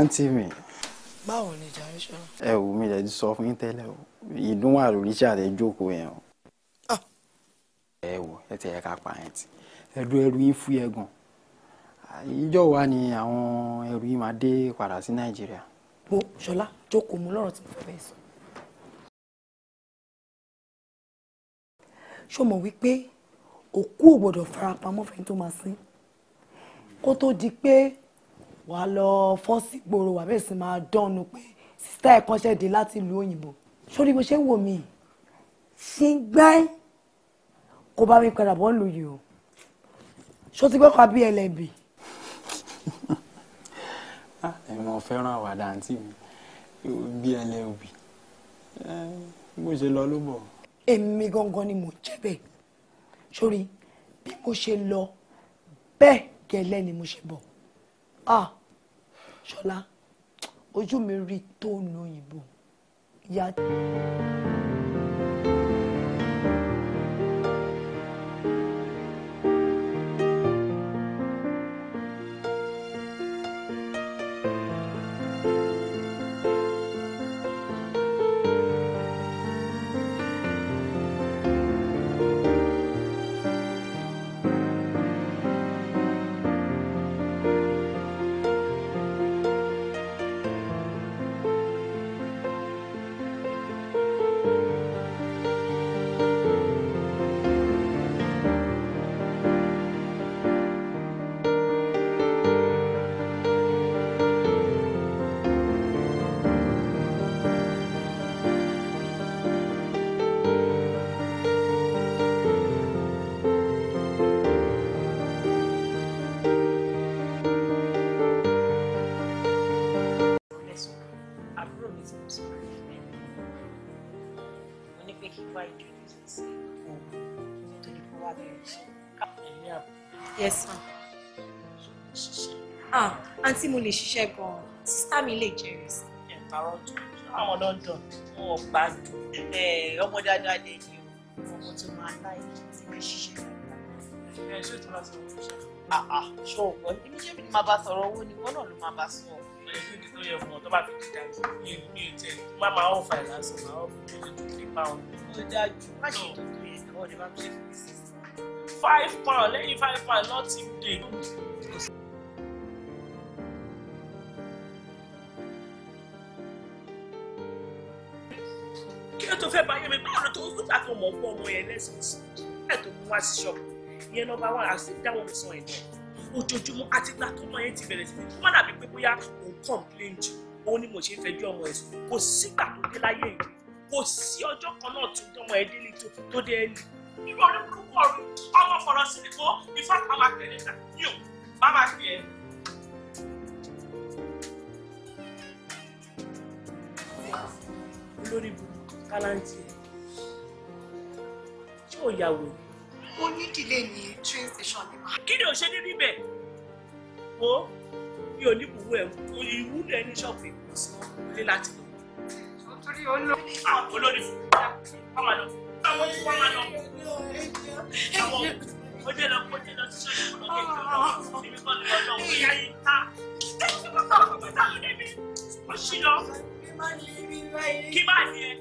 àǹtí mi. báwo ni jàre ṣọlá. ẹ wò mí lẹ́ẹ̀dí sọ fún yín tẹ́lẹ̀ o ìdún wà lórí iṣẹ́ àtẹ jókòó yẹn o. Ah. ẹ wò ẹ tẹ̀ ẹ ká pa ẹ̀ tì ẹ dún ẹrú yín fún yẹn gan. ìjọ wa ni àwọn ẹrú yín máa dé padà sí nàìjíríà. wo ṣọlá jókòó mu lọ́rọ̀ tí mo fẹ́ bẹ́ẹ̀ sọ. ṣó mọ̀ wípé òkú ò gbọ́dọ̀ farapamọ́ fẹ́ni tó máa sin kó tó di pé wàá lọ fọ́ọ̀sì gbòòrò wàá bẹ̀rẹ̀ sí máa dánnu pé sísítà ẹ̀ kọ́ṣẹ́ dé láti ìlú òyìnbó sórí bó ṣe ń wò mí ṣe ń gbẹ́ kó bá mi padà bọ́ lù yìí o ṣó ti gbẹ́kọ̀ọ́ bí ẹlẹ́bì. Ah, ẹ mọ fẹ́ràn àwàdà àǹtí mi bí ẹlẹ́bì bó ṣe lọ ló bọ̀. èmi gangan ni mò ń jẹ́ bẹ́ẹ̀ sórí bí mo ṣe lọ bẹ́ẹ̀ gẹ́lẹ́ ni mo ṣe bọ̀ ah ṣọlá ojú mi rí tóònù òyìnbó ìyá. lè ṣiṣẹ́ gan-an sísá mi lè jẹ́rìí sí. ẹ̀bàrọ̀ tó àwọn london wọn ò gbádùn ọmọ dáadáa lè ní ọmọ tó máa láì tí wọ́n ṣiṣẹ́ dáadáa. ẹ ṣé o ti máa sọ̀rọ̀ fún ṣe. àà ṣọ ọ̀gbọ́n ibi ṣé mi ni màá bá sọ̀rọ̀ owó ni wọ́n náà ló máa bá sọ. ẹ̀ẹ́dì pound. ó dáa five pound lẹ́yìn five pound not even day. kí ló tó fẹ́ báyé mi báwo ló tó ń gbà tó mọ̀ fún ọmọ yẹn lẹ́sìn sí ẹ̀ tó mú wá sí ṣọ́ọ̀bù ìyẹn nọ́mbà wà á sì dáwọ́ mi sàn ẹ̀ náà ojoojúmọ́ àti gbà tó náà yẹn ti bẹ̀rẹ̀ sí ní wọ́n dàbí pé bóyá òun complain jù òun ni mo ṣe ń fẹjọ́ ọmọ ẹ̀ sùn kò sígbà tó dé láyé yìí kò sí ọjọ́ kan náà tó dánwọ́ ẹ̀ délé tó dé ẹ̀ lì burúkú ọ̀run ọmọ fọ̀rọ̀ sí ni kó ifá kálántì ṣé ò yà wò. ó ní ìdílé ní train station ni màá. kí ni ò ṣe ní bíbẹ̀ wo mi ò ní buwọ́ ẹ̀ ìwúlò ẹni ṣọ́ọ̀bù ìkùnsìn ilé láti lọ. nítorí ó lọ. olórí fún mi ká máa lọ àwọn tí wọ́n máa lọ. àwọn ó dé lọ ó dé lọ sí ṣọ́ọ̀bù ìkùnsìn lọ́kẹ́ ìlú ọ̀hún èmi kọ́ ni wọ́n lọ wọ́n yá yìí ta. ẹ ti mú sọ̀rọ̀ pẹ̀lú àwọn ẹbí ó ṣì lọ. kí máa ní ẹ.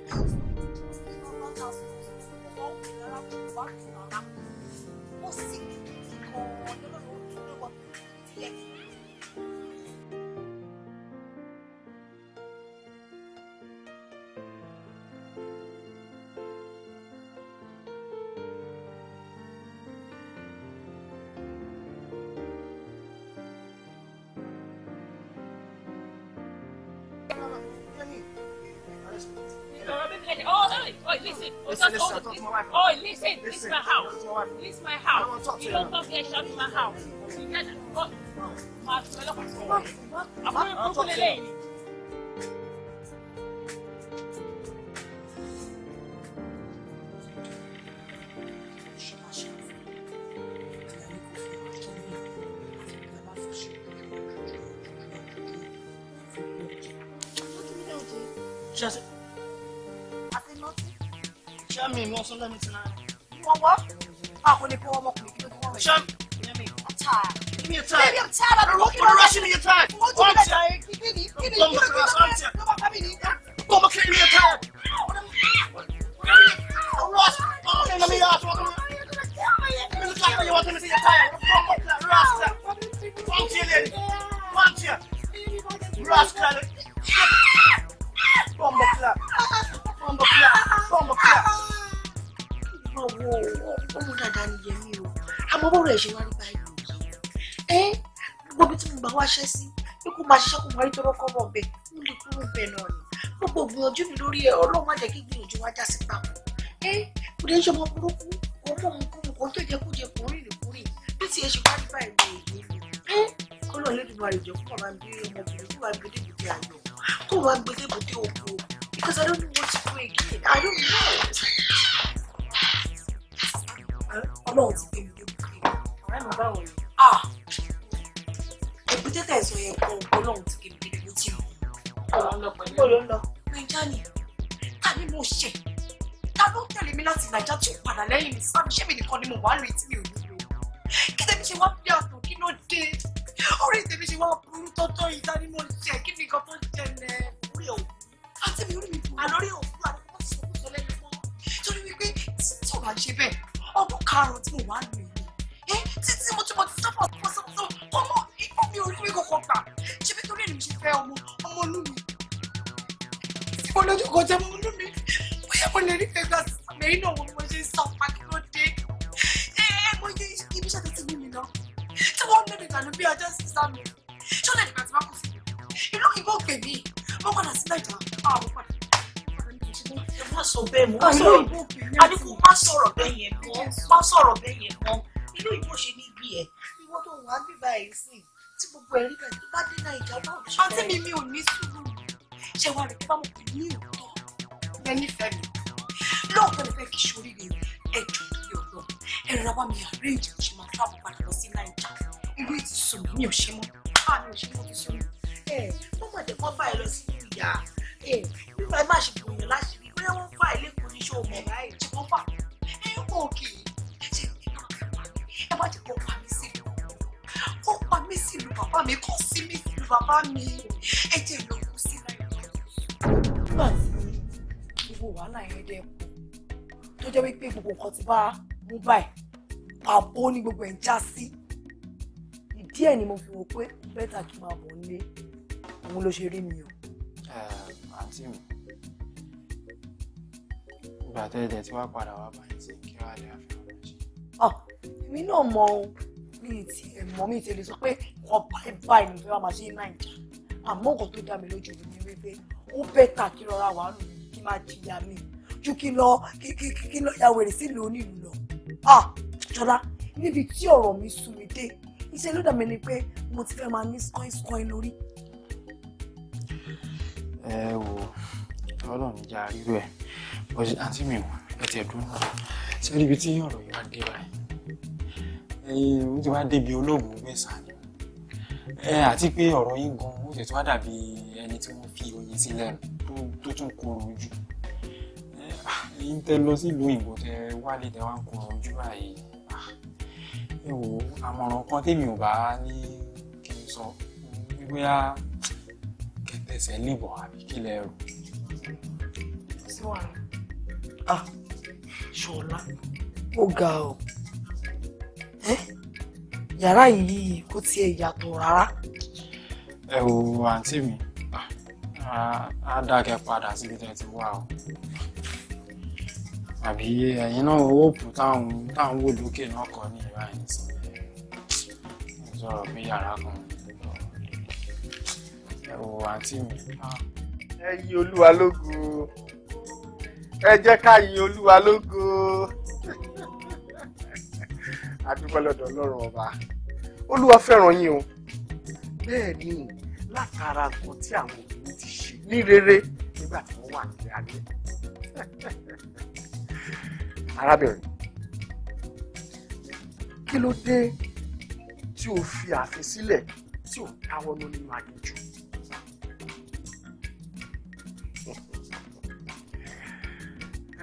wá kùnà lápò ó sì kìkì gan Oh, listen, listen, this is my house. This is my house. You don't come here, shut my house. You can't. Oh, my, my, my, my, my, my, my, my, my, my, pẹ̀lú ẹ̀ tó bá dé náà ìjà bá òṣèlú. mi mi ò ní sùúrù ṣé wàá rí pé báwo kò bá mú báyìí pàbó ní gbogbo ẹ̀ ń já sí ìdí ẹ̀ ni mo fi wò pé bẹ́tà kí n máa bọ̀ nílé òun ló ṣe rí mi o. Eh, àǹtí mi ìgbà tẹ́lẹ̀ tí wàá padà wá báyìí sí kí wàá lè àfihàn ọmọ ṣe. èmi náà mọ ohun mi ti ẹ̀ mọ́ mi ti lè sọ pé kọ́ báyìí báyìí ni fẹ́ wàá máa ṣe ní nàìjíríà àmọ́ nǹkan tó dá mi lójú mi ni wípé ó bẹ́tà kí rọra wàá lù mí kí má jìyà mi ju kí lọ kí lọ ya wèrè sílùú onílù lọ ah ṣọlá níbi tí ọ̀rọ̀ mi sùn mí dé iṣẹ́ ló dàbí ni pé mo ti fẹ́ máa ní skọ́ńskọ́ń lórí. ẹ wo ọlọ́run ìjà rírọ ẹ bọ́sẹ̀ àǹtí mi wọ ẹ tẹ̀ dún náà ṣé ibi tí ọ̀rọ̀ yìí wá dé báyìí ẹ̀yin mo ti wá débi olóògùn gbẹ̀sán ni ẹ àti pé ọ̀rọ̀ yìí gan-an ó sì tún wá dàbí ẹni tí wọ́n fi oyin sí tó tún korò ojú ẹ̀yin tẹ́ lọ sílùú òyìnbó tẹ́ wálé tẹ́ wá ń kun ojú báyìí ah, ẹ wò àmọ̀ràn kan tèmi ò bá ní kí n sọ bóyá kẹtẹsẹ̀ lébọ̀ àbí kí lẹ rò. ah ṣọlá ó ga ọ ẹ yàrá yìí kò tiẹ̀ yàtọ̀ rárá. ẹ wo àǹtí mi á ah, dákẹ́ padà síbi tẹ́ ti wá o àbí ẹ̀yin náà owó òpó táwọn táwọn wò lókè náà kọ́ ní ìlú àyìnsí sọ̀rọ̀ pé yàrá kan ẹ wò àǹtí mi. ẹ yìn olúwa lógo ẹ jẹ́ ká yìn olúwa lógo adúpẹ́ lọ́dọ̀ ọlọ́run ọba olúwa fẹ́ràn yín o bẹ́ẹ̀ ni látara nǹkan tí àwọn obìnrin ti ṣe ní rere nígbà tí wọ́n wà nílé ayé arábìnrin kí ló dé tí o fi ààfin sílẹ̀ tí o dáwọ́ nínú aginjù.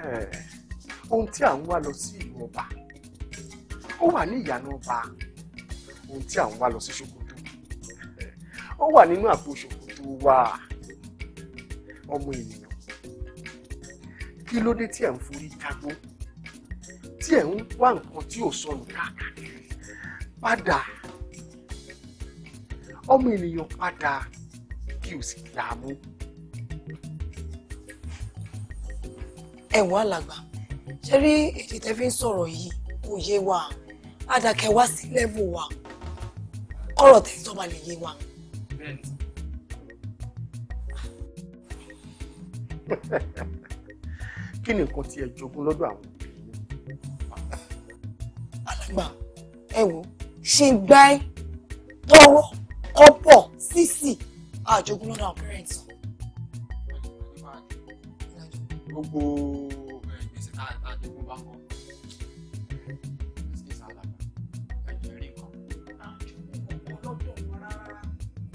Eh, ohun tí à ń wá lọ sí ìlú ọba ó wà ní ìyànà ọba ohun tí à ń wá lọ sí ṣòkòtò ó wà nínú àpò ṣòkòtò wa ọmọ ènìyàn kí ló dé tí à ń forí jágbó. tí ẹ̀ ń wá nǹkan tí ò sọnù káàkiri padà ọmọ ènìyàn padà o sì dààmú. ẹ̀wọ̀n alàgbà ṣe rí èdè fi ń sọ̀rọ̀ yìí kò yé wa àdàkẹ́ wá wa oro tẹ́ lè wa. kí ni nǹkan tí ẹ jogún lọ́dọ̀ àwọn gbà ẹ wò ṣe gbá ẹ tọrọ kọ́pọ̀ sísì àjogún lọ́dọ̀ àwọn parents. gbogbo eh, gbèsè tá a jogún bá kọ.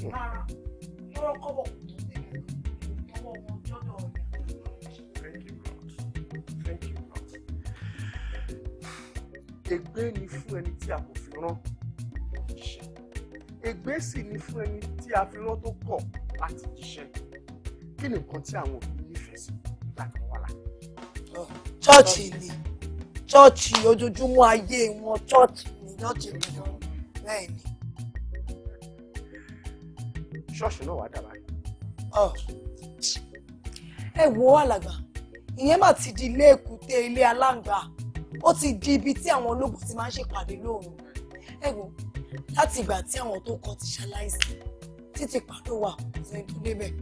Rárá, rárá, rárá, kọ́bọ̀. ègbé ni fún ẹni tí a kò fi rán jíṣẹ́ ègbé sì ni fún ẹni tí a fi rán tó kọ̀ láti jíṣẹ́ kí ni nǹkan tí àwọn òbí nífẹ̀ẹ́ sí láti wọ́n wàhálà. chọ́ọ̀chì ni chọ́ọ̀chì ojoojúmọ́ ayé wọn chọ́ọ̀chì ni chọ́ọ̀chì ni bẹ́ẹ̀ ni. ṣọ́ọ̀ṣì náà wàá dábàá ẹ wo alàgbà ìyẹn mà ti di ilé èkúté ilé aláǹgbá ó ti di ibi tí àwọn ológun ti máa ń ṣèpàdé lóòrùn ẹ wò láti ìgbà tí àwọn tó kọ ti ṣaláìsí títí pàdó wà sí ní tó débẹ̀.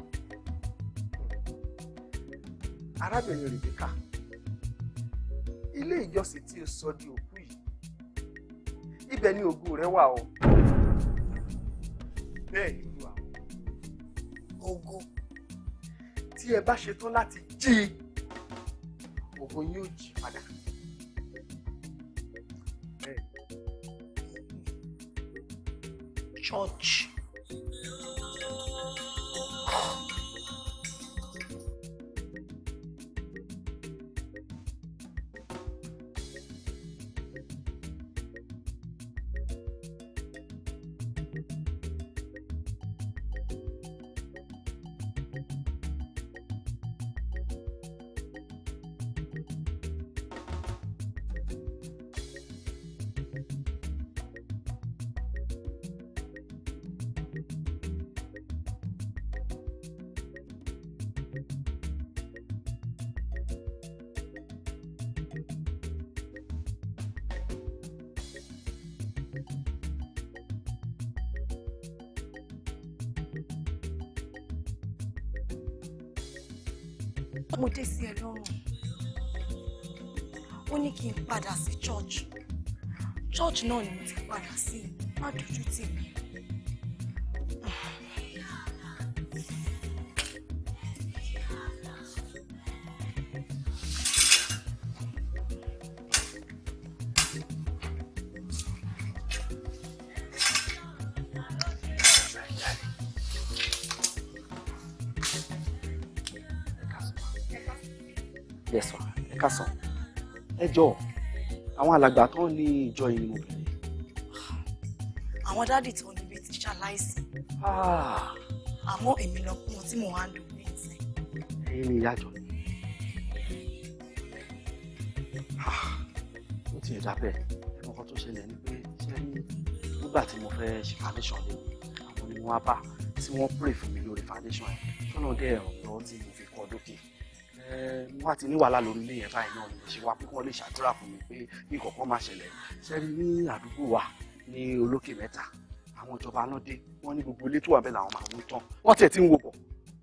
arábìnrin Rèbékà ilé ìjọsìn tí o sọ di òkú yìí ibẹ̀ ni ògùn rẹ wà o bẹ́ẹ̀ ni wà o. ògùn. tí ẹ bá ṣetán láti jí ògùn yóò jí padà. church náà ni mo ti padà sí má dojú tì mí. alàgbà kan ní ìjọ yìí ni mo bẹ̀rẹ̀. àwọn dáàdì tó níbi ti ṣaláìsí. Ah. àmọ́ èmi lọ kún un tí mò ń handle ní ìsìn. ẹ̀yin ni ìyá jọ. Ah. ó ti ẹ̀dá bẹ́ẹ̀ ẹ̀mọ́ kan tó ṣẹlẹ̀ ni pé ṣé nígbà tí mo fẹ́ ṣe foundation lé àwọn ni wọ́n á bá tí wọ́n pray fún mi lórí foundation ẹ̀ tọ́nà dẹ́ ẹ̀rọ lọ́wọ́ tí mo fi kọ́ dókè wọ́n á ti ní lórí ilé yẹn báyìí náà ṣe wá pé wọ́n lè ṣàdúrà fún mi nǹkankan máa ṣẹlẹ̀ sẹ́ni ní àdúgbò wa ní olókè mẹ́ta àwọn ìjọba náà dé wọ́n ní gbogbo ilé tó wà bẹ́ẹ̀ làwọn máa wó tán wọ́n tiẹ̀ ti ń wo bọ̀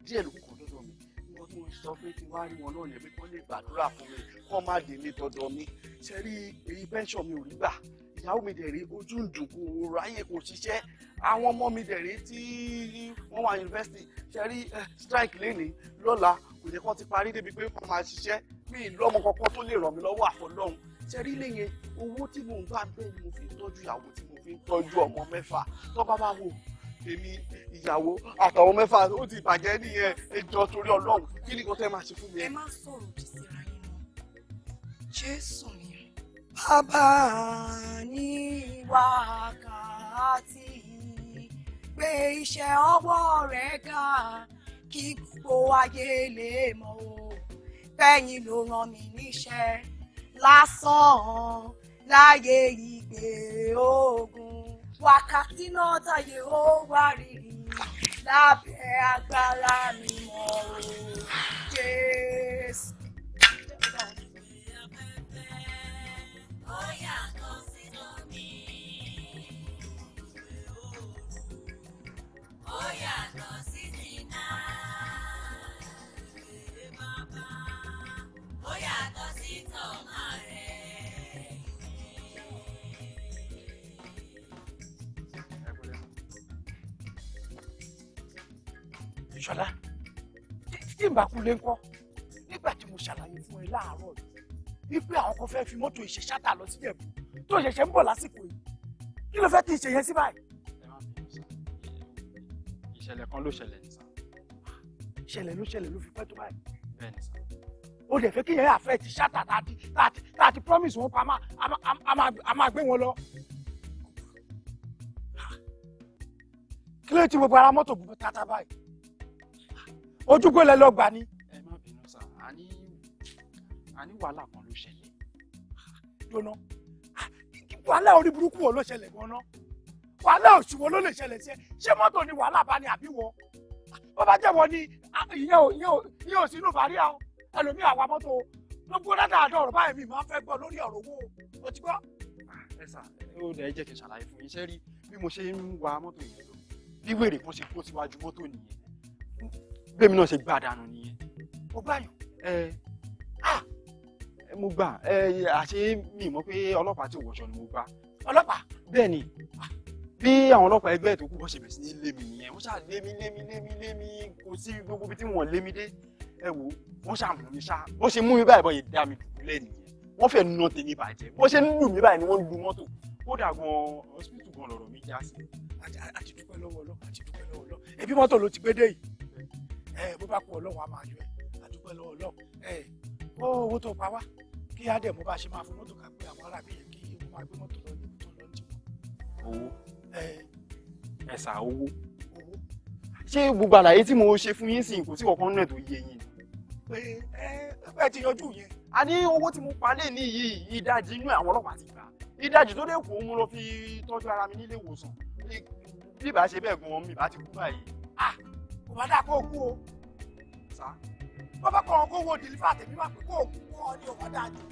díẹ̀ ló kọ̀ lọ́dọ̀ mi wọ́n tún sọ pé kí n wá rí wọn náà yẹn pé kọ́ lè gbàdúrà fún mi kọ́ má dé ní tọ́dọ̀ mi sẹ́ni èyí pẹ́ńsọ̀ mi ò rí gbà ìyàwó mi dẹ̀ rí ojú ń dùn kò ráyè kò ṣiṣẹ́ àwọn ọmọ mi dẹ̀ rí tí wọ́n wà yunifásitì ṣe strike lénìí lọ́la kò yẹ kó ti parí débi pé wọ́n máa ṣiṣẹ́ mi lọ́mọ kankan tó lè ràn mí lọ́wọ́ àfọlọ́hún ṣẹ́rí lè yẹn owó tí mò ń gbà bẹ́ẹ̀ ni mo fi tọ́jú ìyàwó tí mo fi ń ọmọ mẹ́fà tó bá bá wò èmi ìyàwó àtàwọn mẹ́fà ó ti bàjẹ́ nìyẹn ẹjọ́ torí ọlọ́run kí ni kò máa ṣe fún mi. ẹ má sọ̀rọ̀ jù síra yín lọ jésù mi. bàbá ní wákàtí pé iṣẹ́ ọwọ́ rẹ̀ ga kí gbogbo ayé lè mọ̀ o bẹ́yìn ló rán mi níṣẹ́ lásán láyé ìgbé ogun wákàtí náà táyé ó wà rírì lábẹ́ agbára mi mọ́ o Jésù. Oya kan sínú mi. Oya kan sí ó yàtọ̀ sí tọ̀nà rẹ̀. ìṣọlá tí n bá kú lé ńkọ́ nígbà tí mo ṣàlàyé fún ẹ láàárọ̀ yìí wípé àwọn kan fẹ́ fi mọ́tò ìṣe ṣáta lọ sí Ìjẹ̀bú tó ṣẹ̀ṣẹ̀ ń bọ̀ lásìkò yìí kí ló fẹ́ ti ìṣe yẹn sí báyìí. ìṣẹ̀lẹ̀ kan ló ṣẹlẹ̀ nìsan. ìṣẹ̀lẹ̀ ló ṣẹlẹ̀ ló fi pẹ́ tó báyìí. bẹ́ẹ̀ nìsan o dẹ̀ fẹ́ kí yẹn affect ṣáta tàti tàti tàti promise wọn pa a máa gbé wọn lọ. kí ló ti gbogbo ara mọ́tò gbogbo tata báyìí ojúgbó lẹ lọ gbà ni. ẹ má bínú sá a ní a ní wàhálà kan ló ṣẹlẹ̀. jóná wàhálà orí burúkú wo ló ṣẹlẹ̀ gan-an wàhálà òṣùwọ̀n ló lè ṣẹlẹ̀ sí ẹ ṣé mọ́tò ni wàhálà bá ní àbí wọ bó bá jẹ́ wọ ni ìyẹn ò sínú fàríà o ẹlòmí àwa mọ́tò gbogbo dáadáa àdó ọ̀rọ̀ báyìí mi máa ń fẹ́ gbọ́ lórí ọ̀rọ̀ owó o ti gbọ́. Ah, ẹ sà ó dẹ jẹ́ kí n ṣàlàyé fún yín rí bí mo ṣe ń wa mọ́tò yìí lọ bí wèrè kan ṣe kó síwájú mọ́tò nìyẹn bẹ́ẹ̀ mi náà ṣe gbà dànù nìyẹn mo gbà yàn ah, ẹ mo gbà ẹ àṣé mi mọ̀ pé ọlọ́pàá ti wọ̀ṣọ ni mo gbà ọlọ́pàá bẹ́ẹ̀ ni ah. bí àwọn ọlọ́pàá ẹgbẹ́ ètò kú bọ́ ṣe bẹ̀ sí ní lémi nìyẹn wọ́n ṣáà lémi lémi lémi lémi kò sí gbogbo ibi tí wọ́n lémi dé ẹ wọ́n ṣàmù mi ṣá wọ́n ṣe mú mi báyìí bọ́yìí dá mi dùbúlẹ̀ nìyẹn wọ́n fẹ́ nà tèmi bàjẹ́ wọ́n ṣe ń lù mí báyìí ni wọ́n lu mọ́tò kódà gan hospital gan lọ̀rọ̀ mi já sí àti dúpẹ́ lọ́wọ́ lọ àti dúpẹ́ lọ́wọ́ lọ ẹbí mọ́tò ló ti gbé dé yìí ẹ bó bá kú ọlọ́run á máa yọ ẹ àdúpẹ́ lọ́wọ́ lọ ẹ ó owó tó pa wá kí á mo bá ṣe máa fún mọ́tò kà pé gbogbo àlàyé tí mo ṣe fún yín sìn kò sí ọ̀kan náà tó yé yín ẹ ti yanjú yẹn. a ní owó tí mo pa lé ní yìí ìdajì inú àwọn ọlọ́pàá ti gbà ìdajì tó dé kù ó mú lọ fi tọ́jú ara mi nílé ìwòsàn bí ìbá ṣe bẹ́ẹ̀ gun ọmọ mi ìbá ti kú báyìí ah kò bá dà kó o kú o sá wọ́n bá kọ́ ọ kó wo dìlífà tèmi wá pé kó o kú kó ọ ní ọ̀wá dáa jù.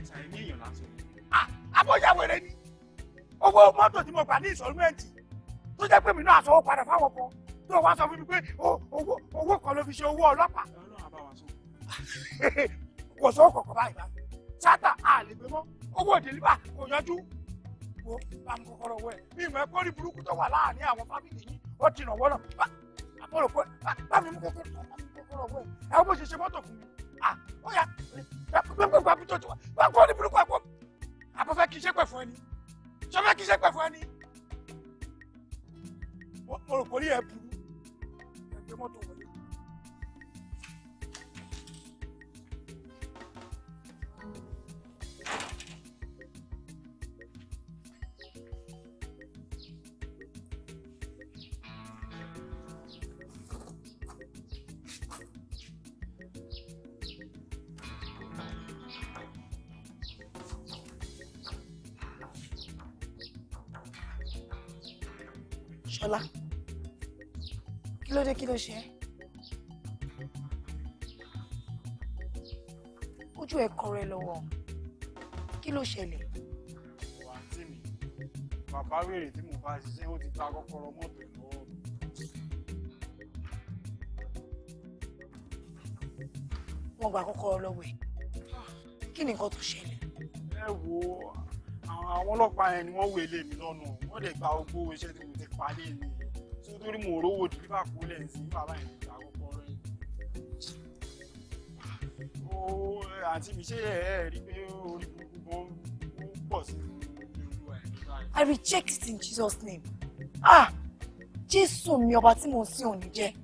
ẹ̀sà ẹ̀mí èèyàn lásán. ah abọ́jà wèrè ni owó mọ́tò tí mo gbà ní ìsọ̀rúmẹ́ǹtì tó jẹ́ pé mi náà sanwó padà fáwọn kan tó wá sọ fún mi pé owó kan ló fi ṣe owó ọlọ́pàá. ọlọ́run àbá wa sọ wọ̀ sọ́wọ́ kọ̀ọ̀kan báyìí báyìí sátà a lè gbé mọ́ owó dèlíbà kò yanjú wo bámu kọ́kọ́rọ́ wẹ̀ mi ìmọ̀ ẹ̀kọ́ rí burúkú tó wà láàrin àwọn fámìlì yìí ó ti rànwọ́ náà àbọ̀rọ̀ pé bámi mú kọ́kọ́rọ́ wẹ̀ ẹ̀ ọ́ bó ṣe ṣe mọ́tò fún mi ah ó yà gbẹ́ngbẹ́ngbẹ́ àbújọ tó wà báńkọ́ rí burúkú àpò àbọ̀fẹ́ kì í ṣe pẹ̀ fún ẹni ṣọfẹ́ kì í ṣe pẹ̀ fún ẹni mo rò pé ó rí ẹ̀ burú ẹgbẹ́ mọ́tò w pé kí ló ṣe é ojú ẹ kọrẹ lọ́wọ́ kí ló ṣẹlẹ̀. àǹtí mi bàbá wèrè tí mo bá ṣiṣẹ́ ó ti ta kọ́kọ́rọ́ mọ́tò lọ́wọ́. wọ́n gba kọ́kọ́rọ́ lọ́wọ́ ẹ̀ kí ni nǹkan tó ṣẹlẹ̀. ẹ wo àwọn ọlọ́pàá yẹn ni wọ́n wé ilé mi lọ́nà wọ́n dẹ̀ gba ogbó iṣẹ́ tí mo ti parí ni nítorí mò ń rówó tí bá kú lẹ̀ sí bàbá yẹn ní àkọ́kọ́ rẹ̀. Ah, ó àǹtí mi ṣe ẹ̀ rí pé orí gbogbo ó pọ̀ sí i. I reject it in Jesus' name. Ah! Jésù mi ọba tí mò ń sìn òní jẹ́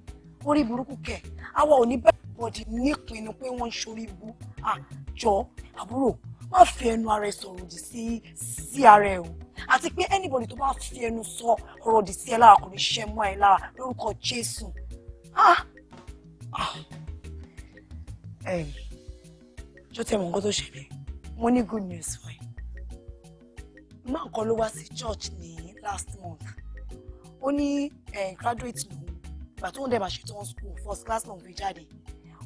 orí burúkú kẹ̀ àwa ò ní bẹ́ẹ̀ bọ́dì nípinnu pé wọ́n ń ṣorí bú àjọ ah, àbúrò má fi ẹnu ara ẹ sọ̀rọ̀ òdì sí sí ara ẹ o àti pé anybody tó bá fi ẹnu sọ ọ̀rọ̀ òdì sí ẹ lára kò ní ṣe mọ́ ẹ lára lórúkọ Jésù. jó tẹ mọ nǹkan tó ṣẹlẹ̀ mo ní good news fún ẹ máa kọ́ ló wá sí church ní last month ó ní graduate lòun ìgbà tó ń dẹ̀ máa ṣetán school first class lòun fi jáde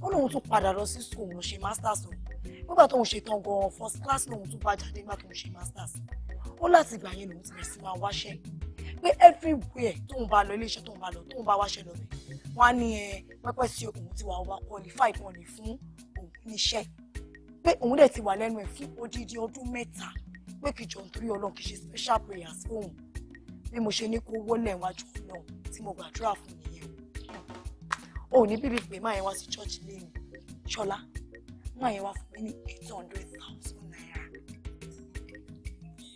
ó lóun tún padà lọ sí school lòun ṣe masters o nígbà tóun ṣetán gan-an first class lòun tún bá jáde nígbà tóun ṣe masters ó láti ìgbà yẹn lòun ti bẹ̀rẹ̀ sí máa wáṣẹ́ pé everywhere tóun bá lọ iléeṣẹ́ tóun bá lọ tóun bá wáṣẹ́ lọ bẹ̀ wọ́n á ní ẹ pẹ́pẹ́ sí òun ti wà wá qualify wọn lè fún òun níṣẹ́ pé òun dẹ̀ ti wà lẹ́nu ẹ̀ fún odidi ọdún mẹ́ta pé kìjọ nítorí ọlọ́run kìí ṣe special prayers fóun bí mo ṣe ní kó wọlé iwájú ọlọ́run tí mo gbàdúrà fún nìyẹn o ò ní bíbí pé máa yẹn wá sí church lẹ́yìn ṣọlá máa yẹn wá fún mi ní eight hundred thousand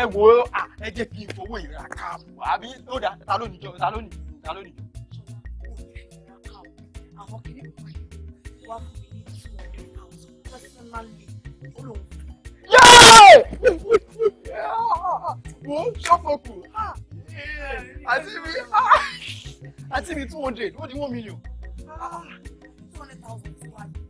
ẹ wo ẹ jẹ́ kí n fowó ìrà ká mọ àbí ó dà ta ló níjọ ta ló níjọ ta ló níjọ. àwọn kìnìún kan wá fún mi ní two hundred thousand personally ó lòun fi wo ṣọ́pọ̀kù ah, àti mi ah, àti mi two hundred ó di one million. Ah, two hundred thousand two hundred.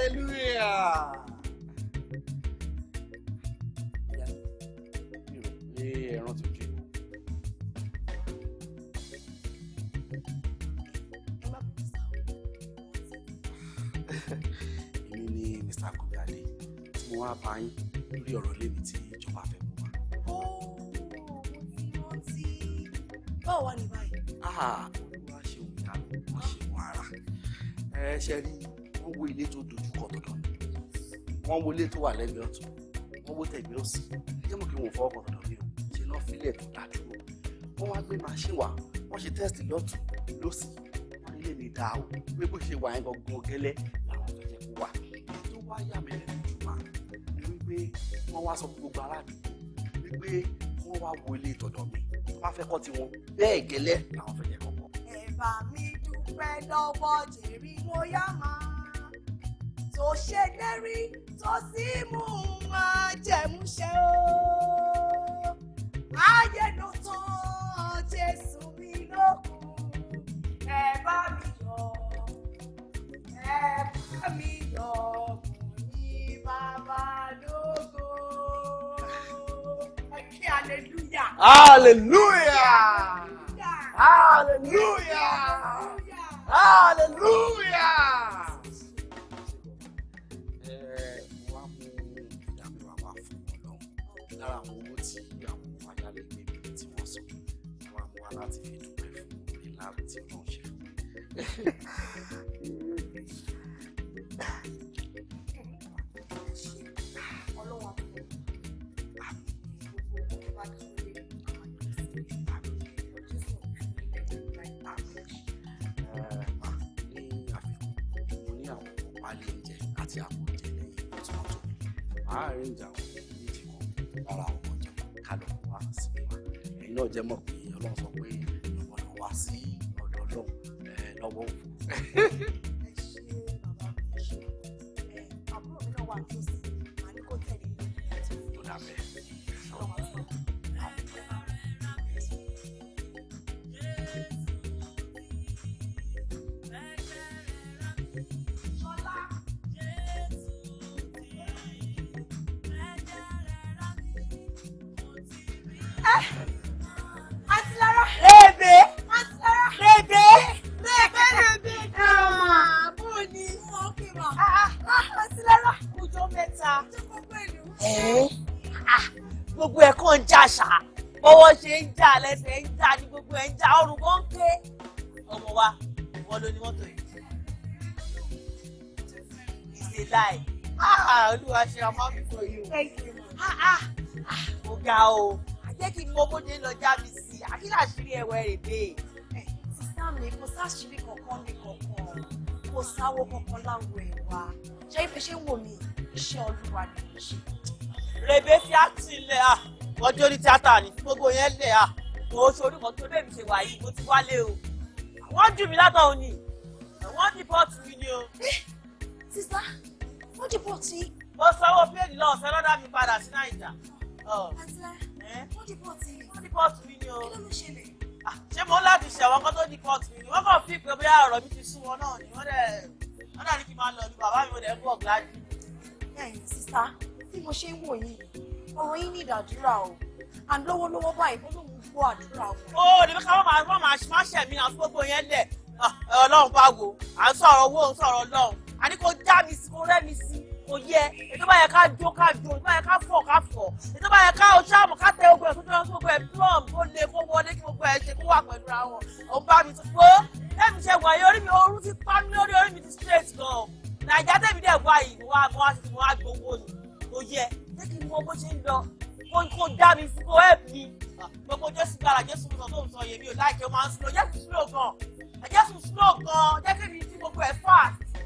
Hallelujah. ẹran tó jẹ. èmi ni Mr. Akube Ali tí mo wá bá yín lórí ọ̀rọ̀ lémi tí ìjọba fẹ́ mú wa. báwo wà ní báyìí. Ah, olúwa ṣe òun dá wọ́n ṣe wàrà ẹ ṣe rí wó ilé tó dojú kọ tọ̀dọ̀ mi wo ilé tó wà lẹ́gbẹ̀ẹ́ ọ̀tún wọ́n wo tẹ̀gbẹ́ òsì ṣé mo kì í wò fọwọ́ kọ tọ̀dọ̀ mi o ṣe náà filẹ̀ tó ta dúró wọ́n wá gbé màṣín wá wọ́n ṣe tẹ́sítì lọ́tún lọ́sì wọ́n ilé mi dáa o pé bó ṣe wà yẹn gangan gẹ́lẹ́ làwọn tó yẹ kó wà tó wá yà mí lẹ́nu jùmọ̀ ni wípé wọ́n wá sọ gbogbo aládùúgbò wípé wọ́n wá wo ilé tọ̀dọ̀ mi wọ́n á fẹ́ kọ́ tiwọn bẹ́ẹ̀ gẹ́lẹ́ làwọn fẹ́ yẹ kọ́kọ́. ẹ̀bà mi dúpẹ́ lọ́wọ́ jèrè mo yá máa tó ṣe lérí tó sì mú un máa jẹ̀múṣẹ́ o. am happy for you. thank you. Ah, ah, ah, mo ga o jẹ́ kí n mọ bóde lọ já mi sí i àkí làṣírí ẹ̀wẹ̀ rè dé. Eh, sísá mi kò sáṣírí kankan mi kankan kò sáwó kankan láwọ ẹ̀ wá ṣé ife ṣé ń wò mí iṣẹ́ olúwa ni mo ṣe. rèbé fi àti ilẹ̀ à wọ́n dé orí tíátà ni gbogbo yẹn lẹ̀ à mo ṣe orúkọ tó bẹ́ẹ̀ mi ṣe wà yìí mo ti wálé o wọ́n jù mí látọ̀ òní wọ́n dìbọ̀tì mi ni o. Eh, sísá wọ́n dìbọ̀tì ó sanwó péèjì lọ ọ̀sẹ̀ lọ́dà mi padà sí nàìjà. wọ́n di pọ́ọ̀tù mi ni o ah, ṣé mo láti ṣẹ̀wọ́n kó tó di pọ́ọ̀tù mi ni wọ́n kàn fi pé bóyá ọ̀rọ̀ mi ti sún wọn náà ni wọ́n dẹ̀ wọ́n dà ní kí n máa lọ ní bàbá mi ò dẹ̀ ń bọ̀ gíláàdì. ẹ̀yin sísá bí mo ṣe ń wò yín ọ̀rọ̀ yín ní ìdàdúrà o à ń lówó lówó báyìí fún lóun gbọ́ àdúrà o. ó níbi ká má má má ṣẹ̀mí àti gbogbo yẹn lẹ̀ ah, ọlọ́run bá wo à ń sọ̀rọ̀ owó ń sọ̀rọ̀ ọlọ́run àní já mi sí kò rẹ́ mi sí kò yẹ ètò bá yẹ ká jó ká jó ètò bá yẹ ká fọ̀ ká fọ̀ ètò bá yẹ ká o ṣáàmù ká tẹ ogun ẹ̀ tó jẹun gbogbo ẹ̀ drum tó le kó wọlé kí gbogbo ẹ̀ ṣe kó wà pẹ̀lú ra wọn òun bá mi tó pé lẹ́mi ṣe wàyí orí mi ooru ti pa mí lórí orí mi ti straight gan nàìjà tẹ̀mí dẹ̀ wá yìí wá wá sí wá gbowó ni kò yẹ jẹ́ kí n mọ bó ṣe ń lọ kó dá mi fún kó help mi gbogbo jésù gbàrà jésù sọ tó ń sọ yèmí ò láìpẹ́ ó máa ń sùn lọ jésù sùn lọ gan jésù sùn lọ gan jẹ́ kí mi ti gbogbo ẹ̀ fast.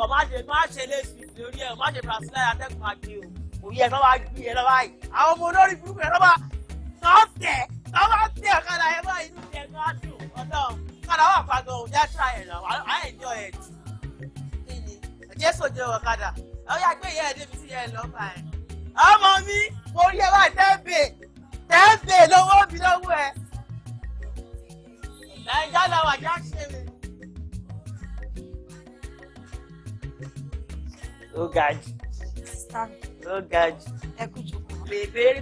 ọ̀ má ṣe má ṣe lè lórí ẹ̀ má ṣe brasilẹ̀ atẹ́gùn máa o òye ẹ̀ lọ́wọ́ gbé ẹ̀ lọ́wọ́ yìí àwọn ọmọ olórí burúkú ẹ̀ lọ́wọ́ tọ́tẹ̀ lọ́wọ́ ọ̀kadà ẹ̀ bá inú ẹ̀ lọ́wọ́ dùn ọ̀dọ́ ọ̀kadà wà pàgọ́ òun dẹ́tra ẹ̀ lọ àìjọ ẹ̀ tì kí ni jésù jẹ́ ọ̀kadà ọ̀yà gbé ìyá ẹ̀ débi sí ẹ̀ lọ́ba ẹ̀ ọmọ mi mo rí ẹ wá tẹ́ẹ̀bẹ̀ tẹ́ẹ̀bẹ̀ lọ́wọ́ mi lọ́wọ́ ẹ̀ nàìjíríà làwọn àjá ṣe mi. ó ga jù ó ga jù. ẹ kú jòkó. bèbèrè.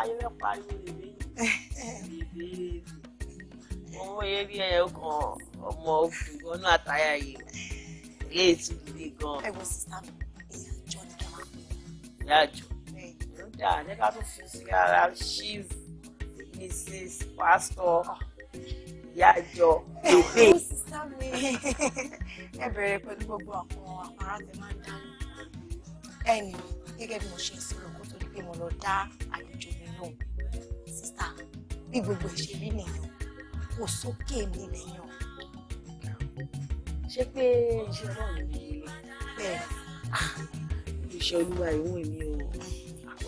ayọ̀lẹ̀ pariwo lèmi bèbèrè ọmọ yẹn bí ẹ kàn ọmọ òkùnkùn ọ̀nà àtàyà yìí ilé ìtúbi mi gan. ẹ wo sísá mi ìyá àjọ ni kí a máa pè é. ìyá àjọ. ó dáa ní ká tó fi sí ara ṣíìsì mrs pastor ìyájọ bèbè ẹ bẹ̀rẹ̀ pẹ̀lú gbogbo àwọn àpárá tẹ máa ń dáhùn ẹnì gẹ́gẹ́ bí mo ṣe ń sọ̀rọ̀ kó tó di pé mo lọ dá àlejò mi lóhùn sísá bí gbogbo ẹ̀ ṣe rí nìyẹn kò sókè mi lẹ́yìn o. ṣé pé iṣẹ́ bọ́ọ̀lù ni bẹ́ẹ̀ ah, iṣẹ́ olúwa ìwọ̀n mi o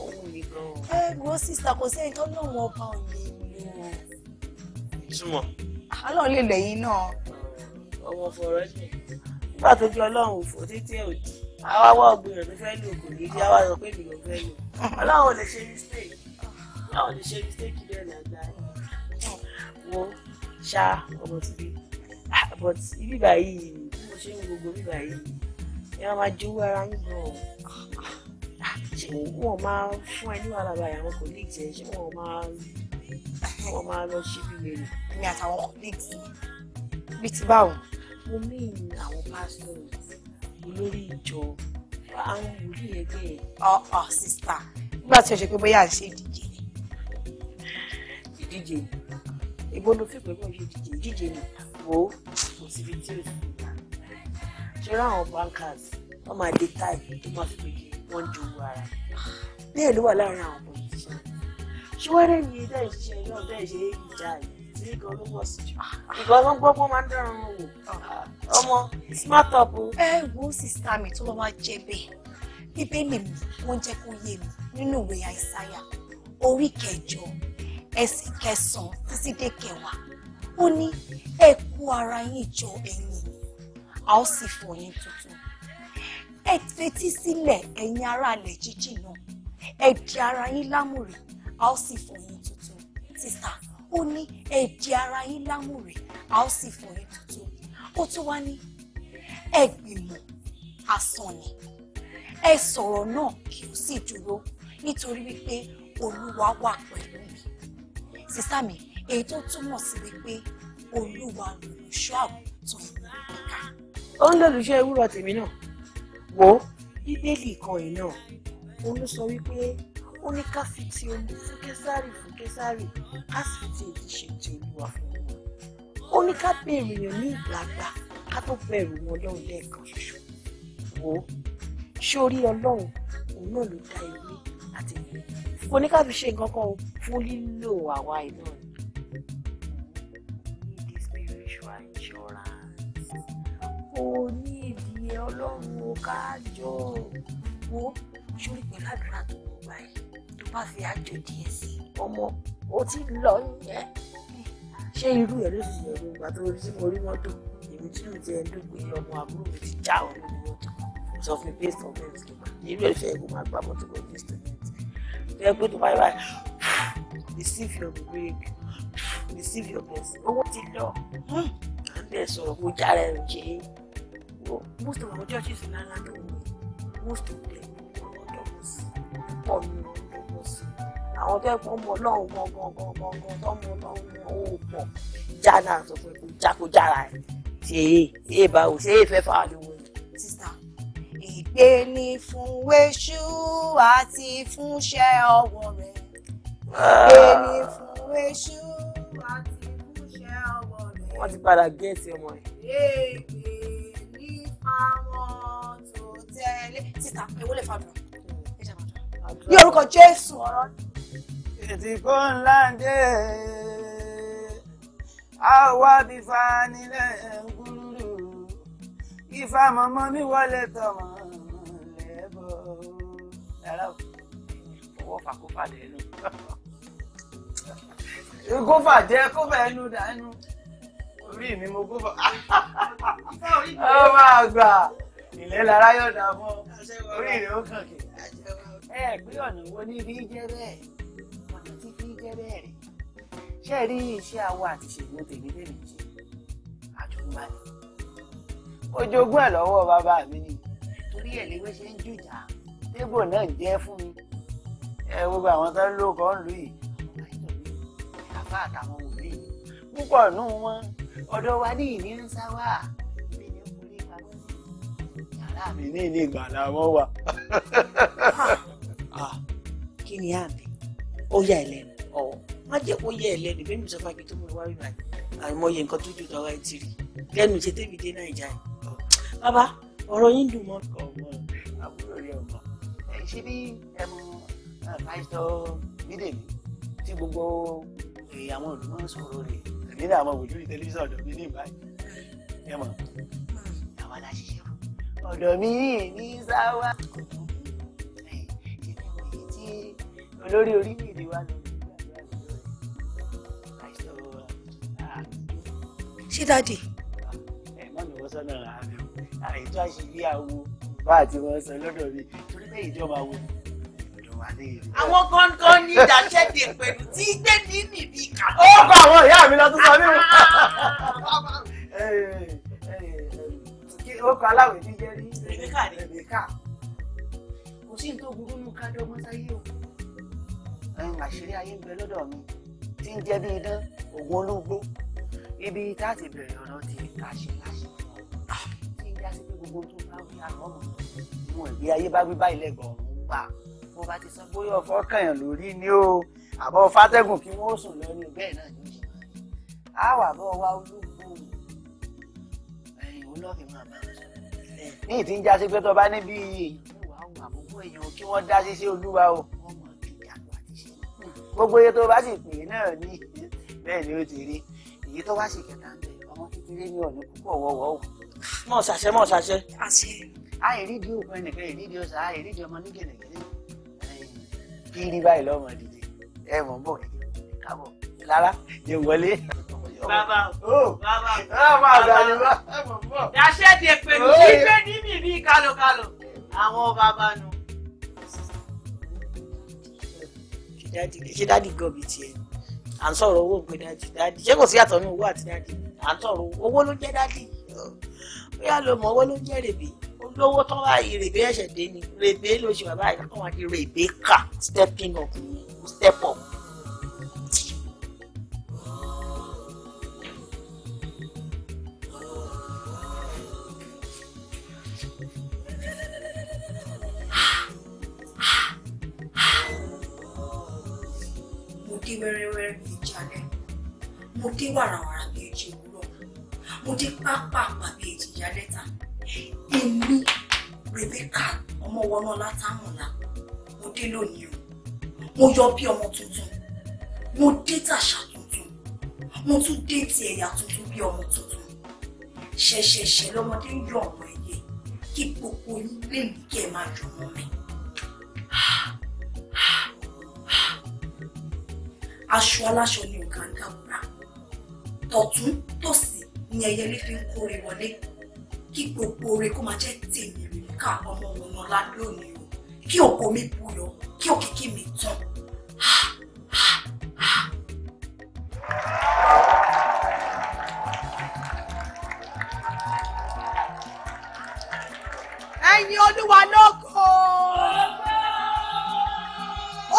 òun nìkan. ẹ wo sísá kò sẹ́yìn tó lóun ọba òye ìlú. túmọ̀. àlọ́ lè lẹ́yìn náà. ọmọ fọ̀rọ̀ ṣe nígbà tó fi ọlọ́run fò títí ẹ̀ òdì àwa wá ọgbìn ọ̀dún fẹ́ lò kò ní bí àwa sọ pé ènìyàn fẹ́ lò ọlọ́run lè ṣe mistake ọlọ́run lè ṣe mistake ilé ọ̀nà àgbà wo ṣá ọmọ ti bí ah, but ibi báyìí bí mo ṣe ń gbogbo ibi báyìí ẹ máa jowó ara yín gan ṣé wọn máa fún ẹ ní wàhálà báyìí àwọn colleagues ẹ ṣé wọn máa wọn máa lọ ṣe bí wèrè. èmi àtàwọn colleagues bíi ti báwo. mo mean àwọn pásítọ̀ olórí ìjọ àwọn wòlíì ẹgbẹ́ ẹ̀. ọ̀ ọ̀ sísá nígbà tí o ṣe pé bóyá à ń ṣe ìdíje ìdíje ìbò ló fi pẹ̀lú ìdíje ìdíje ni wò ó kò síbi tí o sì ṣe ra àwọn bankers wọ́n máa dé táì tó máa fi pèjì wọ́n ń jowó ara bẹ́ẹ̀ ló wà láàrin àwọn ọmọ yìí ṣíwárẹ́ yìí dẹ́ ṣe náà bẹ́ẹ̀ ṣe é ìjà yìí ní ìgbà olówó sí jù ìgbà tó ń gbọ́ pé máa ń dára wọn wò ọmọ smart up o. ẹ wo sista mi tó bá wá jẹ bẹ́ẹ̀ bíbélì mi wọ́n jẹ́ kó yé mi nínú ìwé àìsáyà orí kẹjọ ẹsẹ̀ kẹsànán títí dé kẹwàá ó ní ẹ kó ara yín jọ ẹ̀yin a ó sì fọ yín tuntun ẹ fetí sílẹ̀ ẹ̀yin ará ilẹ̀ jíjì náà ẹ di ara yín lámùrè a ó sì fọyín tuntun sísá ó ní ẹ di ara yín lámùrè a ó sì fọyín tuntun ó tún wá ní ẹ gbìmọ̀ asán ni ẹ sọ̀rọ̀ náà kí ó sì dúró nítorí wípé olúwa wà pẹ̀lú mi sísá mi èyí tó túmọ̀ sí wípé olúwa lòlùṣọ́ àgùntàn fún mi ó ń lòlùṣọ́ ewúrọ̀ tèmi náà wo bíbélì kan yìí náà òun ló sọ wípé ó ní ká fi ti olú fún késàrì fún késàrì ká sì fi ti èdè ṣe ti olúwa fún wọn ó ní ká bẹ̀rù èèyàn ní ìgbàgbà ká tó bẹ̀rù wọn lọ́hùn lẹ́ẹ̀kan ṣoṣo wò ó sórí ọlọ́run òun náà ló dá ewé àti ìwé kò ní ká fi ṣe nǹkan kan fún lílo àwa iná ni. o need yẹ ọlọ́run wo káájò wo sórí pẹ̀lú àdúrà tó kó gbà yìí tó bá fi àjò díẹ̀ sí ọmọ ó ti lọ yẹn ṣé irú ẹ̀ ló sì yẹ kó gbà tó rí sí orí mọ́tò èmi tí mo ti ẹ̀ ló gbé ọmọ àbúrò mi ti já òun ní mọ́tò sọ fún mi pé instrument ló gbà irú ẹ̀ fẹ́ kó máa gbà mọ́tò kó ní instrument fẹ́ pé tó bá yẹ báyìí receive your break receive your blessing owó ti lọ à ń bẹ̀ sọ̀rọ̀ kó jára ẹ̀ ń ṣe é people, most of our churches in Ireland, most of them are Orthodox. Pọ̀ ní Orthodox. Àwọn tó ẹ̀kọ́ mọ náà gangan gangan gangan tó mọ náà mọ owó pọ̀. Já náà sọ fún mi, jákòjára ẹ̀. Ṣé èyí báwo? Ṣé èyí fẹ́ fáwọn ìwé? Sísá, ìpè ni fún wéṣú àti fúnṣẹ́ ọwọ́ rẹ̀. Ìpè ni fún wéṣú àti fúnṣẹ́ ọwọ́ rẹ̀. Wọ́n ti padà gẹ̀ẹ́sì ọmọ yìí àwọn tó tẹ́lẹ̀ títà èwo lè fàdùn ní orúkọ Jésù ọ̀rọ̀. ètìkó ńlá dé a ò wá bí fanilẹ̀ ńgúrú ifá mọ́mọ́ mi wọlé tọmọ lẹ́bọ̀ rárá owó fàkófà lẹ́nu kófà jẹ́ kófà ẹnu dànù orí mi mo gbófò ọ máa gbà ilé lára yóò dà fún orí rẹ ó kàn kí. ẹ gbé ọ̀nà wo ní bí jẹ́ bẹ́ẹ̀ ọ̀nà tí kì í jẹ́ bẹ́ẹ̀ rẹ̀ ṣé ẹ rí iṣẹ́ awọ àti ṣègùn tèmi lè rìn jẹ́ àjùmọ̀ ni. ó ẹ̀ lọ́wọ́ bàbá mi ni torí ẹ̀ léwé ṣe ń jùjà tébò náà jẹ́ fún mi ẹ gbogbo àwọn tó ń lò kọ́ ń lò yìí àbá àtàwọn òbí púpọ̀ nù wọn ọ̀dọ̀ wa ní ìní ń sá wá yàrá mi ní ìní ìgbàlá wọn wà. Ah, kí ni àmì ó yà ẹlẹ́nu ọ̀wọ́ má jẹ́ kó yẹ ẹlẹ́nu bí mi sọ fún agbẹ́tọ́ mi wá rí báyìí àìmọye nǹkan tó dùn lọ́wọ́ ẹ ti rí lẹ́nu ṣe tẹ́bi dé nàìjà yìí. bàbá ọ̀rọ̀ yín dùn mọ́. ọmọ àbúrò rẹ ọmọ ẹ ṣe bí àìsàn bídèmí tí gbogbo eh, àwọn olùmọ̀ rẹ̀ èmi náà mọ wòlíì tẹlifíṣàn ọ̀dọ̀ mi ní ìbáyìí ẹ mọ̀ àwa la ṣiṣẹ́ fún ọ̀dọ̀ mi yìí ní sáwà olórí orílẹ̀-èdè wa lọ. ṣé dáàdì. ẹ má mi wọ́n sọ́nà ààrẹ o ààrẹ tó a bá àti wọ́n sọ lọ́dọ̀ mi torí bẹ́ẹ̀ ìjọba wo àwọn gangan ní ìdáṣẹ́dè pẹ̀lú tí débi nìbí kà. ó bá àwọn ìyá mi lọ tún sọ mí wò. orúkọ aláwẹ̀ ní jẹ́ rí rèbíkà ni rèbíkà kò sí nítorí burú mú kájọ mọ́sáyé o. àṣírí ayé ń bẹ lọ́dọ̀ mi tí ń jẹ́ bí idán ògùn ológbó ibi tá ti bẹ̀rẹ̀ ọ̀rọ̀ ti ká ṣe láṣẹ tí ń já pé gbogbo tó bá wí àná ọ̀hún ìwọ̀n ìgbé ayé bá gbé báyìí lẹ́gbọ̀n ọ̀hún gbà bó bá ti sọ bóyá ọ̀fọ̀ kàyàn lórí ni ó àbọ̀ fátẹ́gùn kí wọ́n sùn lọ ní bẹ́ẹ̀ náà ní ìṣẹ́ á wà bọ́ wá olúgbò ẹ̀yìn olóòfin máa bá wọn sọ̀rọ̀ ní ìtí ń jásí pé tó bá níbi ìwà àbúkù èèyàn kí wọ́n dá sí sí olúwa o gbogbo iye tó bá sì pè é náà ní bẹ́ẹ̀ ni ó ti rí èyí tó wá sì kẹta ń bẹ ọmọ kékeré ní ọ̀nà púpọ̀ wọ̀wọ̀ o mọ̀ ṣàṣẹ mọ̀ ṣàṣẹ. àṣẹ. àìrídìí òkú ẹnìkan ìrídìí ọ̀sà àìrídìí ọmọ nígẹ̀lẹ̀gẹ̀lẹ̀ gírí báyìí lọ́mọ dìde ẹ mọ̀ bò kí kábọ̀ lára yẹ wọlé. bàbá o bàbá o bàbá o dàṣẹ́ ti pẹ̀lú ìgbé ní bìbí kálókáló àwọn bàbá nu. kí dáàdi gọ̀ bí tiẹ̀ à ń sọ̀rọ̀ owó pé dáàdi dáàdi ṣé kò sí àtọ̀ ní owó àti dáàdi à ń sọ̀rọ̀ owó ló jẹ́ dáàdi bóyá lo mọ̀ owó ló jẹ́ rèébì lówó tán báyìí rèbé ẹ̀ṣẹ̀ dé ni rèbé ló ṣe bàbá yìí kàn wá di rèbé kà stepping up step up. mo dé wẹ́rẹ́wẹ́rẹ́ bíi jalè mo dé wàràwàrà bíi ejò òwúrọ̀ mo dé pápá àpà bíi èjìyà lẹ́ta èmi Rebecca ọmọ wọnà látàmúlà mo dé lónìí o mo yọ bí ọmọ tuntun mo dé tàṣà tuntun mo tún dé ti ẹ̀yà tuntun bí ọmọ tuntun ṣẹ̀ṣẹ̀ṣẹ̀ lọmọdé ń yọ ọ̀pọ̀ ẹ̀yẹ kí gbogbo ilé mi kẹ́ ẹ máa jọ mọ́ mi. aṣọ aláṣọ ni ọ̀gá ń dàbúrà tọ̀tún tòsì ni ẹyẹlé fi ń kórè wọlé kí gbogbo oore kó máa jẹ́ tèmi ká ọmọ òun ọ̀la lónìí o kí òkò mi buyọ kí òkìkí mi tán. ẹ̀yin olúwa lóko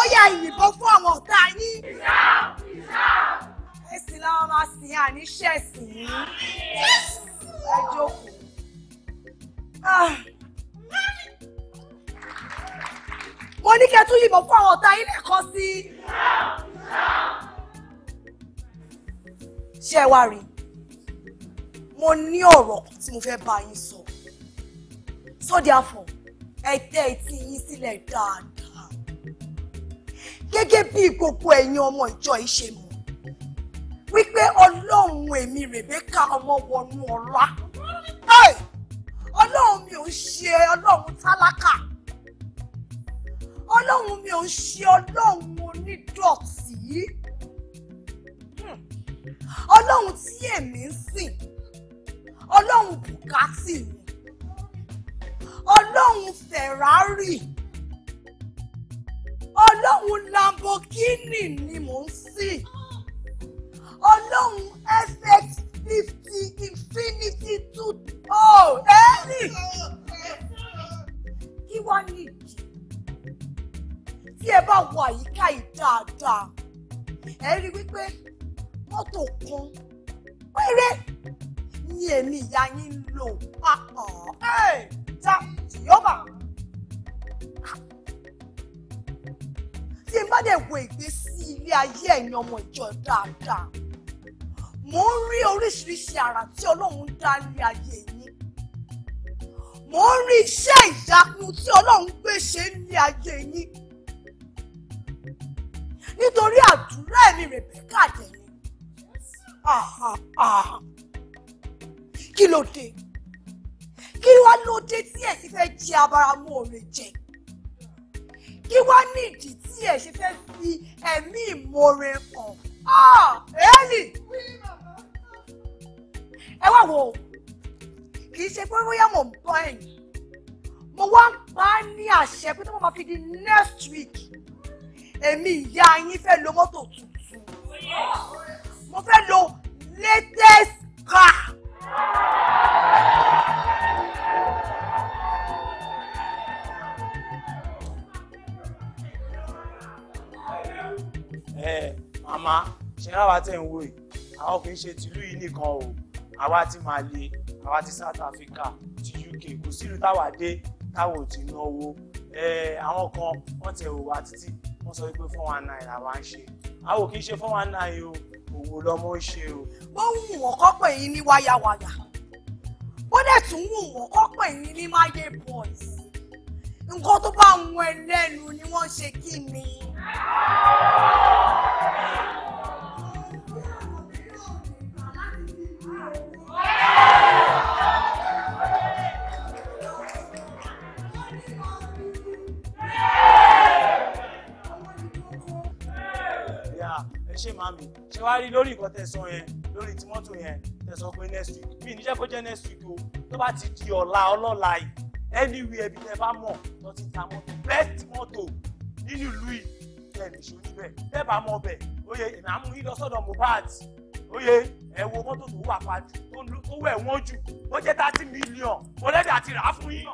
ó yẹ ìyìnbọn fún àwọn ọ̀tá yín ẹ̀sìn làwọn máa sìn àníṣẹ́sìn ẹ jókòó. Ah. mo ní kẹ́ tún yìnbọn fún àwọn ọ̀tá yín lẹ́ẹ̀kan sí i. ṣé ẹ wá rí mo ní ọ̀rọ̀ tí mo fẹ́ bá yín sọ so therefore ẹ tẹ́ etí yín sílẹ̀ dáadáa gẹ́gẹ́ bí gbogbo ẹ̀yin ọmọ ìjọ yìí ṣe mọ̀ wípé ọlọ́run èmi Rèbékà ọmọ wọnú ọlá. Hey! ọlọ́run mi ò ń ṣe ọlọ́run tálákà ọlọ́run mi ò ń ṣe ọlọ́run onídọ̀tí hmm. ọlọ́run tí èmi ń sìn ọlọ́run bùkátì mi ọlọ́run ferrari ọlọ́run lamborghini ni mò ń sìn ọlọ́run fx Infinity, infinity two. Oh, Ẹ̀rí. Kí wá ní ìdí? Tí ẹ bá wọ àyíká yìí dáadáa, ẹ rí wípé mọ́tò kan péré ni èmi ìyá yín ń lò. Ẹ̀ẹ́dá ìyọ́bà. Tí n bá dẹ̀ wo ìgbésí ilé ayé ẹ̀yin ọmọ ìjọ dáadáa mo ń rí oríṣiríṣi àrà tí ọlọ́run dá ní ayé yín mo ń rí iṣẹ́ ìyanu tí ọlọ́run gbé ṣe ní ayé yín nítorí àdúrà ẹ̀mí Rebecca dẹ̀ ni kí ló dé kí wá ló dé tí ẹ̀ sì fẹ́ jẹ abaramu òre jẹ kí wá nídìí tí ẹ̀ sì fẹ́ fi ẹ̀mí ìmoore hàn. Ah, Eli! ẹ wá wò ó kì í ṣe pé bóyá mò ń bọ́ ẹ̀yìn mo wá ń bá ní àṣẹ pé tó máa fi di next week èmi ìyá yín fẹ́ lo mọ́tò tuntun mo fẹ́ lo latest car. ẹ màmá ṣe ráwa tẹ̀ ń wò yìí àwọn kì í ṣe tìlú yìí nìkan o àwa ti Mali àwa ti South Africa ti UK kò sí ìlú táwa dé táwa ò ti náwó àwọn kan wọ́n tẹ̀ wò wá títí wọ́n sọ pé four one nine làwa ń ṣe àwọn kì í ṣe four one nine o òwò lọ́mọ ń ṣe o. wọ́n wù wọ́n kọ́pọ̀ èyí ní wáyàwáyà wọ́n dẹ̀ tún wù wọ́n kọ́pọ̀ èyí ní máyé boys nǹkan tó bá wọn ẹlẹ́nu ni wọ́n ṣe kí ni. ṣe máa mi ṣe wá rí lórí nǹkan tẹ̀sán yẹn lórí tí mọ́tò yẹn tẹ̀sán pé next week bí níjẹ́ kó jẹ́ next week o tó bá ti di ọ̀la ọlọ́la yìí anywhere bí ẹ bá mọ̀ lọ ti ta mọ́tò best mọ́tò nínú ìlú yìí ẹ̀ nìṣó níbẹ̀ bẹ́ẹ̀ bá mọ̀ bẹ̀ ó yẹ ìnáwó yìí lọ sọ́dọ̀ Mohbad oyè ẹ wo mọ́tò tó wà pa jù tó wẹ̀ wọ́n jù ó jẹ́ thirty million ọlẹ́dà ti rà á fún yín.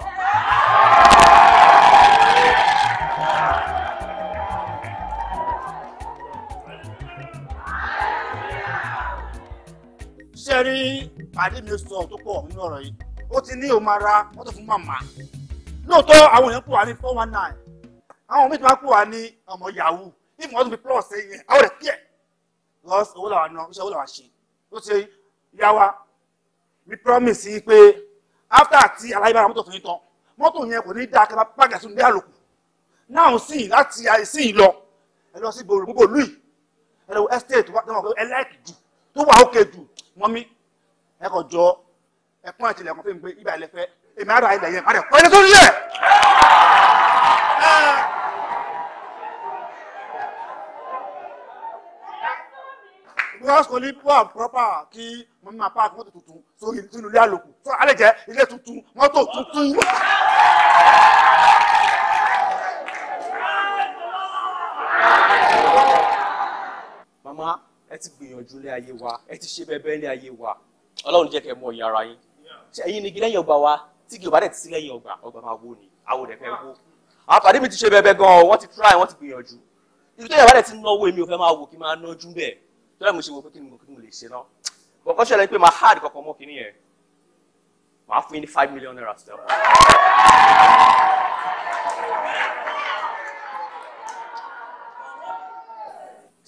ṣé rí pàdé mi sọ tó pọ̀ nínú ọ̀rọ̀ yìí ó ti ní òun ara mọ́tò fún màmá lóòótọ́ àwọn èèyàn pò wá ní four one nine àwọn míì tó bá pò wá ní ọmọ yahoo if wọ́n tún fi plus ẹ̀yìn àwọn rẹ̀ kí ẹ̀ because owó làwọn náà iṣẹ́ owó làwọn ṣe ó ṣe yá wa we promise yìí pé after àti aláìbára mọ́tò fún yín tán mọ́tò yẹn kò ní dá akẹ́bá pàgẹ́ sínú ilé àlòkù náà sì láti àìsí ìlọ ẹ lọ sí gbogbo ìlú yìí ẹ lọ estate wọn kọ ẹlẹ́ẹ̀kì jù tó wà òkè jù wọ́n mi ẹ kọ jọ ẹ pọ́n ìtìlẹ̀ kan fún mi pé ibà ilẹ̀ fẹ́ èmi àrà ilẹ̀ yẹn má rẹ̀ pọ́n ilé tó ń yẹ. because kò ní pure and proper kí mo ní máa park mọ́tò tuntun sórí nínú ilé àlòkù so a lè jẹ́ ilé tuntun mọ́tò tuntun. màmá ẹ ti gbìyànjú lé ayé wa ẹ ti ṣe bẹbẹ lé ayé wa ọlọ́run jẹ́ kẹ́ mọ ìyá ara yín ṣe ẹ̀yin ni igi lẹ́yìn ọgbà wa tí igi ò bá dẹ̀ ti sí lẹ́yìn ọgbà ọgbà máa wó ni àwọn ò dẹ̀ fẹ́ wó àpàdé mi ti ṣe bẹbẹ gan-an wọ́n ti try wọ́n ti gbìyànjú ibi tó yẹ bá dẹ̀ ti náwó èmi ò fẹ́ máa wò kí n máa nájú tó yà mo ṣe wo pé kí ni mo kí ni mo lè ṣe náà kọ̀ọ̀kan ṣẹlẹ̀ pé máa hard kọ̀ọ̀kan mọ́ kínní yẹn máa fún yín ní five million naira sílẹ̀ mọ́.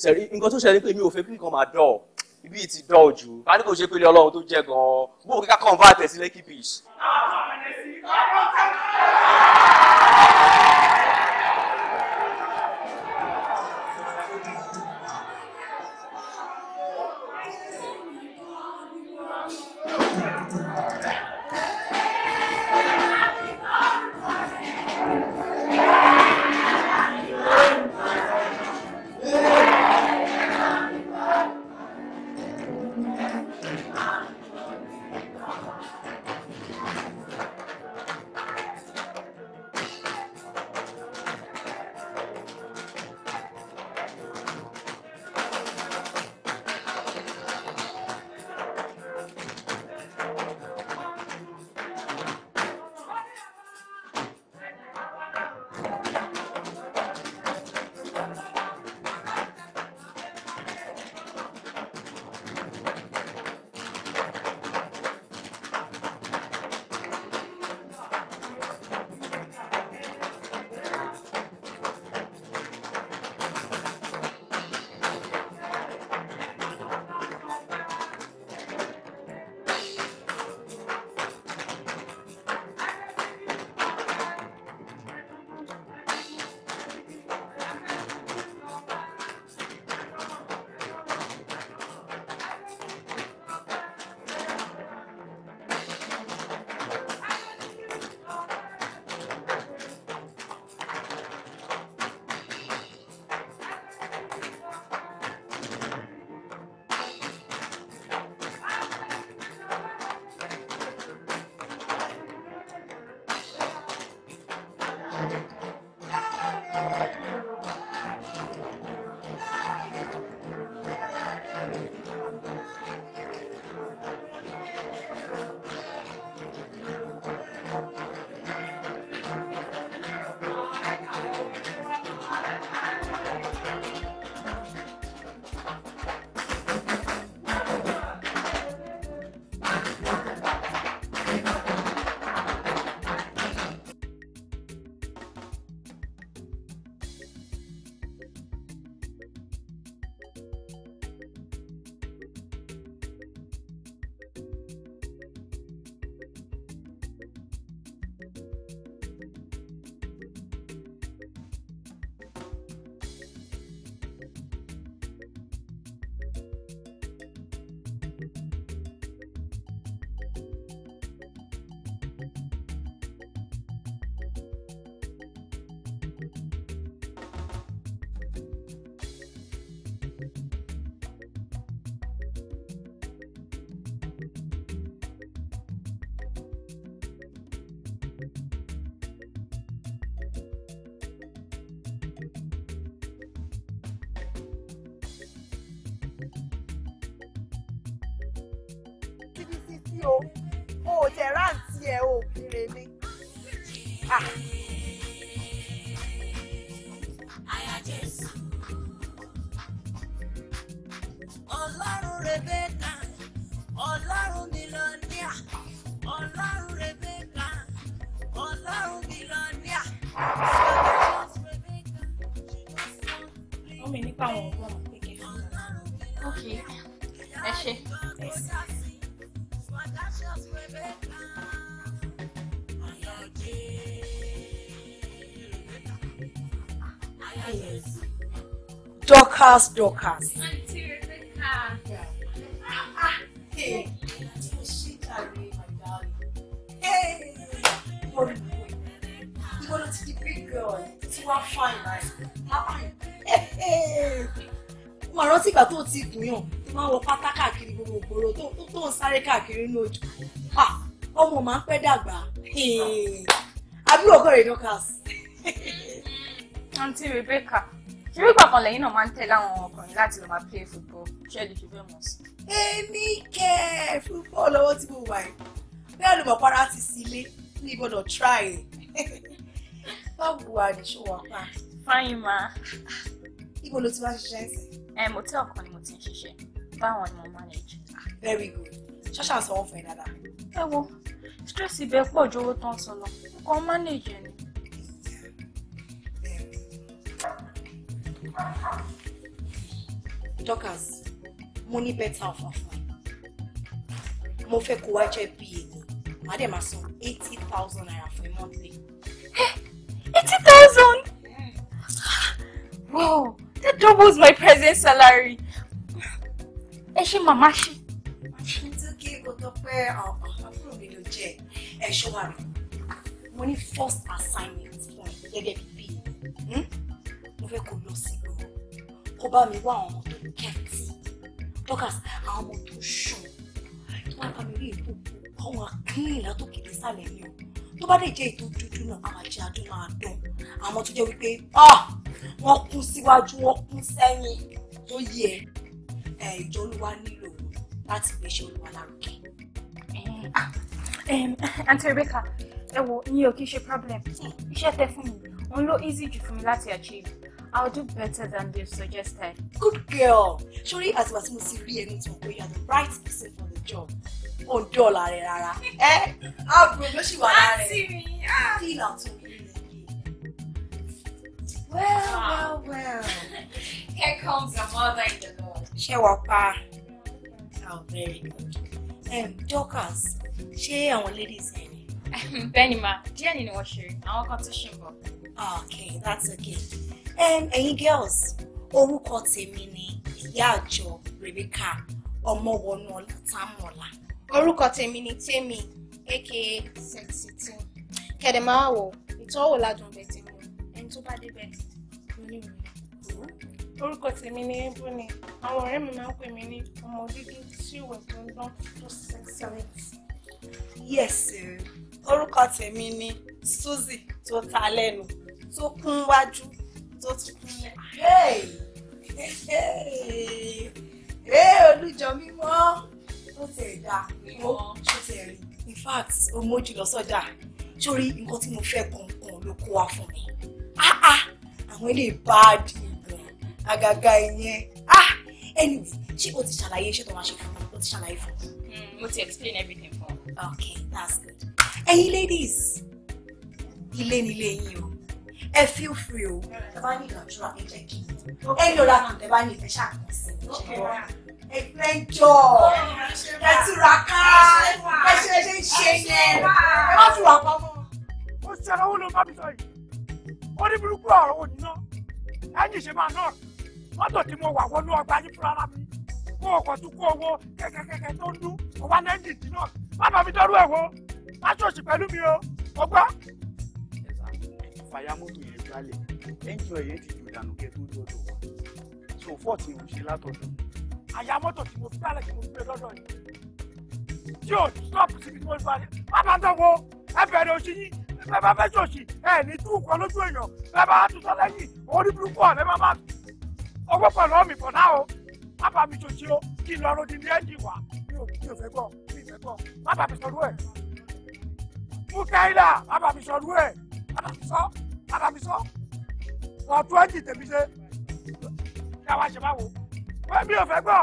sẹ̀rí nǹkan tó ṣẹlẹ̀ pé mi ò fẹ́ kí nǹkan máa dọ̀ ibi ti dọ̀ jù ká kò ṣe pé ilé ọlọ́run tó jẹ́ gan-an bó o kíkà convert ẹ̀ sí lẹ́kì beach. Yeah. o o tẹ̀ rántí ẹ̀ o kiri ni. Ah. Dorcas Dorcas. mo rántí ìgbà tó ti gùn yàn tó máa ń wọ pátá káàkiri gbogbo ògbóró tó ń sáré káàkiri ní ojú ọmọ máa ń pẹ́ dàgbà àbúrò ọgọ́rin Dorcas. Aunty Rebecca irú ìgbà kan lẹ́yìn náà máa ń tẹ̀lé àwọn ọkùnrin láti lọ máa play football ṣé lè fi fẹ́ mọ̀ sí. èmi kẹ́ ẹ̀ football lọ́wọ́ tí mo wà yìí bẹ́ẹ̀ ló mọ̀ para ti sí ilé ní ìgbọ́dọ̀ try ẹ̀. báwo wà ní ṣó wà fáyín ma. ibo ló ti wá ṣiṣẹ́ ẹ̀sìn. ẹ mo tẹ́ ọ̀kan ni mo ti ń ṣiṣẹ́ báwọn ni mo manage. very good ṣọ́ṣà sọ wọn fún ẹ dáadáa. ẹ wo stress ibẹ̀ pọ̀ ju owó tán sọ lọ nǹkan manage ẹ̀ Dorcas mo ní bẹ́tà ọ̀fà fún ẹ mo fẹ́ kó wá jẹ́ bí èmi màá dẹ̀ máa san eighty thousand naira fún ẹ monthly. eighty thousand wow that doubles my present salary ẹ ṣe màmá ṣe. nítorí kí kò tó pẹ́ àbúrò mi ló jẹ́ ẹ̀ṣọ́ wa rẹ̀ mo ní first assignment fún ẹ gẹ́gẹ́ bí bíi hmm? mo fẹ́ kó lọ sí kó bá mi wá àwọn ọmọ tó kẹ́tì dọ́kàs àwọn ọmọ tó ṣùn tó wá bá mi rí ètò àwọn akínyìn látòkè dé sàlẹ̀ mi o tó bá dẹ̀ jẹ́ ètò dúdú náà àwọn àjẹ́ adó máa dán àwọn tó jẹ́ wípé ah! wọ́n kún síwájú wọ́n kún sẹ́yìn tó yẹ ìjọ olúwa nílò láti gbé iṣẹ́ olúwa lárugẹ. Aunty Rebecca ẹ wo iye ò kí ṣe problem iṣẹ́ tẹ fún mi òun ló easy jù fún mi láti achieve. I'll do better than they've suggested. Good girl. Surely as much as you really need to you are the right person for the job. Oh, dollar, rárá. Eh? I'll bring you to my Feel out to me. Well, ah. well, well. Here comes the mother in the Lord. She wapa. pa? Oh, very good. Um, Dorcas, ṣé àwọn ladies ẹ̀ ni? Bẹ́ẹ̀ni ma, díẹ̀ nínú I want to àwọn ah, Okay, that's okay. Um, ẹ̀yin girls orúkọ tèmi ni ìyá àjọ Rebecca ọmọwọnú ọlátàmọlá. orúkọ tèmi ni tèmi aka sexy teen kẹ̀dẹ̀ máa wò ìtọ́wò ládùn bẹ́ẹ̀ tèmi ẹni tó bá débẹ̀ lónìí orúkọ tèmi ni ébú ni àwọn ọ̀rẹ́ mi máa ń pè mí ní ọmọ dídí tí ìwẹ̀ tó ń dán tó sẹ́sẹ̀lẹ̀tì. yes orúkọ tèmi ni Suzy tó ta lẹ́nu tó kún wájú tó tún kú ee olùjọ mímọ́ ó ti ẹ̀dá ó ṣe ti ẹ̀rí in fact ó mójú lọ sọ́jà sórí nǹkan tí mo fẹ́ gbọ̀ngàn ló kó wa fún mi ah, ah! àwọn ilé báàdì ìgbọ̀n àgàgà ìyẹn ah! anyway ṣé o ti ṣàlàyé ṣé tó máa ṣe fún mi o ti ṣàlàyé fún mi. Hmm, mo ti explain everything for you. okay that's good. Hey, ladies ilé nílé yín o ẹ feel free o ẹ bá ní ìdàtúrà ẹ jẹ́ kí ẹ yọra kan ẹ bá ní ìfẹ́ ṣàkóso ẹ fẹ́ jọ ẹ túraká ẹ ṣe ṣe ń ṣe yẹn ẹ má túra pa mọ́. ó ṣe ara wọn ló bá mi sọ yìí ó ní burúkú ọ̀rọ̀ òní náà ẹ̀yìn ṣe máa náà mọ́tò tí mo wà wọnú ọgbà yín fúnra mi kó o kò tún kó owó kẹ̀kẹ́kẹ́kẹ́ tó ń dún òwa náà ẹ̀yìn dì náà má bàa mi dọ́rú ẹ̀ wo má ṣòṣì pẹ̀lú mi o ọgbà fàyàmọ́tò yẹn jálẹ̀ ẹ́ńjìn ọ̀yẹ́ ti jò dànù kẹ́ tó dọ́dọ̀ wa so fọ́ọ̀tì yẹn ò ṣe látọ̀dọ̀ àyàmọ́tò tí mo fi dálẹ̀ tí mo fi gbé lọ́dọ̀ yìí tí o, stop síbi tí mo fi wá bàbá tó wo ẹ bẹ̀rẹ̀ òṣì yín bàbá fẹ́ ṣòṣì ẹ ní túùkọ lójú èèyàn bàbá àtúntò lẹ́yìn orí burúkú ọ̀rẹ́ bàbá owó pẹ̀lú ọ̀mì pọ̀ náà o bàbá mi ṣòṣì o kí n lọ rodi ní ẹ́ńjìn wá mi ò mi ò fẹ́ gbọ́ mi ò fẹ́ gbọ́ bàbá mi sọ̀rọ̀ àbísọ́ àbísọ́ wọ́n tún ẹ̀jì tèmi ṣe kí a wá ṣe báwo wọ́n mi ò fẹ́ gbọ́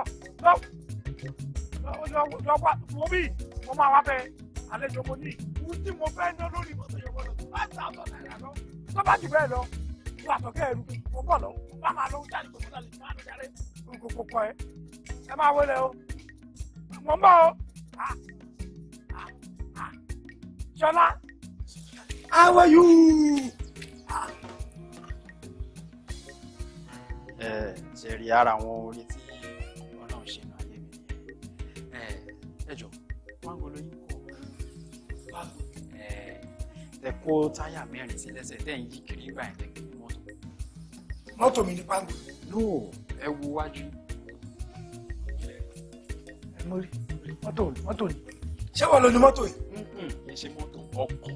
lọ́wọ́ mo bí mo máa wá bẹ àlejò mo ní mo fẹ́ ná lórí mọ́tò yẹn gbọ́dọ̀ tó bá ta ọ̀dọ̀ náírà lọ tó bá jù bẹ́ẹ̀ lọ tó bá tọ́kẹ́ ẹ̀rù mo bọ̀ lọ bá máa lọ jáde kò sọ́dọ̀ lè jáde kò kọ ẹ ẹ máa wọlé o mo ń bọ̀ o ah, ah, ah. ṣọlá. How are you? Ẹ ṣe rí ara àwọn orí tí ọlọ́run ṣe náà yé mi. Ẹ jọ, wọ́n gbọ́dọ̀ yí kọ́ báàlù. Ẹ kó táyà mẹ́rin sí lẹ́sẹ̀ tẹ́ ń yí kiri ìgbà yẹn tẹ́ kiri mọ́tò. Mọ́tò mi ní pàǹgò. No, ẹ wo wájú. Mo rí mọ́tò ni. Ṣé wà ló ni mọ́tò yìí? Ẹ ṣe mọ́tò ọkọ̀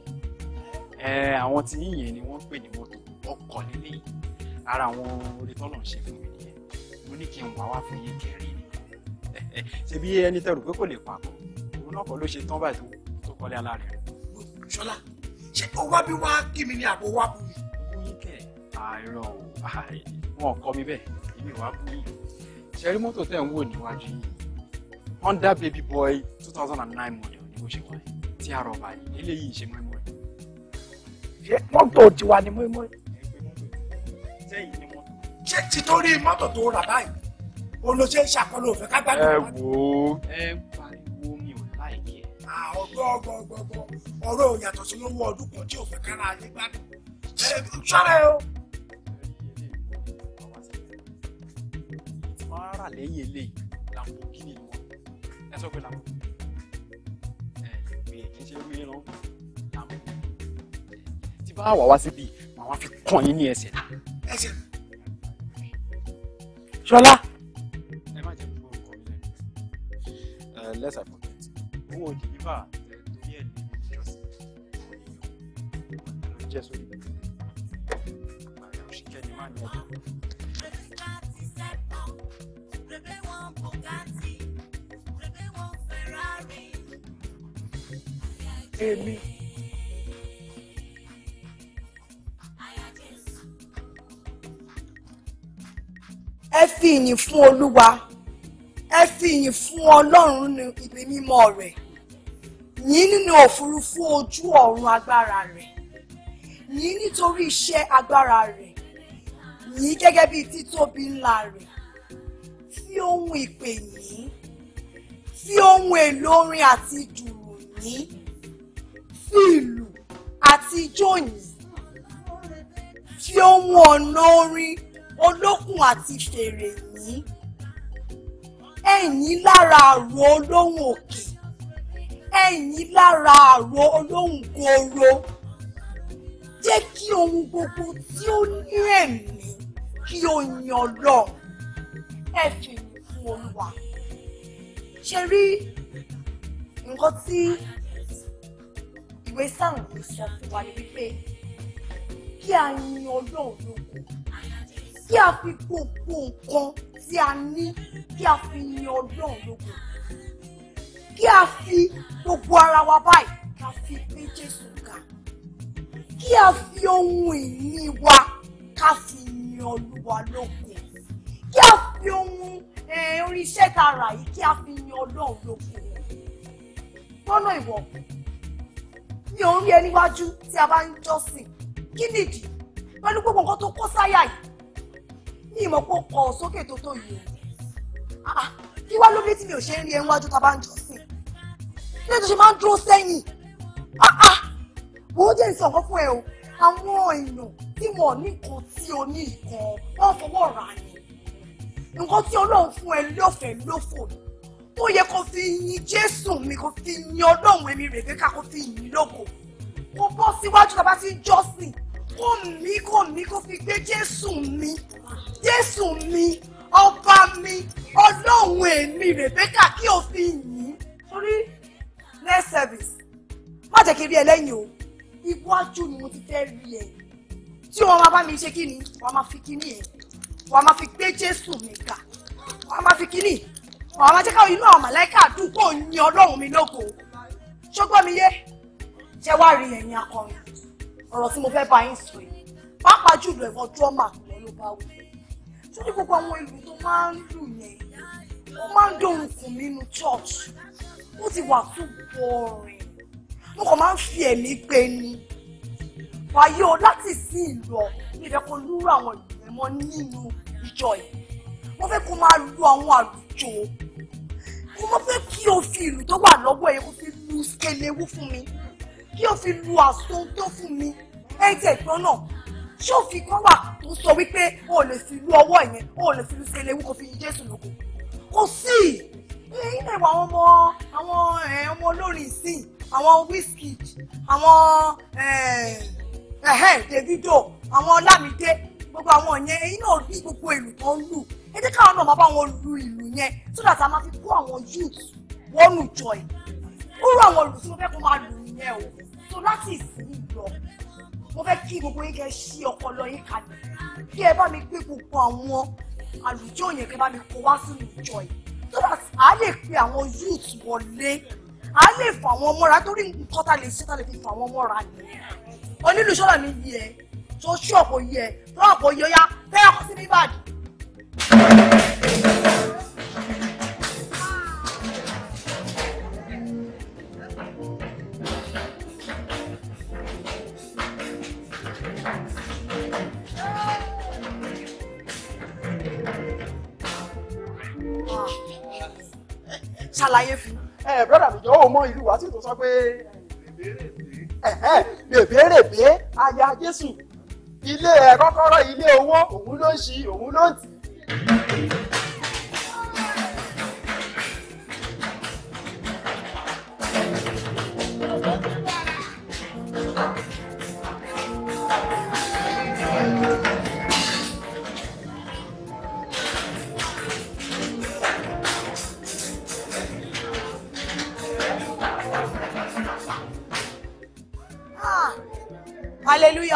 àwọn tí yín yẹn ni wọ́n ń pè ní mọ́tò ọkọ̀ nílé yìí ara àwọn orí tọ́lọ̀ ń ṣe fún mi nìyẹn mo ní kí n wá wá fún yín kẹrin ni ṣe bí ẹni tẹrù pé kò lè papọ̀ òun náà kọ́ ló ṣe tán báyìí tó kọ́lé alárẹ̀. ṣọlá ṣé ó wá bí wá kí mi ní àbò wá bù mí. bóyá kẹ àìrọ o wọn kọ mi bẹ́ẹ̀ èmi wàá bú yìí ṣe rí mọ́tò tẹ̀ ń wò níwájú yìí Honda baby boy two thousand and nine model ni mo ṣe wáyé tí a rọ̀ báyìí eléyìí ṣe mọ́ jẹ́ mọ́tò tiwa ni mọ́ímọ́í. ṣé títorí mọ́tò tó rà báyìí olóṣèlú ṣàkóló òfin kágbádùn. ẹ wò ó. ẹ pariwo mi ò láìkí ẹ. ọgbọ ọgbọ ọgbọ ọgbọ ọ̀rọ̀ ò yàtọ̀ sí lówó ọdún kan tí òfin kára ayé gbádùn. sọ́ra ẹ o. wọ́n á rà lẹ́yìn eléyìí làǹbù kí ni wọ́n ẹ sọ pé làǹbù ẹ ẹ kì ṣe orí ẹ lọ́wọ́ bá wà wá síbi màá wá fi kàn yín ní ẹsẹ̀ ṣọlá. ẹ má jẹ́ kó o kọ ilé ẹ lẹ́sà fún mi. owó òjìlífà torí ẹ̀ ní ìjọsìn ló jẹ́ sórí ìgbà ààrẹ òṣìkẹ́ni má ní ọdún. Èmi. Hey, ẹ fi ìyìn fún olúwa ẹ fi ìyìn fún ọlọ́run ní ibi mímọ́ rẹ̀ yìn nínú òfurufú ojú ọ̀run agbára rẹ̀ yìn nítorí iṣẹ́ agbára rẹ̀ yìn gẹ́gẹ́ bí títóbi ńlá rẹ̀ fi ohun ìpè yìn fi ohun èlò orin àti dùrù yìn fi ìlù àti ijó yìn fi ohun ọ̀nà orin olókùn àti fèrè yìí ẹ̀yìn lára àrò olóhùn òkè ẹ̀yìn lára àrò olóhùn gooro jẹ́ kí ohun gbogbo tí ó ní ẹ̀mí kí ó yan lọ ẹ fi fún olúwa ṣe rí nǹkan tí ìwé sáà sọ fún wa ni wípé kí a yan ọlọ́run kí a fi gbogbo nǹkan tí a ní kí a fi yin ọlọ́run lógo kí a fi gbogbo ara wa báyìí kí a fi gbé Jésù ga kí a fi ohun ìní wa ká fi yin Olúwa lógo kí a fi ohun irinṣẹ́ ta rà yìí kí a fi yin ọlọ́run lógo lọ́nà ìwọ mi ò ẹni wájú tí a bá ń jọ́sìn kí nìdí pẹ̀lú gbogbo nǹkan tó kó sáyà yìí ìmọ̀ pọ̀ kọ̀ sókè tó tó yìí o ah, ah, kí wá ló dé tí mi ò ṣe ń rí ẹ níwájú tá a bá ń jọ sí i kí ló tó ṣe máa ń dúró sẹ́yìn ah, wò jẹ́ ìsọ̀kan fún ẹ o àwọn èèyàn tí wọn ní nǹkan tí o ní nǹkan wọn fọwọ́ rà ní nǹkan tí ọlọ́run fún ẹ lọ́fẹ̀ẹ́ lófò ní tó yẹ kó fi yin jésù mi kó fi yin ọlọ́run èmi rèbékà kó fi yin lóko kó bọ́ síwájú tá a bá ti ń jọ́sìn kò mí kò mí kò fi gbé jésù mi jésù mi ọba mi ọlọ́run èmi rèbékà kí o fi yìn sórí next service má jẹ́ kí n rí ẹ lẹ́yìn o iwájú ni mo ti fẹ́ rí ẹ tí wọn máa bá mi ṣe kí ni wọn máa fi kíní ẹ wọn máa fi gbé jésù mi ga wọn máa fi kíní wọn máa jẹ́ káwọn inú àwọn màláìka àdúgbò yin ọlọ́run mi lógo ṣọgbọ́n mi yé jẹ́ wá rí ẹ̀yin akọrin ọ̀rọ̀ tí mo fẹ́ bá yín sọ yìí pápá jùlọ ẹ̀fọ́ drọ́mà lọ ló bá wù tó ní gbogbo àwọn ìlú tó máa ń lù yẹn ó máa ń dòrùn kùn nínú church ó ti wà tún bọ̀ọ̀rìn mo kàn máa ń fi ẹ̀mí pé ni wàyí o láti sí ìlú ọ mi fẹ́ kó lúrú àwọn ìlú yẹn nínú ìjọ yìí mo fẹ́ kó máa lu àwọn àlùjọ mo fẹ́ kí o fi ìlú tó wà lọ́wọ́ ẹ̀ kó fi lu skelewu fún mi kí o fi lu àsun tó fún mi ẹ̀yìn tí ẹ̀gbọ́n náà ṣé òfin kan wà tó sọ wípé o ò lè fi lu ọwọ́ yẹn o ò lè fi lu sẹlẹ̀wú kó fi yin Jésù lóko kò sí ilé ìwà àwọn ọmọ àwọn eh, ọmọ olórin ìsìn àwọn Wizkid àwọn eh, eh, Davido àwọn Ọlámídé gbogbo àwọn yẹn ẹ̀yin náà rí gbogbo ìlú tó ń lù ẹ káwọn náà máa bá wọn lu ìlú yẹn so that a máa fi kó àwọn youth wọnú jọ ẹ̀ ó rọ àwọn olùsìn fẹ́ kó máa lù yẹn o so láti ìsìn lọ mo fẹ́ kí gbogbo yín kẹ́ ṣí ọpọlọ yín kalẹ̀ kí ẹ bá mi gbé gbogbo àwọn àlùjọ yẹn kẹ́ bá mi kó wá sínú ìjọ yìí so that a lè pe àwọn youth wọlé a lè fà wọ́n mọ́ra torí nǹkan tá lè ṣe tá lè fi fà wọ́n mọ́ra ni onílù sọ́là mi yẹ tó ṣọ́ọ̀bù yẹ tó àpò yẹ ya bẹ́ẹ̀ kọ́ sí bíbàdì. ṣàlàyé fi. ẹ brọ́dà mi jọ ò mọ ìlú wa sì tó sọ pé bèbèrèbè aya jésù ilé ẹ kọ́kọ́rọ́ ilé owó òun ló ń ṣí òun ló ń tì í.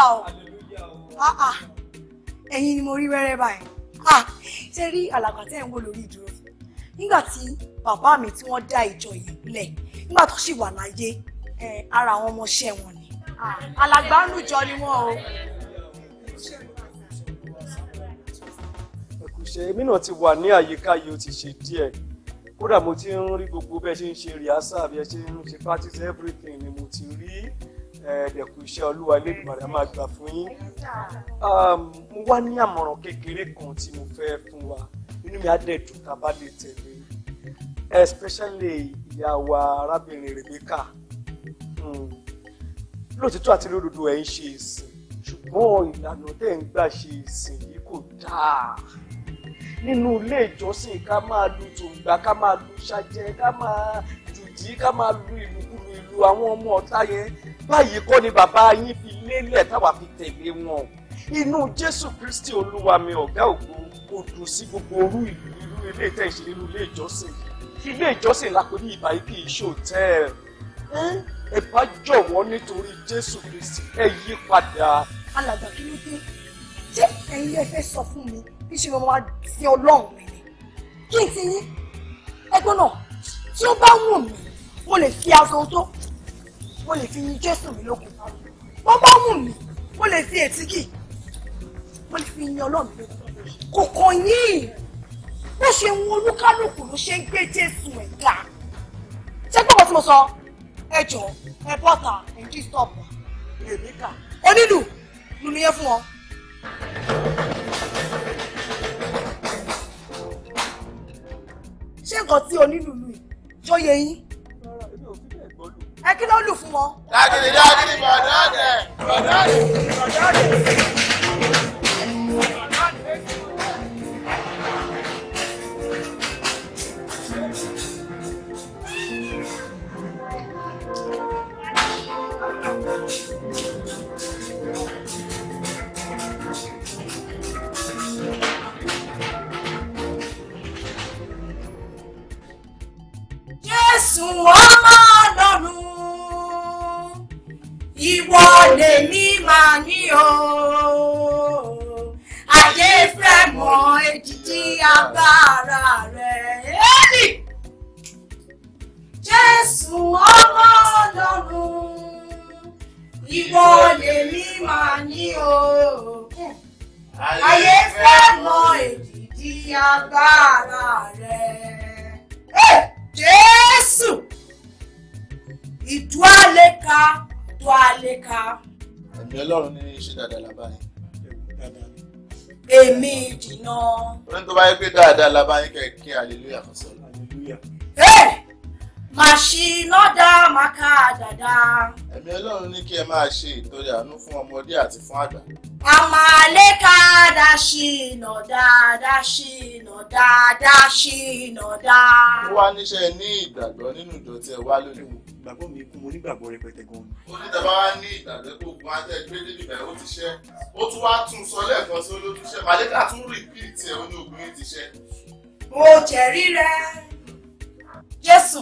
hallelujah o ah ah ẹ̀yin ni mo rí wẹ́rẹ́ báyìí ah ṣe rí àlàkàtà ẹ̀ ń wò lórí ìdúró nígbà tí bàbá mi tí wọ́n dá ìjọ yìí lẹ̀ nígbà tó sì wà láyé ara àwọn ọmọọṣẹ́ wọn ni ah, alàgbánújọ ni wọ́n o. ṣe èmi náà ti wà ní àyíká yìí ó ti ṣe díẹ̀ kódà mo ti ń rí gbogbo bẹ́ẹ̀ ṣe ń ṣe rìásà bí ẹ ṣe ń ṣe practice everything ni mo ti rí ẹ̀ẹ́dẹ̀kù iṣẹ́ olúwa elédùmarè máa gbà fún yín mo wá ní àmọ̀ràn kékeré kan tí mo fẹ́ fún wa inú mi á dẹ̀ a bá lè tẹ̀lé especially ìyá wa arábìnrin Rebecca hmm. lóòtítọ́ àti lódodo ẹ̀ ń ṣe ìsìn ṣùgbọ́n ìlànà tẹ̀ ń gbà ṣe ìsìn yìí kò dáa nínú ilé ìjọsìn ká máa lu tòǹgbà ká máa lu ṣàjẹ́ ká máa jùdí ká máa lu ìlúkulù ìlú àwọn ọmọ ọ̀tá yẹn báyìí kọ́ ni bàbá yín fi lélẹ̀ táwa fi tẹ̀lé wọn inú jésù kristi olúwa mi ọ̀gá ògo kò dùn sí gbogbo orú ìlú irú ilé tẹ̀ ṣe irú ilé ìjọsìn ilé ìjọsìn lápò ní ìbáyé kì í ẹ bá jọ̀wọ́ nítorí jésù kristi ẹ yí padà. alàgbà kí ló dé ṣé ẹ̀yin ẹ fẹ́ sọ fún mi bí ṣe wọn wá sí ọlọ́run mi ni kí n ti yín ẹgbọ́n náà tí ó bá wù mí mo lè fi aṣọ tó mo lè fi yin jésù mi lókun wọ́n bá wù mí mo lè fi ètíkì mo lè fi yin ọlọ́run mi lókun kò kàn yín bó ṣe ń wo olúkálùkù ló ṣe ń gbé jésù ẹ̀ ga ṣé gbọ́dọ̀ tí mo sọ ẹ jọ ẹ bọ́ta ẹ jí stọọpù lèmi kà onílù lùmí yẹn fún ọ. ṣé nǹkan tí onílù lù yìí tó yẹ yín ẹ kí ló lù fún wọn. dágìrì dágìrì bọ̀dọ̀dẹ̀ bọ̀dọ̀dẹ̀ bọ̀dọ̀dẹ̀. Jésù òde ní màá ní o ayé fẹ́ mọ ètìtì agbára rẹ̀ ẹ́lì jésù ọmọ ọlọ́run ìwọ lèmi màá ní o ayé fẹ́ mọ ètìtì agbára rẹ̀ jésù ìdúrà lè ka wá lè ka. ẹ̀mí ọlọ́run ní ṣe dáadáa lábá èmi jìnnà. orin tó bá yẹ pé dáadáa lábá yín aleluya kan sọ. màṣínọ́dá màkà dàda. ẹ̀mí ọlọ́run ní kí ẹ máa ṣe ìtọ́jú fún ọmọdé àti fún àgbà. Amaleka dashino da dashino da dashino da. Ó wá níṣẹ́ ní ìgbàgbọ́ nínú ìjọ tí ẹ wá lónìí. Ìgbàgbọ́ mi kún mo nígbàgbọ́ rẹpẹtẹ gan-an onítẹ̀bá ní ìgbàgbẹ́ tó gun ajẹ́ gbé débi ó ti ṣẹ́ ó tún wá tún sọ lẹ́ẹ̀kan sí olójúṣẹ́ màlẹ́kà tún repeat ẹ̀ ó ní ti ṣẹ́. mo jẹ́rìí rẹ Jésù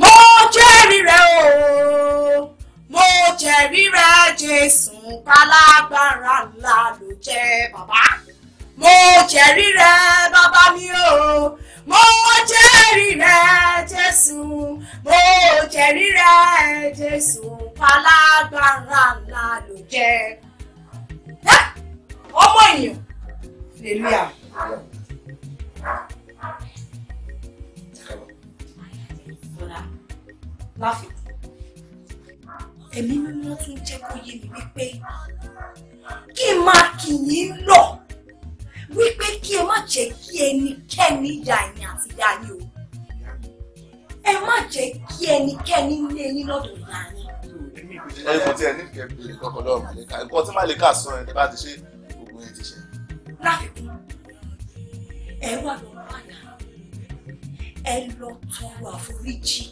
mo jẹ́rìí rẹ o mo jẹ́rìí rẹ Jésù pálágbára ńlá ló jẹ́ bàbá mo jẹ́rìí rẹ bàbá mi o mo jẹ́rìí rẹ jésù mo jẹ́rìí rẹ jésù palágbára ńlá ló jẹ́ ọmọ ènìyàn lèmi à. láfi ẹ̀mí mímọ́ tún jẹ́ kó yé mi wípé kí n máa kì í lọ wípé kí ẹ má jẹ́ kí ẹnikẹ́ni ya ẹ̀yìn àti ya yín o ẹ má jẹ́ kí ẹnikẹ́ni lé yín lọ́dọ̀ ìyá yín. ẹ kò tí ẹ ní kẹ bí kọkànlọ màlẹka ẹkọ tí màlẹka sún ẹ bá ti ṣe gbogbo yẹn ti ṣe. láfikún ẹ wà lọ padà ẹ lọ tọrọ àforíjì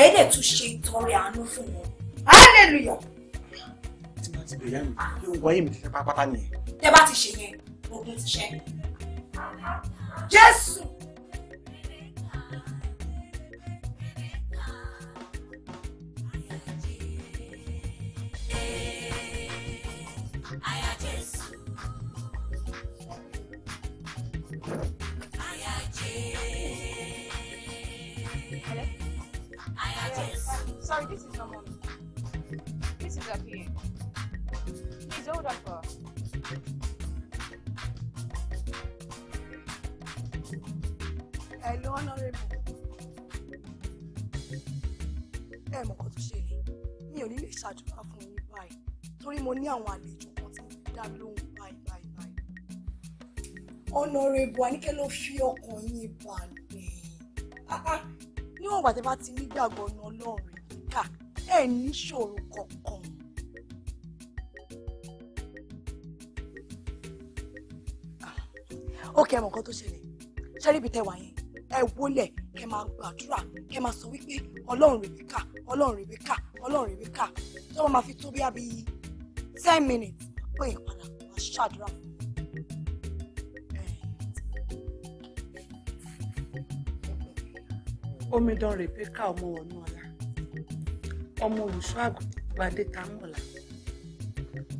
ẹ dẹ̀ tún ṣe ìtọrẹ àánú fún wọn. hallelujah. tí màá ti bẹ̀rẹ̀ yẹn ló ń wáyé mi fẹ́ pátápátá nìyẹn. tẹ bá ti ṣe yẹn ogun ti ṣẹ jésù. Sorry, this is someone. This is a here. ò ní lè ṣàdúrà fún yín báyìí torí mo ní àwọn àlejò kan tí mo fi dá lóhùn báyìí báyìí báyìí. Honorable Anike ló fi ọkàn yín balẹ̀ ah, ah, níwọ̀n ìgbà tí bá ti nígbàgbọ́ ọ̀nà ọlọ́run kíkà ẹ̀ níṣòro kankan. ó kẹ́ ẹ̀ tó ṣẹlẹ̀ ṣẹ́ríbi tẹ́wàá yẹn ẹ wólẹ̀ kẹ máa gbàdúrà kẹ máa sọ wípé ọlọ́run rèbíkà ọlọ́run rèbíkà ọlọ́run rèbíkà tí wọ́n máa fi tó bí abí ten minutes pé ìpadà máa ṣàdúrà fún omidan rèbíkà ọmọ ọ̀nà ọ̀la ọmọ olùṣọ́ àgùntàn gbadé tamọ̀la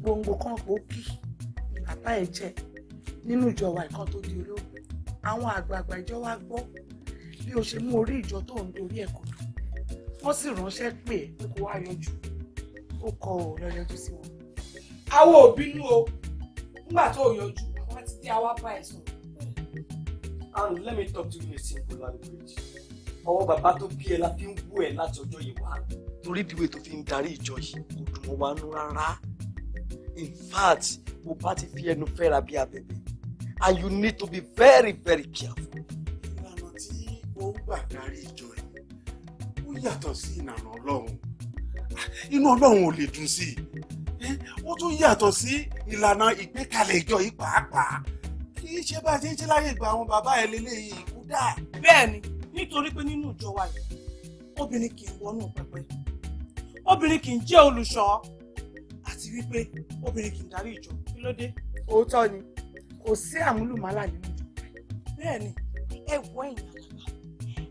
gbòǹgbò kan gbòógì bàbá ẹ̀ jẹ́ nínú ìjọ wa ìkan tó di olóògbé àwọn àgbààgbà ìjọ wa gbọ́ bí o ṣe mú orí ìjọ tó ń dorí ẹ̀ kodò wọ́n sì ránṣẹ́ pé kó wá yọjú ó kọ ò lọ yọjú sí wọn. àwọn òbí nú o nígbà tó yọjú wọn ti dé àwa bá ẹ sùn. and let me talk to you in a simple language ọwọ́ bàbá tó bí ẹ la fi ń wú ẹ láti ọjọ́ yìí wá torí ìdíwé tó fi ń darí ìjọ yìí kò dùn mọ́ wa nú rárá in fact mo bá ti fi ẹnu fẹ́ra bí abẹ̀bẹ̀ and you need to be very very careful tó ń gbà kárí ìjọ yìí ó yàtọ̀ sí ìlànà ọlọ́run inú ọlọ́run ò lè dùn sí i ó tún yàtọ̀ sí ìlànà ìgbékalẹ̀ ìjọ yìí pàápàá kì í ṣe bá a ṣe ń ṣe láyé ìgbà àwọn bàbá ẹ lélẹ́yìí ìkú dà. bẹ́ẹ̀ni nítorí pé nínú ìjọ wa yìí obìnrin kì í wọnú pẹpẹ obìnrin kì í jẹ́ olùṣọ́ àti wípé obìnrin kì í darí ìjọ kí ló dé. òótọ́ ni kò sí àmúlùmálà nínú ìjọ. bẹ́ẹ̀ni ẹ wọ ẹ̀yìn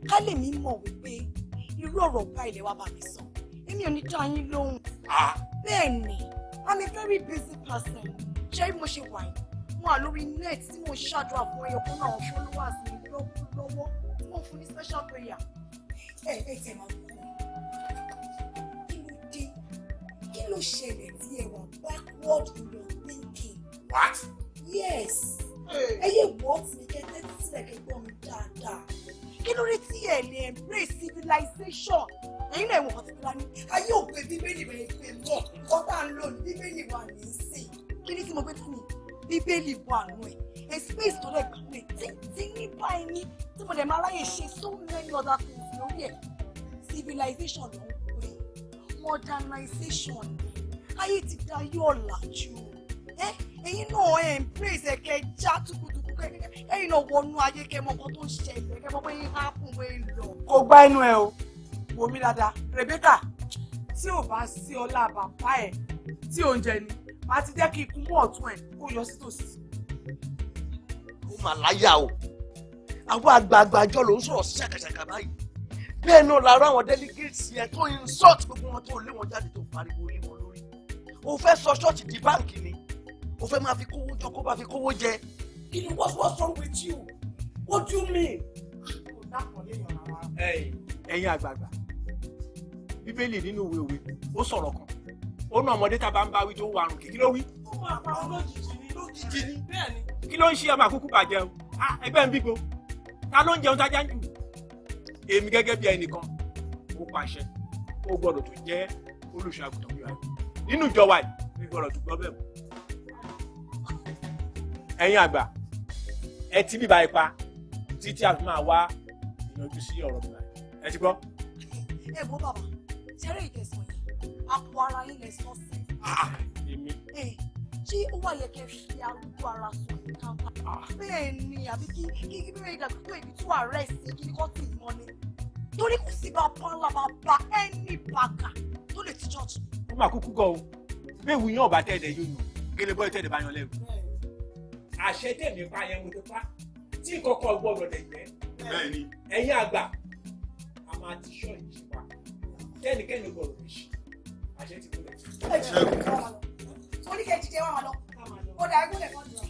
ká lè mí mọ̀ wípé irú ọ̀rọ̀ bá ilé wa bá mi sọ èmi ò ní dá yín lóhùn. Ah. bẹ́ẹ̀ ni i'm a very busy person ṣé mo ṣe wà yìí mo wà lórí net tí mo ṣàdúrà fún ẹyọkún náà followers mi lọ́wọ́ tí mo fún ní special prayer. ẹ ẹ tẹ máa kú kí ló dé kí ló ṣẹlẹ̀ tí ẹ wà backward in your thinking. what. yes. ẹ yẹ wọ́ọ̀tì mi kẹ́tẹ́ sílẹ̀ kẹ́gbọ́n mi dáadáa kí ló dé tí ẹ embrace civilization ẹ̀yin náà ìwọ̀n kan ti fi lánìí ayé òpè bíbélì rẹ̀ ìpè mọ́ ọ̀tá ń lò ní bíbélì wà ní sí kí ni tí mo gbé tó ní bíbélì wà nù ẹ̀ ẹ̀ space tó lẹ̀ gbà pé títí ní báyìí ní tí mo dẹ̀ máa ráyè ṣe so many other things lórí ẹ̀ civilization ló ń pè modernization ayé ti dayé ọ̀làjú ẹ̀yin náà embrace ẹ̀kẹ́ já tukutu pé ẹ̀yin náà wọnú ayé kẹmọ kan tó ń ṣẹlẹ̀ kẹmọ pé yín á kún wẹ́ lọ. kò gbá inú ẹ o wò mí dáadáa Rebecca tí ò bá sí ọlá bàbá ẹ tí ò ń jẹ ni màá ti jẹ́ kí ikú mú ọ̀tún ẹ̀ kó yọ sí tòsí. ó mà láyà o àwọn àgbààgbà àjọ ló ń sọ̀rọ̀ ṣàkàṣàkà báyìí bẹ́ẹ̀ náà lára àwọn delegates yẹn tó insult gbogbo wọn tó lé wọn jáde tó pariwo lé wọn lórí o fẹ́ sọ ṣọ́ọ̀ṣì di báǹkì ni o fẹ́ máa fi kówó jọ kó máa fi kówó jẹ kí ni what's what's wrong with you what do you mean. ẹ̀yin àgbààgbà bíbélì nínú ìwé òwe ó sọ̀rọ̀ kan ó ná ọmọdé tá a bá ń bá wí tó ń warùn kí ló wí. ó máa pa ọlọ́jìjì ni lójijì ni bẹ́ẹ̀ ni. kí ló ń ṣe ọmọ àkókò bàjẹ́ o ah, ẹgbẹ́ ń bígbó ta ló ń jẹun tájá ń jù èmi gẹ́gẹ́ bí ẹnìkan mo pàṣẹ ó gbọ́dọ̀ tó jẹ́ olùṣàgùtàn mi wáyé nínú ìjọ yìí mi gbọ́dọ̀ tó gbọ́ bẹ́ẹ̀ mọ́ ẹ ti bíbá ipa títí a fi máa wá ìyanjú sí ọ̀rọ̀ bíbá ẹ ti gbọ́. ẹ gbọ́ bàbá ṣeré ìtẹ̀sán yìí àpò ara yín lè sọ sí. Ah, èmi. ṣé ó wà yẹ kẹ fi arúgbó ara sọ ìkàwá. Ah. bẹ́ẹ̀ ni àbí kí kí kí bíbélì dàgbà pé ibi tó ààrẹ sí kí kò tì í mọ́ ni torí kò sí bàbá ńlá bàbá ẹni bàgà tó lè ti jọ́ọ̀tù. ó mà kúkú gan o bí èwù yín ọ̀bà tẹ̀lé yóò yàn gẹ́lẹ́ bọ́ tẹ̀lé bá yan lẹ́rù àṣẹ tèmi pa yẹn mo ti pa tí kọ̀ọ̀kan gbọ́dọ̀ lè jẹ́ ẹ̀yin àgbà a máa ti ṣọ́ ìjìnwá kẹ́nikẹ́ni gbọ́dọ̀ lè ṣe àṣẹ ti gbọ́dọ̀. oníkejì jẹ́ wà wọn lọ kó dàrú kó lè kọ́ dùn.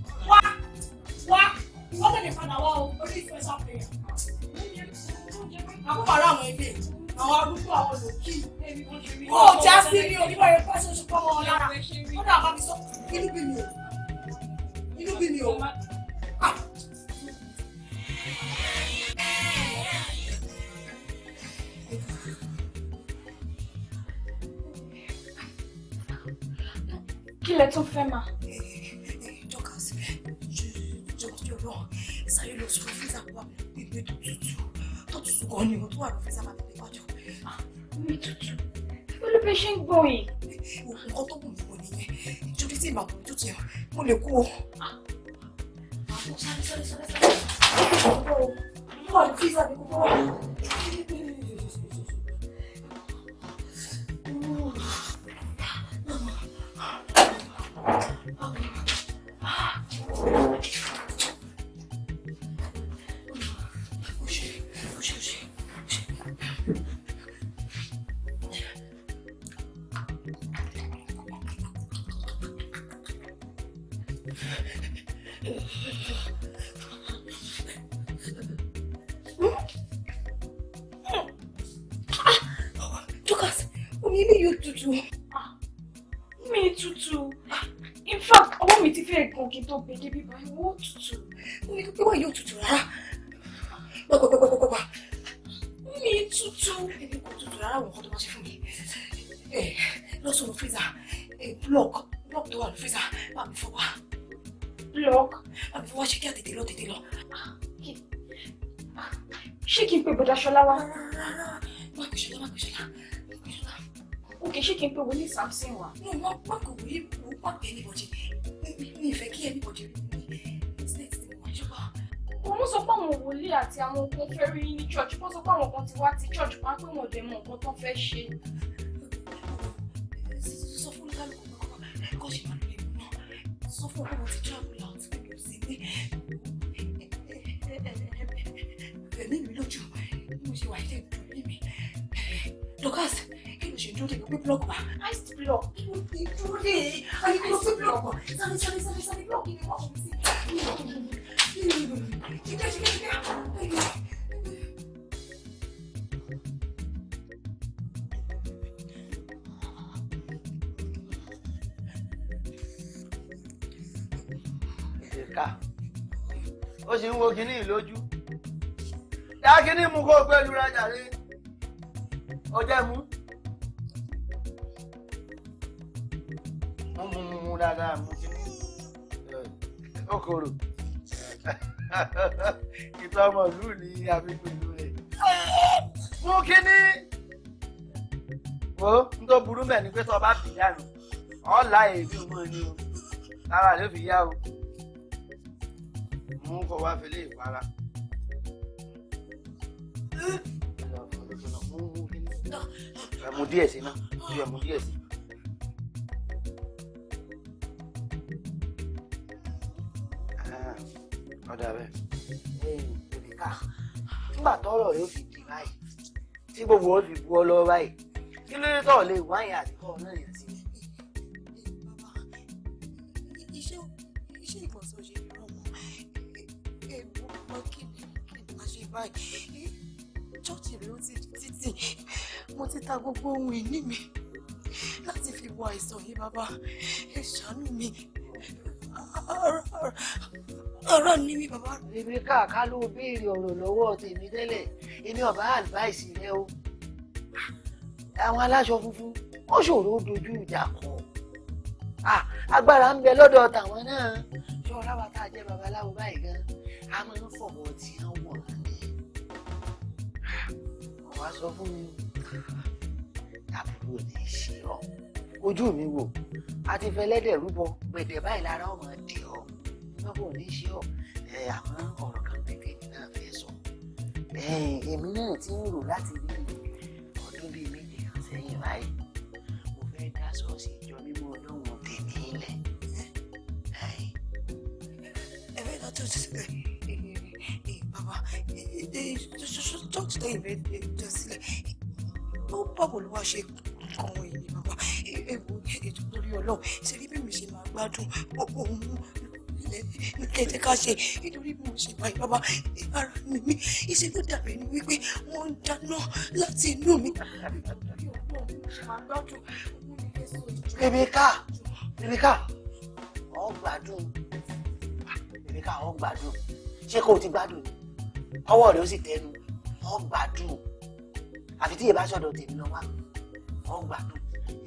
wá wá wọ́n tẹ̀lé padà wá o orí special prayer. àkókò ara àwọn ilé àwọn arúgbó àwọn lòkì kó o já sí ní oníbàárẹ̀ pẹ́sẹ̀ oṣù pọ́nmọ́ wọn lára wọ́n dà bá mi sọ inú bí mi o inú bí mi o. kí lẹ tún fẹ́ máa. mi tútù tó tútù gan ni o tó wà ló fẹ́ sábà tẹ̀lé wájú. mi tútù pẹ̀lú bí ṣe ń gbọ́ yìí. nǹkan tó kùn fún mi nìyẹn nítorí tí ìbàkùn mi tútù yẹn mo lè kú o. àwọn ah, ah, sáré sáré mi tutù mi tutù in fact I ọwọ́ mi ti fẹ́ gan kí n tó gbé débi báyìí wọ́n tutù mi kò pé wọ́n yóò tutù rárá pàpàpàpàpàpà mi tutù èmi kò tutù rárá àwọn nǹkan tó bá ṣe fún mi lọ́sọ̀rọ̀ freezer block block tó wà ní freezer bá mi fọwọ́ block bá mi fọwọ́ ṣe kí a tètè lọ tètè lọ ṣé kí n pe bọ̀dá ṣọlá wá. rárá má pè ṣọlá má pè ṣọlá òkè ṣé kí n pe wòlíì Samson wa. mo mọ pàkó wòlíì mo pàkó ẹnìbọdì mi ìfẹ́ kí ẹnìbọdì rí mi state ti wà jọba. òun sọ pé àwọn wòlíì àti àwọn ogun kẹrí ní church wọn sọ pé àwọn kan ti wá ti church wọn pé wọn ò dẹ̀ mọ nǹkan tó fẹ́ ṣe. sọ fún olúkálùkù kọ́kọ́ kọ́ ṣe máa lè mú náà sọ fún ọkọ̀ ti travel out kò sí ní ẹ̀mí mi lójú mo ṣe wà ilé ìdùnnú mi Dorcas júlẹ̀ ló gbé búlọ́ọ̀kù wá ice block kí ló dé júlẹ̀ àyè kí ló gbé búlọ́ọ̀kù wá sáré sáré sáré sáré búlọ́ọ̀kù ni wọ́n fi sí ṣíkẹ́ ṣíkẹ́ ṣíkẹ́. ká ó sì ń wo kinní ìlójú dá kinní mu kó o gbé lura jàre ọjọ́ mu. kòrò ìtọ́ ọmọ ìlú ni àfikún ìlú rẹ̀. mú kínní wo n tó burú mẹ́ ni pé tó o bá bì dànù ọ̀la èmi ò mọ̀ ni o lára ló fi yá o mú kó wá fi lè para. ẹ̀mú díẹ̀ sí náà ẹ̀mú díẹ̀ sí. ọ̀dà bẹ́ẹ̀. rèbíkà nígbà tọ́rọ̀ yóò fi di báyìí tí gbogbo ó fi bu ọ lọ báyìí kí ló dé tọ̀ lè wáyà àdìkọ́ náà yẹn sí i. báyìí ṣọ́ọ̀ṣì mi ó ti di títì mo ti ta gbogbo ohun ìní mi láti fi wo àìsàn yìí bàbá ẹ ṣàánú mi ọ̀rọ̀ ni mi bàbá. èmi káàká ló béèrè ọ̀rọ̀ lọ́wọ́ tèmi tẹ́lẹ̀ èmi ọ̀bá advice rẹ o àwọn aláṣọ funfun ó ṣòro dojú ìjà kọ agbára ń bẹ lọ́dọ̀ tàwọn náà ṣé ọ̀rá wa tá a jẹ́ babaláwo báyìí gan a máa ń fọ̀wọ́ tí wọ́n wọ̀ lálẹ́ ọ̀wá sọ fún mi àbúrò ní í ojú mi wò a ti fẹ́ lẹ́dẹ̀ rúbọ gbẹ̀dẹ̀ báyìí lára ọmọ dì ọ́ báwo ní ṣe ọ àmọ́ ọ̀rọ̀ kan pẹ̀kẹ́ ní náà fẹ́ sọ èmi náà ti ń rò láti rí ọdún bíi méjì kan sẹ́yìn báyìí mo fẹ́ dá ṣọ́ọ̀ṣì ìjọ mímọ́ ọlọ́run tèmi ilẹ̀. ẹ fẹ́ náà tó ti sẹ́ bàbá tó ti lẹ́yìn bẹ́ẹ̀ jọ sílẹ̀ ó báwo ló wá ṣe kàn wọ́n yìí bàbá ewu ètò lórí ọlọ́run ṣe rí bí mi ṣe máa gbádùn ọ̀pọ̀ òun ilẹ̀ tí ká ṣe nítorí mo ṣe pa ìbába ara mi mi iṣẹ́ tó dàbí ni wípé wọ́n ń dáná láti inú mi. Rebeka Rebeka ọ̀ gbádùn Rebeka ọ̀ gbádùn ṣé kò ti gbádùn ọwọ́ rẹ̀ ó sì tẹnu ọ̀ gbádùn àfi tí ìyẹ̀bá sọ̀dọ̀ tèmi lọ wá ọ̀ gbádùn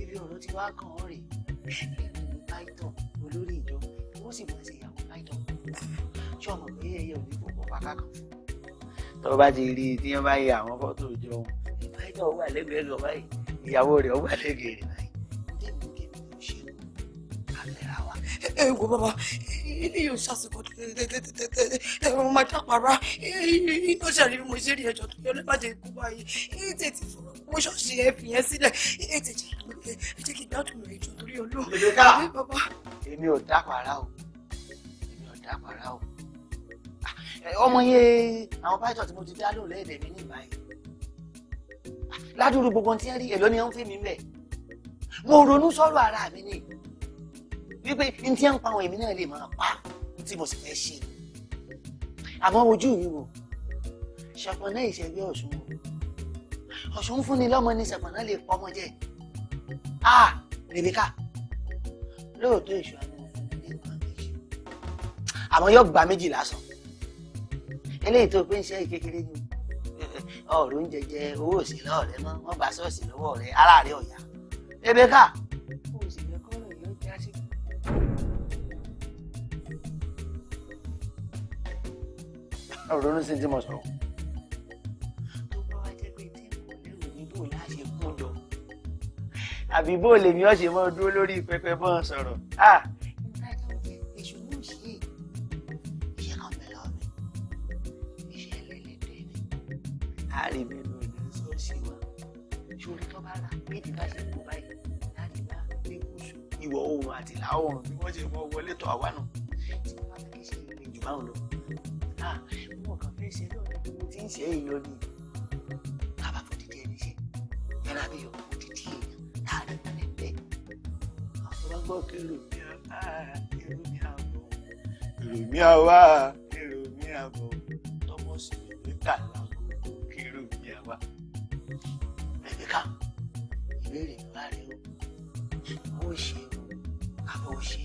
ibi ọ̀rọ̀ ti wá kàn án rèé kí ni báyìí olórí ìjọ ó sì mọ̀ sí i ṣé ọmọ pé ẹyẹ òní kò kọ́ pàkà kan tó bá ti rí i tí wọ́n bá yẹ àwọn fọ́tò ìjọ ohun ìbáyìí náà wà lẹ́gbẹ̀ẹ́ lọ báyìí ìyàwó rẹ̀ wà lẹ́gbẹ̀ẹ́ rẹ̀ báyìí débi débi ló ṣe é kàmẹ́rà wa. ẹ wo bàbá ilé yóò ṣàṣìkò tẹ́tẹ́tẹ́tẹ́ mo máa dápara iná ṣàrí bí mo ṣe rí ẹjọ́ tó yọ lẹ́bàjẹ́ ikú báyìí ẹ tètè fọ̀rọ̀ mo ṣọ́ọ̀ṣì ẹ fìyẹn sílẹ̀ ẹ tètè ẹ jẹ́ kí n dátùn rẹ̀ jù torí olóògbé bàbá. èmi ò dápara o dàpàrà o ah, ọmọ yẹn àwọn pásítọ̀ tí mo ti dá lò lẹ́ẹ̀dẹ̀ mi ní ìbáyìí ah, ládùúrú gbogbo tí ń rí èlò ni ó ń fi mí mẹ́ mo ronú sọ̀rọ̀ ara mi ni wípé n tí ń pa àwọn èmi náà lè máa pa tí mo sì fẹ́ ṣe àmọ́ ojú mi wò ṣàpọ̀nà ìṣẹ́gbẹ́ ọ̀ṣun ọ̀ṣun fún ni lọ́mọ ni ṣàpọ̀nà lè pọ́mọ jẹ́ ah Rèbíkà lóòótọ́ ìṣúná àmọ́ yóò gba méjì lásán eléyìí tó pé ń ṣe kékeré ni ọ̀rọ̀ ń jẹjẹ owó òsì lọ́wọ́ rẹ mọ́ wọ́n bá ṣọ́ọ̀ṣì lọ́wọ́ rẹ ara ọ̀yà ebeka òsì rẹ kọ́rọ̀ yóò já sí. ọ̀rọ̀ ní sin tí mo sọ̀rọ̀. tó bá wá jẹ́ pé tí àbí bó lèmi ọ̀sẹ̀ mọ́ dúró lórí pẹpẹ bọ́ọ̀ sọ̀rọ̀ ah! bí ìdílé ṣe kó báyìí láti bá ní gúúsù ìwọ̀ oòrùn àti ìlà bí wọ́n ṣe mọ wọlé tọ̀ àwa náà tí wọ́n ṣe ìrìn báwọn lọ. mo ah, kàn fẹ́ ṣe lọ́ọ̀dọ̀ bí mo ti ń ṣe é ni bàbá fún dídí ẹni ṣe yàrá mi yọ fún dídí èèyàn láàrin ìpínlẹ̀ bẹ́ẹ̀. àwọn gbọ́ kí èrò mi àbọ̀ èrò mi àwa èrò mi àbọ̀ tọmọ sí mi níta lágbo kí èrò mi àwa ìbéèrè ńlá rẹ o ó ṣe àbò ṣe.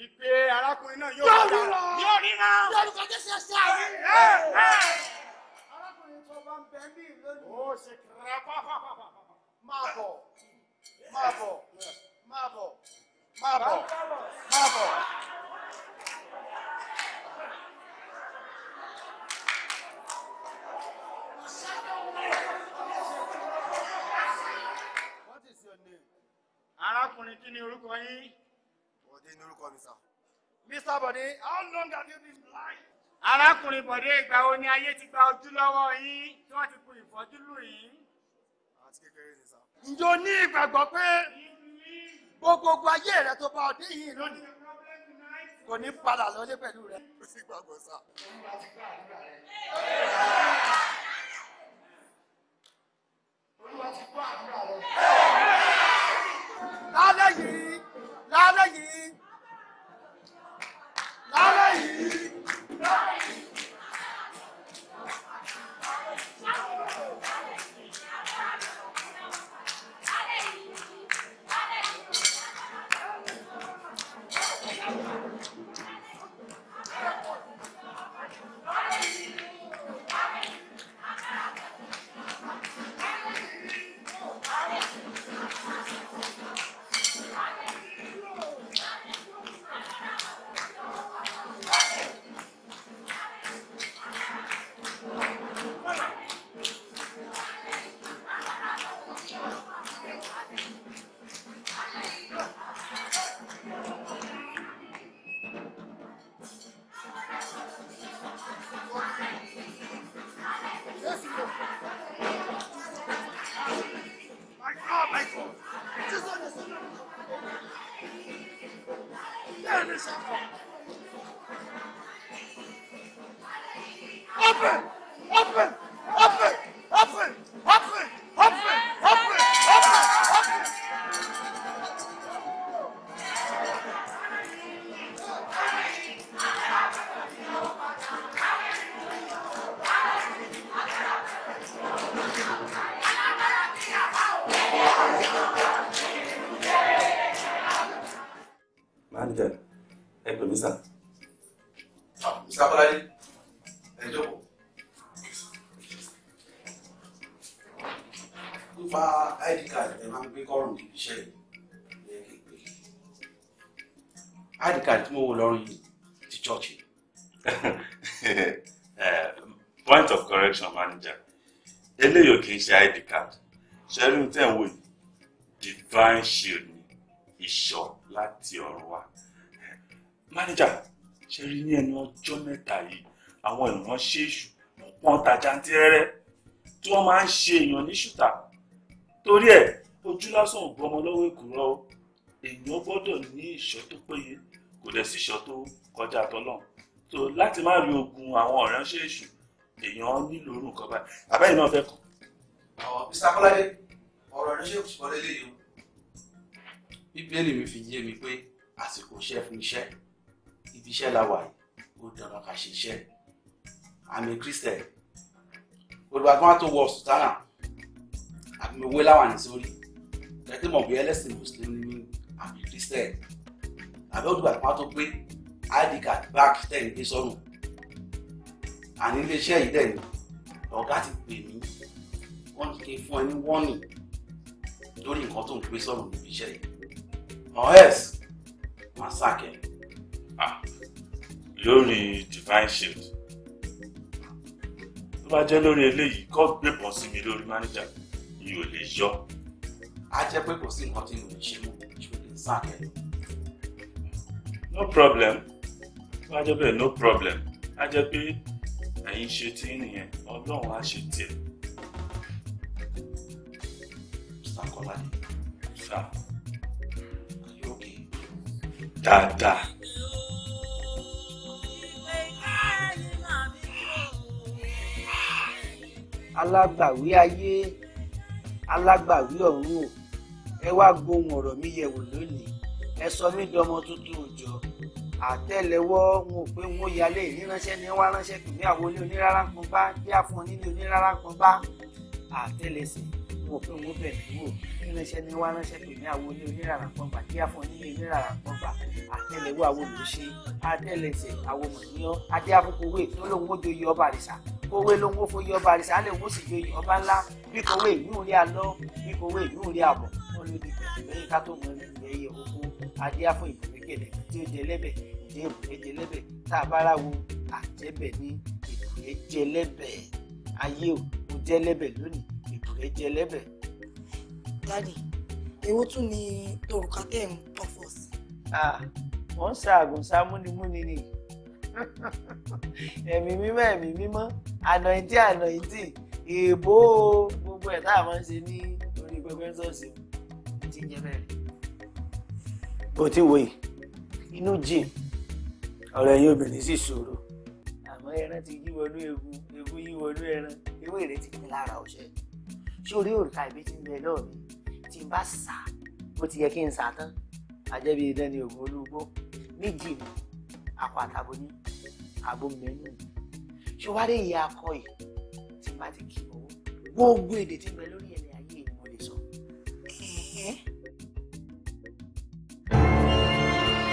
Ìpè arákùnrin náà yóò rí náà. Yóò rí náà. Yóò rí kọ́kẹ́ ṣe ṣe àyè. Arákùnrin tó bá ń bẹ ní ìlú Ó ṣe kìrìrà pàápàá. Máa bọ̀, máa bọ̀, máa bọ̀, máa bọ̀, máa bọ̀. Arákùnrin kí ni orúkọ yín? Bọ̀dé ní mi sà. Mr. Bọ̀dé, how long have you been blind? Arákùnrin Bọ̀dé ìgbà wo ni ayé ti gba ojú lọ́wọ́ yín tí wọ́n ti kun ìfọ́jú lù yín? Àti kékeré ni sà. Ǹjẹ́ o ní ìgbàgbọ́ pé gbogbogbò ayé rẹ tó bá ọdẹ yìí lónìí kò ní padà lọlé pẹ̀lú rẹ? Ó sì gbàgbọ́ sà. Lálẹ́ yìí, lálẹ́ yìí lálẹ́ yìí. wò ti chọ́ọ̀chì. Eh, point of correction manager eléyò kì í ṣe id card ṣẹ́rìn tẹ̀ ń wò yìí divine shield ni ìṣọ́ láti ọ̀run wa. manager ṣe rí ní ẹnu ọjọ́ mẹ́ta yìí àwọn ìránṣẹ́ èṣù wọn tàjà ń tẹ́rẹ́ tí wọ́n máa ń ṣe èèyàn ní ṣùtà torí ẹ̀ ojú lásán ò gbọmọ lọ́wọ́ èkùrọ́ o èèyàn gbọ́dọ̀ ní ìṣọ́ tó péye kò dẹ̀ sí ìṣọ́ tó kọjá tọ́lọ̀ so láti má rí ogun àwọn ọ̀ránṣẹ́ èṣù èèyàn nílò orun nǹkan báyìí àbẹ́yìn náà fẹ́ kàn. Mr. Kọ́ládé ọ̀rọ̀ ránṣẹ́ èṣù kọ́lé léyìí o bíbélì mi fi yé mi pé àsìkò iṣẹ́ fún iṣẹ́ ibi iṣẹ́ la wà yìí ó dandan ká ṣe iṣẹ́ àmì Christian olùgbàgbọ́n tó wọ sùtánà àmì owó láwàní sórí kẹ́tẹ́ mọ̀ bí ẹlẹ́sìn mùsùlùmí àmì Christian àbẹ́wòdìgbà tí wọ́n tó gbé id card back tẹ̀ ń gbé sọ́run àní iléeṣẹ́ yìí dẹ̀ ni ọ̀gá ti pè mí wọ́n ti ké fún ẹ ní wọ́nì lórí nǹkan tó ń gbé sọ́run níbi iṣẹ́ yìí ọ̀hẹ́s máa sàkẹ́. lórí divine shield tó bá jẹ́ lórí eléyìí kọ́ gbébọn sí mi lórí mánéjà mi ò lè yọ. a jẹ́ pé kò sí nǹkan tí mo lè ṣe mọ́ ṣùgbọ́n sàkẹ́ no problem tó bá jẹ́ bẹ́ẹ̀ no problem á jẹ́ pé ẹ̀yin ṣe tí nìyẹn ọlọ́run á ṣe tiẹ̀. Mr. Kọ́ládé sá àyòkè dáadáa. alágbàwí ayé alágbàwí ọ̀run o ẹ wá gbohùn ọ̀rọ̀ mi yẹ̀wò lónìí ẹ sọ mí di ọmọ tuntun òjò àtẹ́lẹwọ́ n ò pé n ó yálé ìránṣẹ́ ni wá ránṣẹ́ tòmí àwọn ilé onírárá kan bá bí àfọn nílé onírárá kan bá àtẹ́lẹsẹ̀ n ò pé n ó bẹ̀rẹ̀ wò ìránṣẹ́ ni wá ránṣẹ́ tòmí àwọn ilé onírárá kan bá bí àfọn nílé onírárá kan bá àtẹ́lẹwọ́ àwọn olùṣe àtẹ́lẹsẹ̀ àwọn mọ̀nìyàn adé àfọkọwé tó lóun ó joyè ọba àrìsà kówé lóun ó foyè ọba àrìsà á lè wọ́n sì joyè ọba ńlá bí kòwé ìlú rí alọ́ bí kòwé ìlú rí àbọ̀ wọn ló di pẹ̀lú lẹ́yìn ká tó mọ ilé ìyẹ̀ oko adíá fún ìdùnnégèlè tí ó jẹ lẹ́bẹ̀ ìdí èbùrẹ́ jẹ lẹ́bẹ̀ tá a bá ráwo àjẹbẹ̀ ní ìdùnnẹ́ jẹ lẹ́bẹ̀ ayé ò mo jẹ lẹ́bẹ̀ lónìí ìdùnnẹ́ jẹ lẹ́bẹ̀. dadi èwo tún ni òrùka tẹ́ ń tọ́ fọ́ sí. wọ́n ń ṣaàgùn sámúnimúni ni ẹ̀mí mímọ́ ẹ̀mí mímọ́ ànàìtì ànàìtì èèbó gbogbo ẹ̀ tá a máa ń ṣe ní orí pẹpẹ sọ́ọ̀sì ti ń jẹ bẹ́ẹ̀ bó ti wòye inú jìn ọ̀rọ̀ ẹ̀yin obìnrin sì ṣòro àmọ́ ẹran ti yí wọnú ewu ewu yí wọnú ẹran ewé rẹ ti ní lára ọ̀ṣẹ́ ṣé orí òrùka ìbí ti ń bẹ lọ́ọ̀ mi tí n bá sà bó ti yẹ kí n sà tán àjẹbí idán ni oògùn olúgbó méjì ni akọ àtàbọ ní àbò mẹ́nu ṣé wàá rí ìyá akọ yìí tí n bá ti kí owó gbogbo èdè ti bẹ lórí.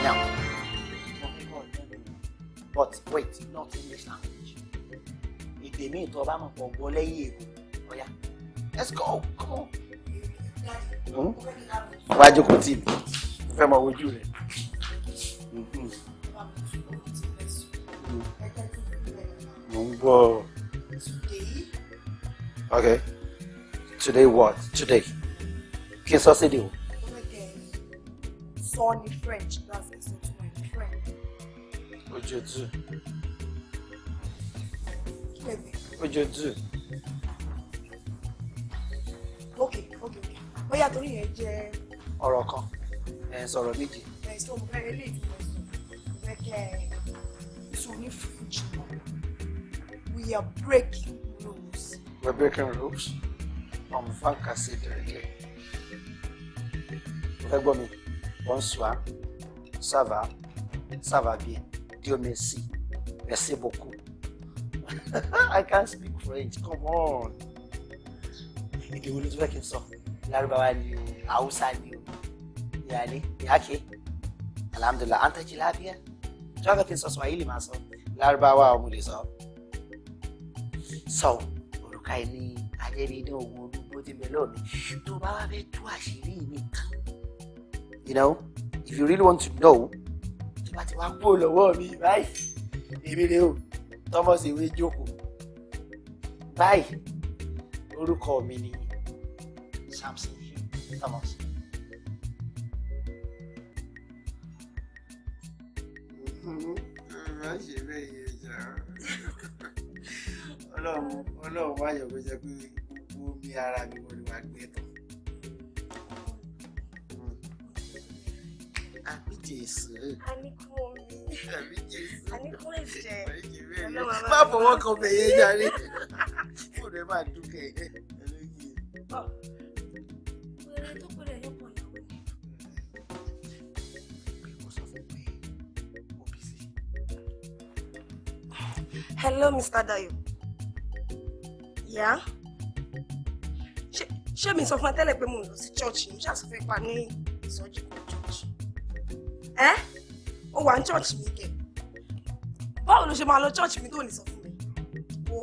Now, but wait, not English language. Èdè mi tó bá mọ̀ pọ̀ gbọ́ lẹ́yìn èrò ọ̀yá. Let's go, come on. Hmm? Wá jókòó tì mí, fẹ́ mọ ojú rẹ̀. Hmm. Mo ń gbọ́. Okay. Today what? Today. Kí n sọ sí di o. Oh sọ ni French, that's Oje tu. Oje tu. Okay, okay. Bóyá torí yẹn jẹ́. Ọ̀rọ̀ kan, ẹ̀ sọ̀rọ̀ méjì. Ẹ̀ sọ mo fẹ́ ilé ìdúró sùn, fẹ́ kẹ́ ẹ̀ sùn ní fíríjì mọ́. We are breaking rules. We are breaking rules. Mọ̀mú fáńkà sí ìdẹ̀rẹ̀kẹ́. Mo fẹ́ gbọ́ mi, wọ́n sùn á, sábà, sábà bíi. Dieu merci. Merci beaucoup. I can't speak French. Come on. Èdè wo ló tún fẹ́ kí n sọ? Lárúbáwá ni o, Hausa ni o, Ìyáálé, Ìyáàkè, Alhamdulillah, Antaji Lábíà. Tí wọ́n fẹ́ kí n sọ Swahili máa sọ, Lárúbáwá ọmọ lè sọ. Sọ òrùka yìí e ní Ajẹ́rìndín ogun olúgbó ti bẹ̀ lọ́ọ̀ni. Tó bá wá fẹ́ tú àṣírí mi kan. You know, if you really want to know, tí wọ́n ti wá kúrò lọ́wọ́ mi báyìí èmi rè o Thomas ewé jókòó báyìí orúkọ mi ni Samson Thomas. má ṣe bẹ́ẹ̀ yẹn jà ọlọ́run ọlọ́run wáyọ̀ kó jẹ́ pé gbogbo omi ara mi wọ́n ni gbé tán. àbí jésù. a ní kú omi. àbí jésù. a ní kú ẹ̀jẹ̀. má fọwọ́ kan bẹ̀yẹ jáde fóònù ẹ máa dúkẹ́ hello Mr. Dayo. Yeah? ṣé mi sọ fún ẹ tẹ́lẹ̀ pé church ní ṣàṣùfẹ́ pa ní ìsọjí kan ẹ́ eh? ó wà ní church mi kẹ̀ báwo ló ṣe máa lọ church mi tó ní sọ fún mi o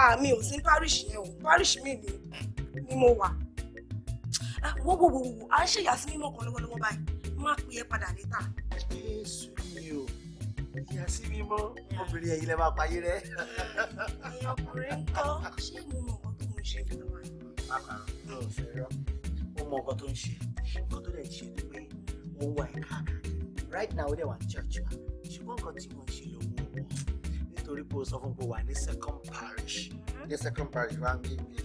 àmì ò sí parish yẹn o parish mi ni ni mo wà ah, wo wo wo wo à ń ṣe ìyàsí mímọ́ kan lọ́wọ́lọ́wọ́ báyìí má pè é padà létà. jésù mi o ìyàsí mímọ́ obìnrin ẹ̀yin lè máa payé rẹ. ọkùnrin ń kọ́ ṣé mo mọ nǹkan tó ń ṣe lọ́wọ́. àkàrà ló ń fẹ́ rọ́ ó mọ nǹkan tó ń ṣe nǹkan tó dẹ̀ ṣe ni pé mo ẹ̀ káàkiri right now ó dẹ̀ wà ní church wa ṣùgbọ́n nǹkan tí mo ń ṣe lówó wọn nítorí pé o sọ fún mi pé wà ní second parish ní second parish wa ń bí mi.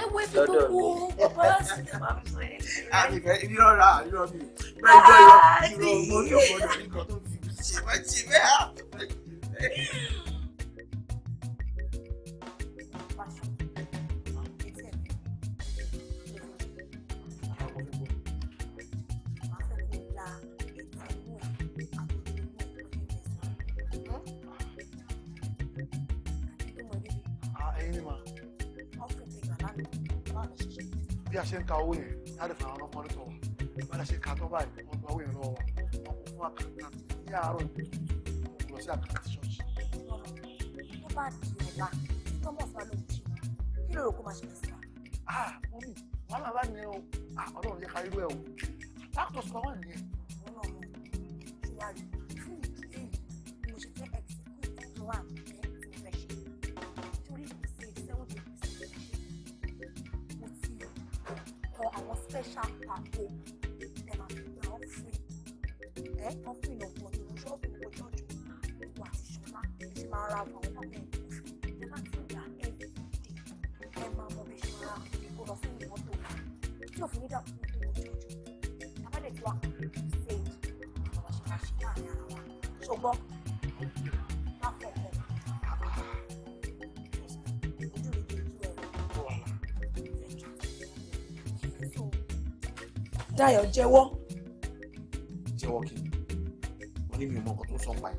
ẹ wo ẹbí tó kú bàbá sì ti máa ń sọ ẹ. àmì ìfẹ́ irọ́ ra irọ́ mi bẹ́ẹ̀ jọ irọ́ irọ́ mo ní ọ̀pọ̀ nǹkan tó fi ṣe máa ṣe bẹ́ẹ̀ bí a ṣe ń ka owó yẹn láti fún àwọn ọmọdé tó wà bá a ṣe ka tó báyìí wọ́n gba owó yẹn lọ́wọ́ wọn kò fún àkàntà ní àárọ̀ lọ sí àkàntà ṣọ́ọ̀ṣì. tó bá di ọ̀la tọ́mọ̀ fún alóhùn kí kí lóòrò kó máa ṣe lẹ́sìn wa. ah mọ́mí wàhálà bá ní o ah, ọlọ́run yẹ ká irú ẹ o láàtọ̀ sọ wọn nìyẹn. ọlọ́run ṣùgbọ́n fún ìdílé mi mo ṣe fẹ́ execute plan for our special party dem and na all free ẹ all free na ọ̀pọ̀ ní ṣọ́ọ̀bù owó ṣọ́ọ̀jù ìwà àti ṣọlá ṣe máa ra àwọn ọmọ ẹ̀ kò fi ẹ má ti gba ẹ̀ dé ẹ máa mọ bí ṣe I'm going to fún ìwọ́n tó tí òfin ní dàpọ̀ tó wọ́n ṣọ́ọ̀jù abẹ́lẹ̀ tí wàá ṣe àwọn ṣe máa ṣe láàrin ara wa ṣùgbọ́n. Dayọ̀ jẹ́wọ́. jẹ́wọ́ kí ni mo ní mi ò mọ nǹkan tó sọ pa ẹ̀.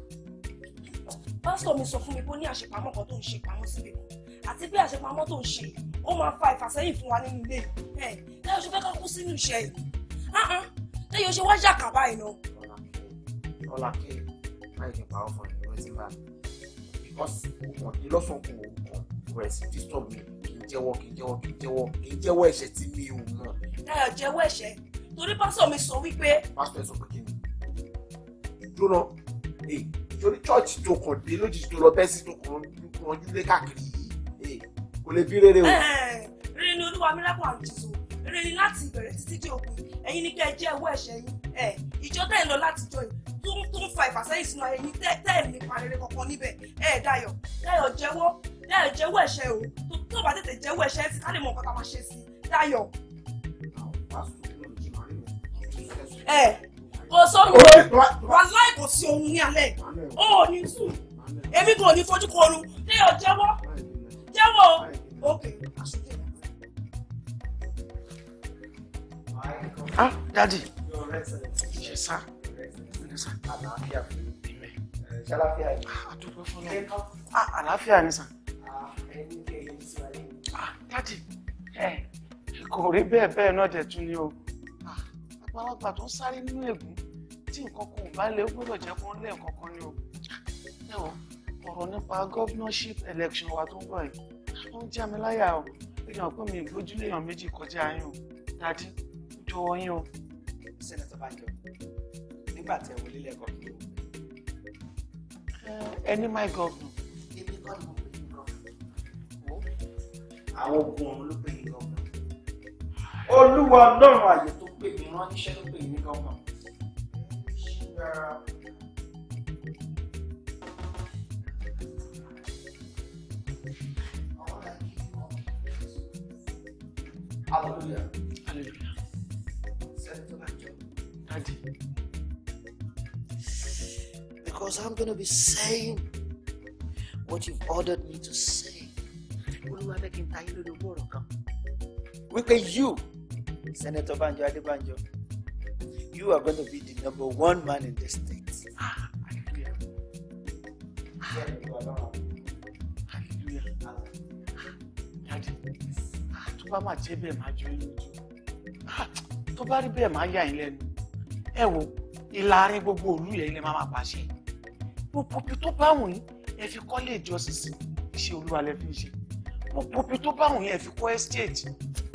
pásítọ̀ mi sọ fún mi pé ó ní àṣepamọ́ kan tó ń ṣe pamọ́ sílẹ̀ àti pé àṣepamọ́ tó ń ṣe ó máa fa ìfàsẹ́yìn fún wa nínú ilé ẹ̀ Dayọ̀ ṣe fẹ́ ká kú sínú iṣẹ́ yìí Dayọ̀ ṣe wá jàkà báyìí náà. ọlá kí máa jẹ pàrọ̀ fún ẹ̀ lọ́wọ́ ti bá mi because òun ìlọ́sọ̀kun òun kan rẹ̀ sì disturb mi kì í jẹ́wọ́ kì í jẹ́wọ́ kì í jẹ́wọ́ kì í jẹ́wọ́ ẹ̀ṣẹ̀ tí mi ò mọ̀. Dayọ̀ jẹ́wọ́ ẹ̀ṣẹ̀ torí pásítọ̀ mi sọ wípé. pásítọ̀ ẹ sọ pé kí ni jóná torí chọ́ọ̀chì tó kàn dé lójijì tó lọ bẹ́ sí tó kàn yanjú lé káàkiri yìí kò lè bí rere o. rere ni olúwa miracle and jesus rere ni láti ìbẹ̀rẹ̀ títí dé òpin ẹ̀yin ni kẹ́ ẹ jẹ́ ẹwọ́ ẹ̀ṣẹ̀ yín ìjọ tẹ̀ ń lọ láti jọ yìí tó ń tó ń fa ìfàsẹ́yìn sínú ayé yín tẹ́ ẹ̀ ní parẹ́rẹ́ kankan níbẹ̀ ẹ̀ dayọ̀ dayọ̀ jẹ́wọ́ dayọ̀ jẹ́wọ́ ẹ̀ṣẹ̀ o tó bá tètè jẹ́wọ́ ẹ̀ṣẹ̀ sí ká lè mọ nǹkan tá a máa ṣe sí dayọ̀. àwọn pásítọ̀ ẹ kò sóhun wàláì kò sí ohun ní alẹ́ ó ò ní sùn èmi kò ní fojú kooru ní ò jẹ́wọ́ jẹ́wọ́ òkè ah dadi ṣe sá ṣe sá àlàáfíà bímẹ ṣàlàáfíà yìí àdúgbò fún mi ah, ah àlàáfíà ni sàn. ah, ah dadi ẹ eh, kò rí bẹ́ẹ̀ bẹ́ẹ̀ náà dẹ̀ tún ní o wọn wá gbà tó ń sáré nínú ègún tí nǹkan kan ò bá lè ó gbọ́dọ̀ jẹ́ kó ń lé nǹkan kan ní o. ẹ o ọ̀rọ̀ nípa governorship election wa tó ń bọ̀ yìí ó ń já mi láyà o èèyàn pé mi ìgbójúlé èèyàn méjì kọjá yín o dádì ojú ọwọ́ yín o. sẹ́nẹ̀tọ̀ Banjo nígbà tí ẹ wọlé lẹ́ẹ̀kan kí ló wọ ẹni my governor. èmi kọ́ ni mo pè ní gọ́ọ̀nù àwọn ogun ọ̀run ló pè ní gọ́ọ̀nù olúwa pè mí ránníṣẹ́ ló pè mí lọ́mọ. Hallelujah. Hallelujah. Daddy. Because I'm going to be saying what you've ordered me to say. Olúwa bẹ́ẹ̀ Wípé you Senator Banjo Adebanjo, you are going to be the number one man in the state. Hallelujah. Hallelujah. Daddy, tó bá máa jẹ́ bẹ́ẹ̀ máa jó yín lójú. Tó bá rí bẹ́ẹ̀ máa yà yín lẹ́nu. Ẹ wo ìlàrin gbogbo òlú yẹn ilẹ̀ máa máa pàṣẹ. Gbogbo ibi tó bá wù yín, ẹ fi kọ́lé ìjọsìn sí iṣẹ́ olúwa lẹ ṣe. Gbogbo ibi tó bá wù yín, ẹ fi kọ́ ẹ́stéètì.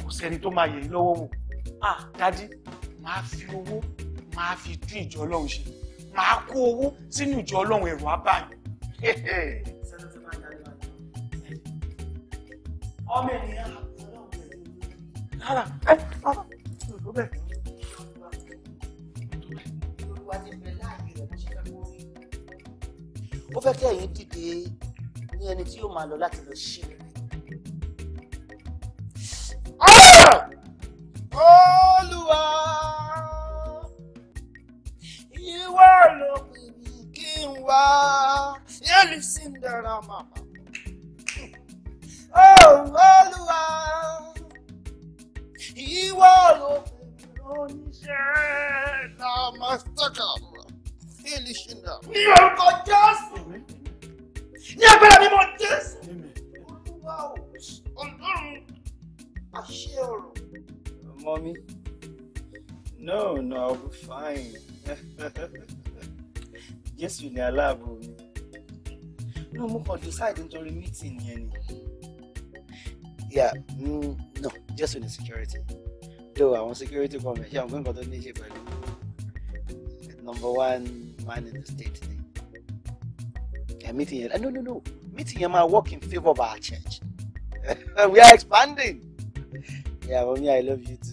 Kò sẹ́ni tó máa yẹ̀ yín lọ́wọ́ wò ah dadi màá fi owó màá fi tún ìjọ ọlọ́run ṣe màá kó owó sínú ìjọ ọlọ́run ẹ̀rọ abáyọ. ọmọ ènìyàn àbúrò ọlọ́run ẹ̀rọ ó fẹ́ kí ẹ̀yin dìde ní ẹni tí yóò máa lọ láti lọ ṣí mi. Olúwa ìwọ ló pè mí kí n wá yẹ́lì sí ń dára màmá. Olúwa ìwọ ló pè mí oníṣẹ́ náà máa tọ́ka àbúrò yẹ́lì sí ń dára. Ní orúkọ Jésù ní agbára mímọ́ Jésù Olúwa ò ọlọ́run àṣẹ ọ̀rọ̀ mommy? No, no, I'll be fine. Jésù ni aláàbò mi. No, move on. decide into a meeting yẹn Yeah, mm, no, Jésù the security. Though want security kan mẹ̀ ṣe àwọn nǹkan tó ní ṣe pẹ̀lú number one man in the state ni. Yeah, meeting yẹn. Ah, no, no, no. Meeting here, my work in favor of our church. We are expanding. Yeah, me. I love you too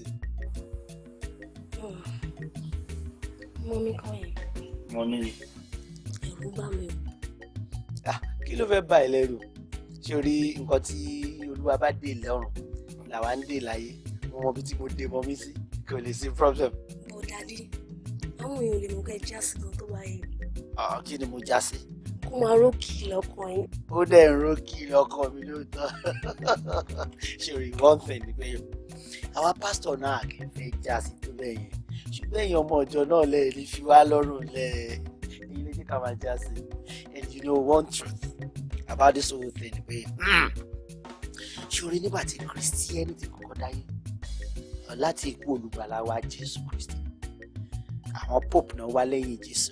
mọ́mí kọ́ yẹn. mọ́mí ni. ẹ̀rù bá mi o. Ah, kí ló fẹ́ bá ẹ lẹ́rù ṣé o rí nǹkan tí olúwa bá dé lọ́rùn làwa ń dé láyé mo mọ ibi tí mo dé mọ́mí sí kò lè sí problem. bó dàdí àwọn èèyàn lè mú kẹ́ já sí gan tó wáyé. Ah, kí ni mo já sí. kó máa rókì lọ́kàn yín. ó dẹ̀ ń rókì lọ́kàn mi lóòótọ́ ṣé rí one thing ni pé àwa pásítọ̀ náà kì í fẹ́ já sí lẹ́yìn ṣùgbọ́n ẹ̀yin ọmọ ọjọ́ náà lẹ lè fi wá lọ́rùn lẹ ilé ní kàmájà sí and you know one truth about this whole thing pé hmm, ṣòro nígbà tí kristiẹni ti kọ́kọ́ dáyé láti ikú olùgbàlà wa jésù kristi àwọn pope náà wá lẹ́yìn jésù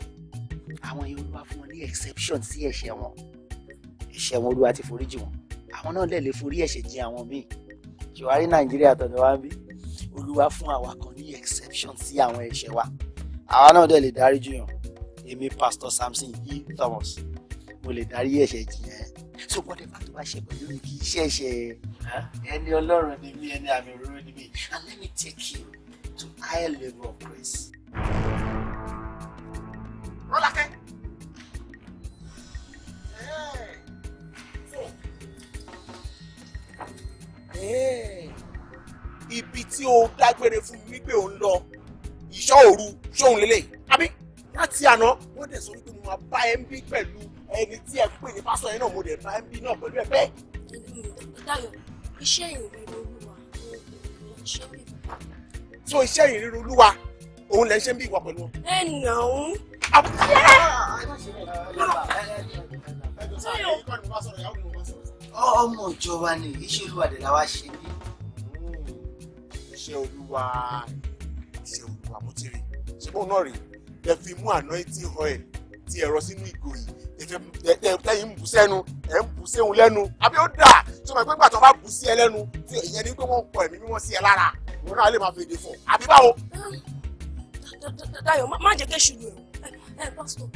àwọn yorùbá fún wọn ní exception sí ẹ̀ṣẹ̀ wọn ẹ̀ṣẹ̀ wọn olúwa ti foríjì wọn àwọn náà lè lè forí ẹ̀ṣẹ̀ jìn àwọn míì ṣùwárí nàìjíríà tọ̀dọ̀ wá bí olúwa fún àwa ní exception sí àwọn ẹ̀ṣẹ̀ wa àwa náà dẹ̀ lè dáríjì yàn èmi pastor Samson yìí e. Thomas mo lè dárí ẹ̀ṣẹ̀ jìyàn so whatever tó bá ṣe pẹ̀lú mi kì í ṣe ẹ̀ṣẹ̀ ẹni ọlọ́run ni mí ẹni àmì òróró ni mí and let me take you to higher level of grace. Rọ́lákẹ́. Hey. Hey ibi tí o dágbére fún mi wípé o ń lọ ìṣọ́ òru ṣóun lélẹ̀ àbí láti àná wọ́n dẹ̀ sọ wípé mo máa bá ẹ ń bí pẹ̀lú ẹni tí ẹ pè ní pásọ yẹn náà mo dẹ̀ bá ẹ ń bí náà pẹ̀lú ẹ bẹ́ẹ̀. so iṣẹ́ ìrírí olúwa òun lẹ ṣe ń bí ìwà pẹ̀lú wọn. ẹ nà ó. ọmọ ìjọba ni ìṣèlú àdèlà wa ṣe ní iṣẹ́ olúwa iṣẹ́ olúwa mo ti rí ṣùgbọ́n náà rí ẹ fi mú anointing oil ti ẹ̀rọ sínú ìgò yìí tẹ́yìn ń bù sẹ́nu ẹ̀ ń bù séhun lẹ́nu àbí ó dà tó máa pé gbàtọ́ bá bù sí ẹ lẹ́nu tí ìyẹn ní pé wọ́n pọ̀ ẹ̀mí mímọ́ sí ẹ lára òun náà lè máa fèdè fọ̀ àbí báwo. Dayọ̀ má jẹ́ kí èṣù ẹ ẹ pásítọ̀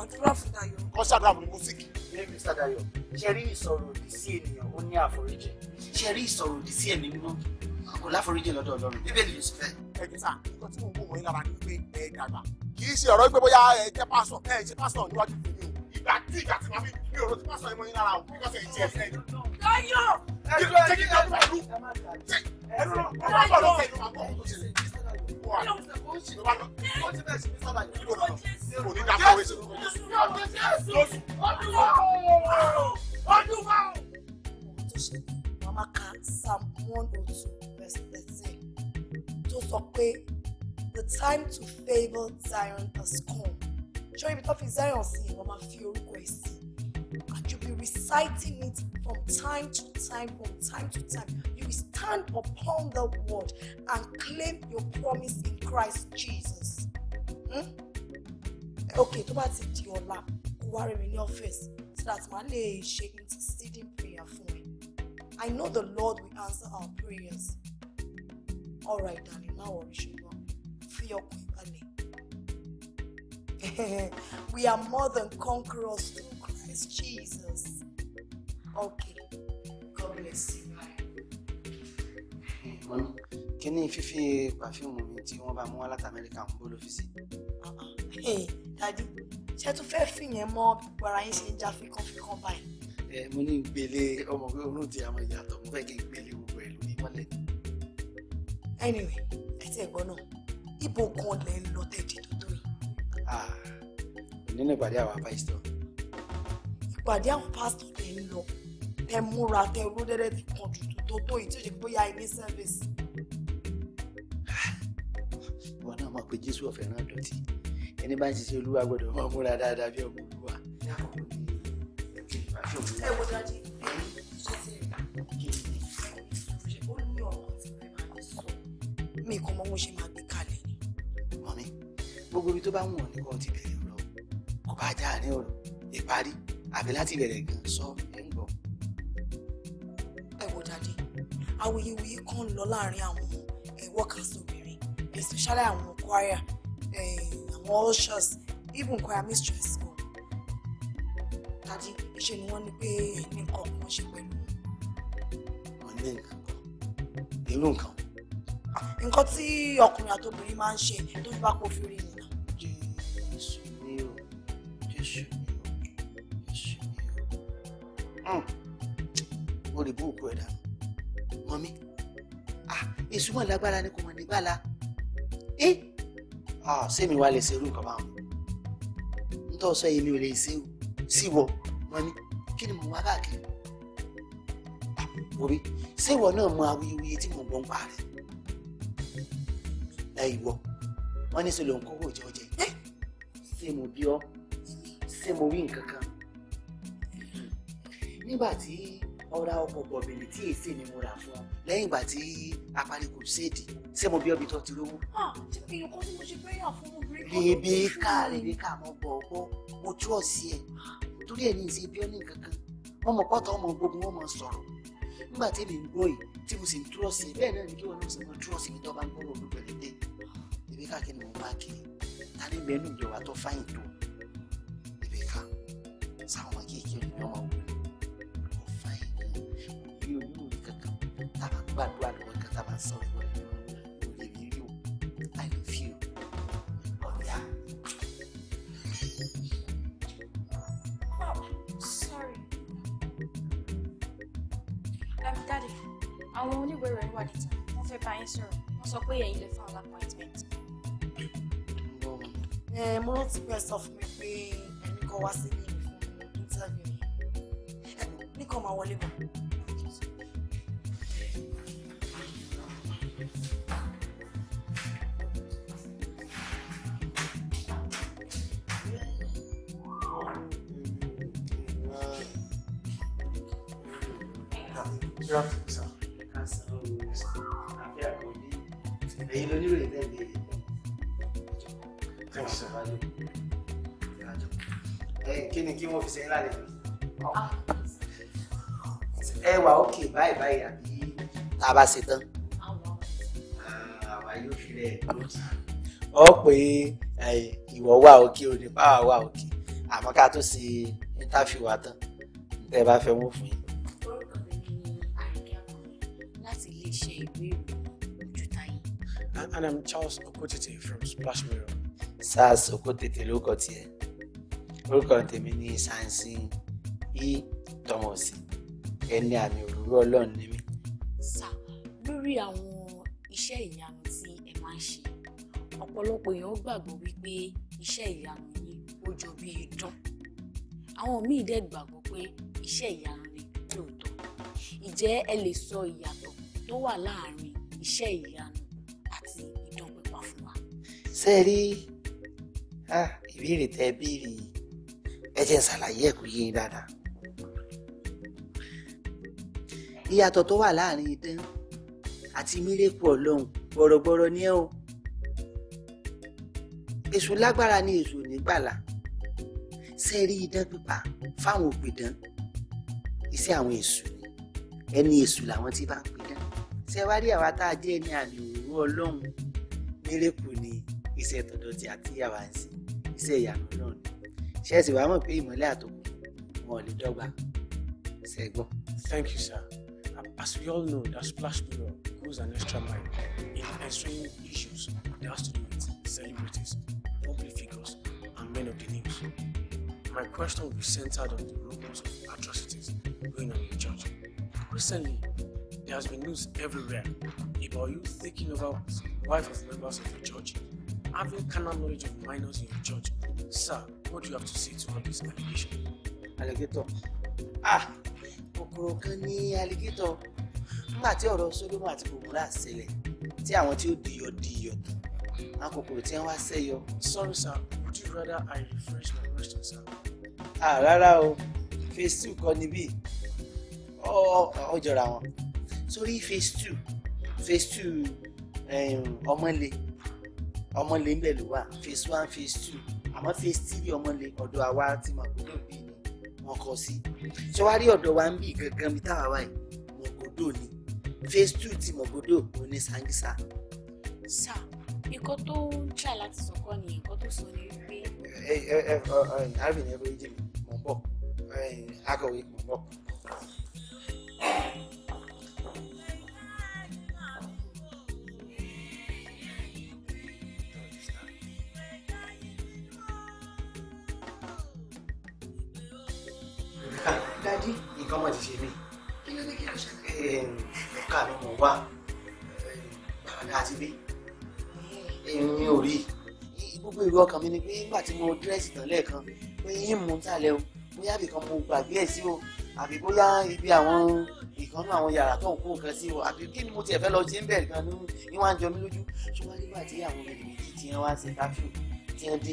àdúrà fún Dayọ̀. kọ́sàdúrà fún mùsíkì. ilé mr Dayọ̀ ṣe rí ìsọ̀rọ̀ òdì sí ènìyàn ó ní àforíjì ṣe rí ìsọ̀rọ̀ òdì sí ẹ̀mí kò láforíjì lọ́dọ̀ ọlọ́run bíbélì ló sì fẹ́. ẹ jẹ́ sà nǹkan tí mo wò wọ́n lára ni pé ẹ dàgbà kì í ṣe ọ̀rọ̀ pé bóyá ẹ jẹ́ pásọ̀ ẹ jẹ́ pásọ̀ níwájú fún mi o ìgbà tí ìgbà tí màá mi ò rántí pásọ̀ ẹ̀mọ́ yín lára o bíkọ́sẹ̀ ìjì ẹ̀fẹ́ yìí. Táyọ̀ jẹ́ kí n dábàá ìlú ẹnu bọ̀ lọ́sẹ̀ ìlú àbọ̀ ọ̀hún tó ṣẹlẹ̀ ọdún wa ọdún wa. ọmọ tó ṣe mama kan sam one oh 13 tó sọ pé the time to favour Zion has come ṣé ibi tó fi Zion sí ìwọ máa fi orúkọ ẹ̀ sí and you be reciting it from time to time from time to time you will stand upon the word and claim your promise in Christ Jesus. Hmm? Okay tó bá ti di ọ̀la kó wá rí mi ní ọ́fíìsì so that màá lè ṣe interceding prayer for me. I know the Lord will answer our prayers all right darling má wọrí ṣùgbọ́n fi ọkàn ìbálẹ̀. we are more than conquerors through Christ Jesus. okay God bless you. kíní fífi pàfíìmù mi tí wọ́n bá mú wá láti Amẹ́ríkà ń bó lọ́fíìsì. Ah, ah, dadi ṣé tún fẹ́ fìyẹn mọ́ gbara yín ṣe ń ja fíkanfíkan báyìí. ẹ eh, mo ní gbélé ọmọ pé orun ti àmọ ìyàtọ̀ mo fẹ́ kí n gbélé gbogbo ẹ̀ lórí mọ́lẹ̀ ni anyway ẹ ti ẹ̀gbọ́n náà ibo kan lẹ ń lọ tẹ̀jẹ̀ tó tó yìí. Ah, nínú ìpàdé àwọn pásítọ̀. ìpàdé àwọn pásítọ̀ lẹ ń lọ tẹ múra tẹ olódẹ́dẹ́ ti kàn jù tó tó yìí tí ó jẹ́ bóyá ilé sẹ́fẹ̀sì. ìwọ náà mọ̀ pé jésù ọ̀fẹ́ náà dọ̀tí ẹni bá ń ṣiṣẹ́ olúwa gbọ́dọ̀ máa múra dáadáa bí ọmọ olúwa. ẹ wo dájú ṣé ti rí i. mi kàn mọ mo ṣe máa gbé kalẹ̀ ni. mọ̀mí gbogbo ibi tó bá wù ọ́ ní kò ti bẹ̀rẹ̀ ọ̀rọ̀ kò bá já àárín ọ̀rọ̀ ìparí àbí láti bẹ̀rẹ̀ gan sọ ẹ̀ ń gbọ́. ẹ wo dade awuyewuye kan ń lọ láàrin àwọn workers obìnrin especially àwọn choir eh, àwọn ushers even choir mistress gan dade iṣẹ́ ni wọ́n ní pé ẹni nǹkan kan ṣe pẹ̀lú. wọ́n ní nǹkan kan irú nǹkan nǹkan tí ọkùnrin àti obìnrin máa ń ṣe tó fi bá kó fi rí nìyà. jésù ni o jésù ni o jésù ni o. Hmm. mo lè bú òkú ẹ̀ dànù mọ́mí ah, èṣù mọ̀ lágbára ni kò mọ̀ nígbàlá sẹ́mi ah, wa lè ṣerú nǹkan báwọn ntọ́ sọ èmi ò lè ṣe o sí wọ mọ́mí kí ni mo wá káàkiri. Bobi, ah, ṣé ìwọ náà mọ awuyewuye tí mo gbọ́ ń pa rẹ̀? láì wọ wọn ní sọlọ nǹkan owó jẹjẹ ṣé mo bí ọ ṣé mo rí nǹkan kan nígbà tí ọ̀rá ọkọ̀ bọ̀bìnrin tí èsì ni mo rà fún ọ lẹ́yìn ìgbà tí apariku ṣèdí ṣé mo bí ọbí tó ti rówó. èèyàn kan ní mo ṣe prayer fún obìnrin kan. rèébíkà rèébíkà mo bọ̀ ọ̀pọ̀ mo tú ọ̀ sí ẹ̀ torí ẹ̀ ní ìṣe bí ọ ní nǹkan kan wọ́n mọ̀ pọ́tọ̀ ọmọ gbogbo wọn mọ̀ sọ̀rọ̀ nígbà tí èmi ń gbọ́ yìí tí mo sì ń túrọ̀ sí bẹ́ẹ̀ náà ni kí wọn náà sì mọ túrọ̀ sí mi tó bá ń gbọ́ wọn lóògbé Ìbíkà kí ni mo bá kí ta ní bẹ́ẹ̀ níjọba tó fáyìn tó Ìbíkà sáwọn kékeré lọ́wọ́ ó fáyìn ní bí olúwo kankan tá a gbàdúrà lọ́wọ́ kan tá a bá sọ ìwọ lórí rírí o I love you ọ̀dà. Sorry. Um, Daddy, àwọn oníwèé rẹ̀ wà níta wọ́n fẹ́ bá yín sọ̀rọ̀ wọ́n sọ pé ẹ̀yin lè fún un appointment ẹ mo rántí pé ẹ sọ fún mi pé ẹnì kan wá sí ní ìfún interview yẹn ẹ máa wọlé bọ̀. Good afternoon, sir. Good afternoon, Mr. Abia Kodi. Ẹ̀yin lóníròyìn tẹ́lẹ̀ ẹ kí ni kí wọ́n fi ṣe ńlá lẹ́yìn ẹ wà ókè báyìí báyìí àbí a bá ṣe tán àwa yóò fi rẹ̀ lódì ọ pé ìwọ wà òkè òní báwa wà òkè àmọ́ ká tó ṣe interview wa tán tẹ́ ẹ bá fẹ́ wọ́n fún yín. orúkọ mi ni àríkẹ́ láti iléeṣẹ́ ìwé ìròyìn ojútáyé. And I'm Charles Okotete from Splash Mirror sars kó tètè lórúkọ tiẹ̀ orúkọ tèmi ní sansin e thomas ẹni àmì òróró ọlọ́run ní mi. sà lórí àwọn iṣẹ́ ìyanu tí ẹ máa ń ṣe ọ̀pọ̀lọpọ̀ èèyàn gbàgbọ́ wípé iṣẹ́ ìyanu yìí ó jọ bí idán àwọn míì dẹ̀ gbàgbọ́ pé iṣẹ́ ìyanu ni lóòótọ́ ìjẹ́ ẹ lè sọ ìyàtọ̀ tó wà láàárín iṣẹ́ ìyanu àti idán pípa fún wa. ṣé rí Ah, ìbéèrè tẹ béèrè ẹ jẹ́ ṣàlàyé ẹ̀ kó yé yín dáadáa. ìyàtọ̀ tó wà láàrin idán àti mílẹ̀kù ọlọ́run gbọ̀rọ̀gbọ̀rọ̀ ni ẹ́ o èṣù lágbára ni èṣù nígbàlà ṣe rí idán pípa fáwọn òpìdán iṣẹ́ àwọn èṣù ni ẹni èṣù làwọn tí bá ń pidán ṣe wá rí àwa tá a jẹ́ ẹni àmì òwúrọ̀ ọlọ́run mílẹ̀kù ni iṣẹ́ tọ̀dọ̀ tí a ti yà iṣẹ́ ìyanu náà ni ṣẹ́ẹ̀sì wàá mọ̀ pé ìmọ́lẹ̀ àtòkù wọn ò lè dọ́gba ṣẹ́gbọ́n. Thank you, sir. Um, as we all know, that splash mirror goes an extra mile in answering issues that has to do with celebrities, public figures, and men of the news. My question will be centered on the rumors of atrocities going on in the church. Recently, there has been news everywhere about you taking over wife of members of the church having carnal knowledge of minors in your church. Sir, what do you have to say to all these allegations? Alligator. Ah! Kòkòrò kan ní alligator. Nígbà tí ọ̀rọ̀ Sódómù àti Gòmùrà ṣẹlẹ̀, tí àwọn tí ó dìyọ̀ dìyọ̀ tán, àwọn kòkòrò tí wọ́n wá sẹ́yọ. Sorry sir, would you rather I refresh my question sir? Ah rárá o, phase two kọ́ níbí. Ó jọra wọn. Sórí phase two, phase two ọmọ le ọmọlé ń bẹ̀ ló wà phase one phase two àmọ́ phase three ọmọlé ọ̀dọ̀ àwa ti mọ̀ kó ló bí ni wọ́n kọ́ sí ṣé wàá rí ọ̀dọ̀ wa ń bì gangan bí táwa wà yìí mọ̀gòdò ni phase two ti mọ̀gòdò òun ni Sàngísà. sà nǹkan tó ń jà láti sọkọ ni nǹkan tó sọ ni pé. ẹ ẹ ẹ arábìnrin ẹ bọ ẹ jẹ mi mọ̀ ń bọ̀ eh, akọ̀wé mọ̀ ń bọ̀. dadi nǹkan mọ̀ ti ṣe mí ká mi mọ̀ wá dáadáa ti bí mi ò rí gbogbo ìlú ọkàn mi ni pé nígbà tí mo dírẹ́sì tán lẹ́ẹ̀kan pé yín mú sálẹ̀ o bóyá ibìkan mo gbàgbé ẹ̀ sí o àbí bóyá ibi àwọn ìkànnì àwọn yàrá tó ń kó nǹkan sí o àbí kí ni mo tiẹ̀ fẹ́ lọ ṣe ń bẹ̀rẹ̀ gan ní wọ́n á jọ mí lójú ṣùgbọ́n nígbà tí àwọn ènìyàn méjì tí wọ́n wá ṣe káfíù tí wọ́n dé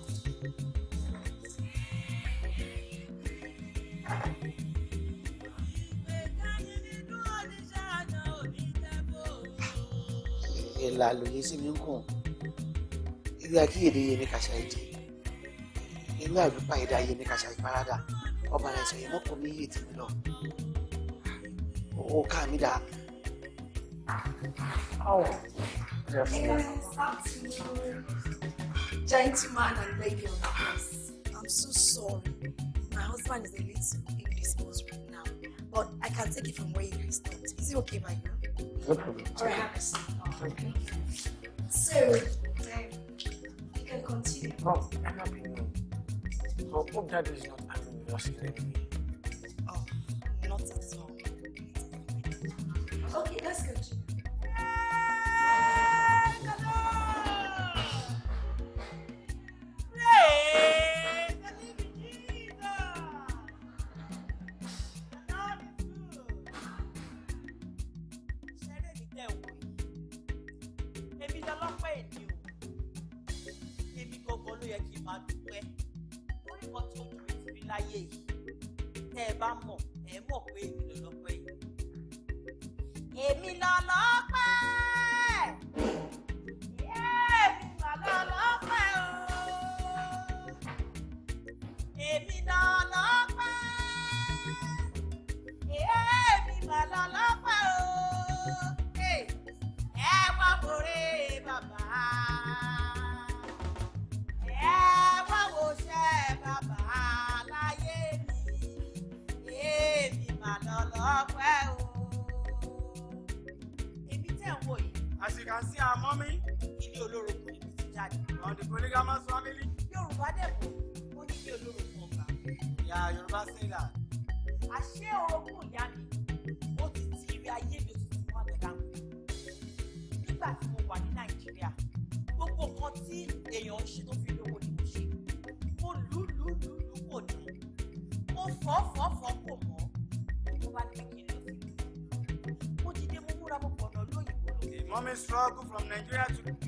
la lóye sí mi ń kùn ilé akíyèdè yẹmi kàṣà ìdí ilé àlùpà ìdá yẹmi kàṣà ìparadà ọba rẹ sọ yẹmọ kò ní yé tèmi lọ owó ká mi dà. Gentleman and lady of the house, I'm so sorry. my husband is a little indisposed right now, but I can take it from where you stand. Is it okay, by you? No problem. All right, okay. So, um, you can continue. No, I'm happy So, hope that is not angry with us in any Oh, not at all. Okay, that's good. overcoming struggle from Nigeria to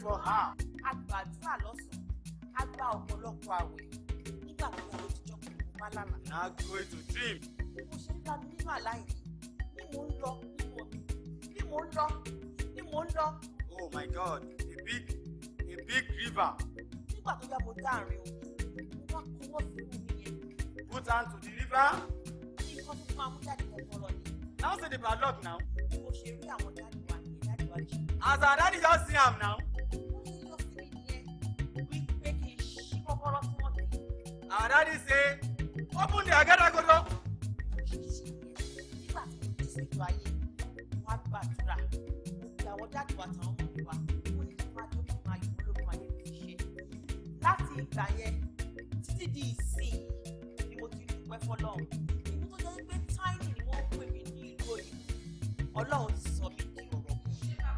for her. a gba àdúrà lọ́sàn a gba ọ̀pọ̀lọpọ̀ àwẹ̀ nígbà tó yàrá òjijọ́ kò mú wá lánàá. na going to dream. mo ṣe ń bá nínú àlá yìí bí mo ń lọ bí mo ń lọ bí mo ń lọ. oh my god a big a big river. nígbà tó yá mo dá àárín òkun mo wá kọwọ́ fún mi yẹn. put hand to the river. kí nǹkan tó máa mú jáde kọ̀ọ̀kan lọ Now say the padlock now. As our daddy just see am now. kọ́kọ́rọ́ tí wọ́n ti. Our daddy say open the agadagodo. nígbà tí mo ti ṣètò ayé wá gbàdúrà ìyàwó jáde wà tán ọmọ wa ó kí n máa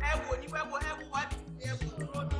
ẹ wò ní wẹ́wọ́ ẹ wò wá ẹ wò dúró mi.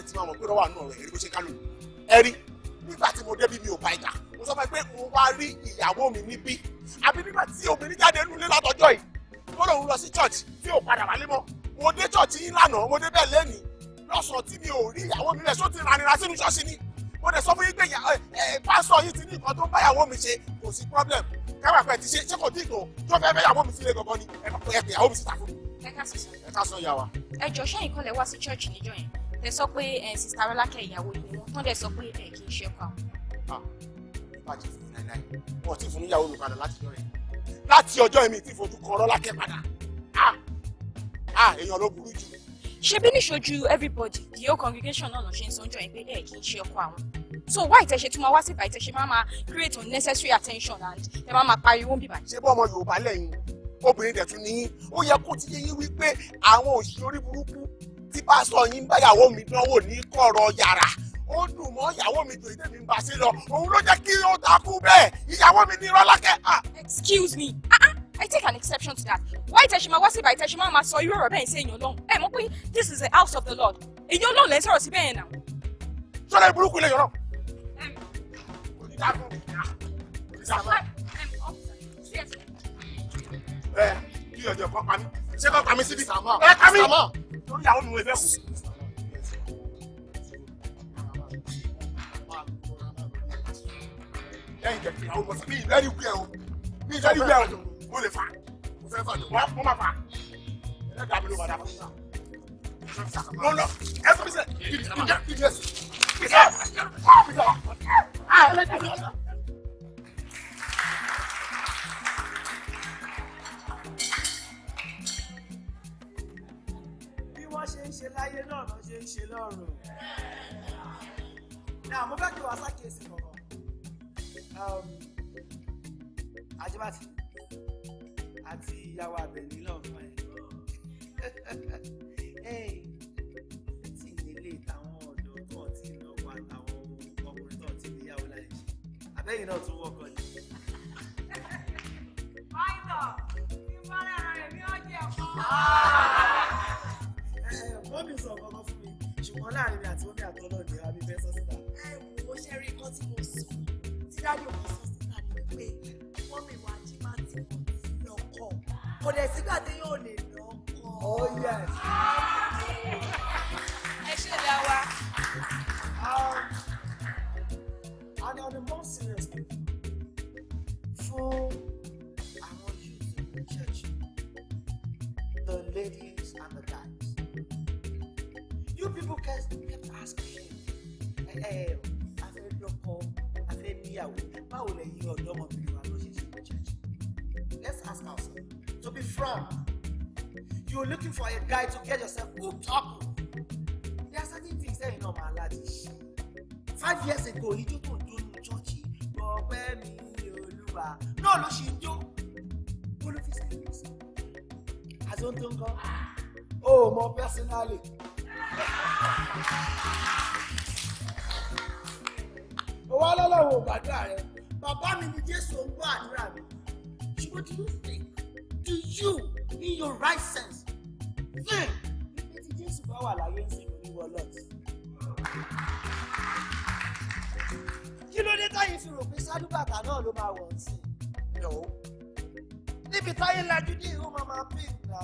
tẹ̀ tí máa mọ̀ pé rọ́wà náà rẹ̀ rí bó ṣe kálù ẹ rí nígbà tí mo débi mi ò bá ìgbà mo sọ fún ẹ pé mo wá rí ìyàwó mi níbí àbí nígbà tí obìnrin jáde nílé látọjọ́ yìí mo lòun lọ sí church tí ò padà wálé mọ́ mo dé church yín lánàá mo dé bẹ́ẹ̀ lẹ́nìí lọ́sàn-án tí mi ò rí ìyàwó mi rẹ̀ só ti ranira sínú ṣọ́ọ̀ṣì ni mo dẹ̀ sọ fún yín pé pásọ yìí ti ní nǹkan tó ń bá ìyàwó mi ṣe kò sí problem káwá pẹ̀ ti ṣe ṣé kò dín ìtò tó fẹ́ fẹ́ ìyàwó mi sílé gangan ni ẹ pè ìyàwó mi síta fún mi. ẹ ká sọ ìyá ẹ jọ ṣẹ́yìn kan lẹ wá sí church níjọ́ ẹ sọ pé ẹ eh, sista rọlákẹ́ ìyàwó ìlú wọn tán dẹ̀ sọ pé ẹ eh, kì í ṣe ọkọ àwọn. ìbàjẹ́ ah, fún mi náírà yìí wọ́n ti fún ìyàwó mi padà láti ọjọ́ yẹn láti ọjọ́ yẹn mi ti fojú kan rọlákẹ́ padà á ah, ah, èèyàn ló burú jù. ṣebí níṣojú everybody the whole congregation náà lọ ṣe ń sọjọ́ yẹn pé ẹ eh, kì í ṣe ọkọ àwọn so why ìtẹ̀ṣe tún máa wá síta ìtẹ̀ṣe máa máa create unnecessary attention and ẹ máa máa pariwo bíbá. ṣé bọ́ ọmọ Yorùbá lẹ́yìn obìnrin dẹ̀ tún níyìn ó yẹ kó ti yé yín wípé àwọn òṣìṣẹ́ orí burúkú tí pásítọ̀ yín báyàwó mi dánwò ní kọ̀rọ̀ yàrá ó dùn mọ́ ìyàwó mi jòyè mi bá ṣe lọ òun ló jẹ́ kí ó takú bẹ́ẹ̀ ìyàwó mi ní rọ́lákẹ́. excuse me Ah ah, I take an exception to that. Why Teshima wá sí by Teshima máa sọ irú ọ̀rọ̀ bẹ́ẹ̀ ṣe èèyàn lọ́hùn? Ẹ mọ̀ pé this is the house of the Lord. Èèyàn lọ́hùn lẹ́ sọ̀rọ̀ sí bẹ́ẹ̀ náà. Sọ́dọ̀ ìburúkú ilé yọ̀rọ̀. Onídàgbọ̀n mi. Oh, Ẹ kí ọjọ́ kan ṣé kọ́ pàmí síbi ẹ kàmí torí àwọn ọmọ ẹgbẹ́ kù. lẹ́yìn jẹ̀bi àwọn ọmọ síbi ìlẹ́rì wíẹ̀ o bí ìlẹ́rì wíẹ̀ o mo lè fà mo fẹ́ fà wá mo má fà ẹ̀ẹ́dà mi ló wà dábàá fún mi. lọ́nà ẹ sọ mi sẹ́ ìdí ìdí ẹ̀sìn ìdí ẹ̀sìn ìdí ẹ̀sìn. wọ́n ṣe ń ṣe láyé náà lọ́ ṣe ń ṣe lọ́rùn. náà mo fẹ́ kí wàá ṣàkíyèsí kankan um, àjẹbàtì àti ìyàwó àbẹ̀ní náà fún ẹ. ìdílé táwọn ọ̀dọ́ tó ti lọ́kọ àtàwọn ọkùnrin tó ti níyàwó láyé ṣe àbẹ́yìn náà tún wọ́kọ̀ ni. máìlọ̀ ìfọ̀rẹ́ rẹ̀ mi ò jẹ́ ọ̀kan mọ́mí sọ kankan fún mi ṣùgbọ́n láàrin àti mọ́mí àtọ́lọ́ ni àbí fẹ́ sọ síta. ẹ ṣe rí nǹkan tí mo sọ tí dájú mi sọ síta ni pé mọ́mí wa jí má ti lọ́kọ̀ kò dẹ̀ sígbà tí yóò lè lọ́kọ̀. oh yes. ẹ ṣe dá wa. and on a more serious note fún àwọn youth in the church the lady Fúnkẹ́ kept asking ẹ ẹ eh, eh, a fẹ́ lọ́kọ a fẹ́ níyàwó báwo lẹ́yìn ọ̀dọ́mọbìnrin wa ló ṣe ṣe jẹ́jẹ́ let's ask ourselves to be frank you're looking for a guy to get yourself hooked up there are certain things that you know my lad is five years ago ijó tó dúró chọ́ọ̀chì ọpẹ́ mi olúwa náà ló ṣe no, jó olùfisẹ̀ ló sọ àti ohun tó ń kọ́ ó ah, mọ personally owó ọlọ́lọ́wọ́ ò gbàdúrà bàbá mi ni jésù ń gbọ́ àdúrà mi ṣùgbọ́n do you think do you in your right sense think níbi tí jésù bá wà láyé ń sèkú ní wọlọ́ọ̀tì. kí ló dé táyé fi rò pé sádùbàtà náà ló máa wọ̀ ọ́ sí i. no níbi táyé lajú ní ìhó máa máa pè náà.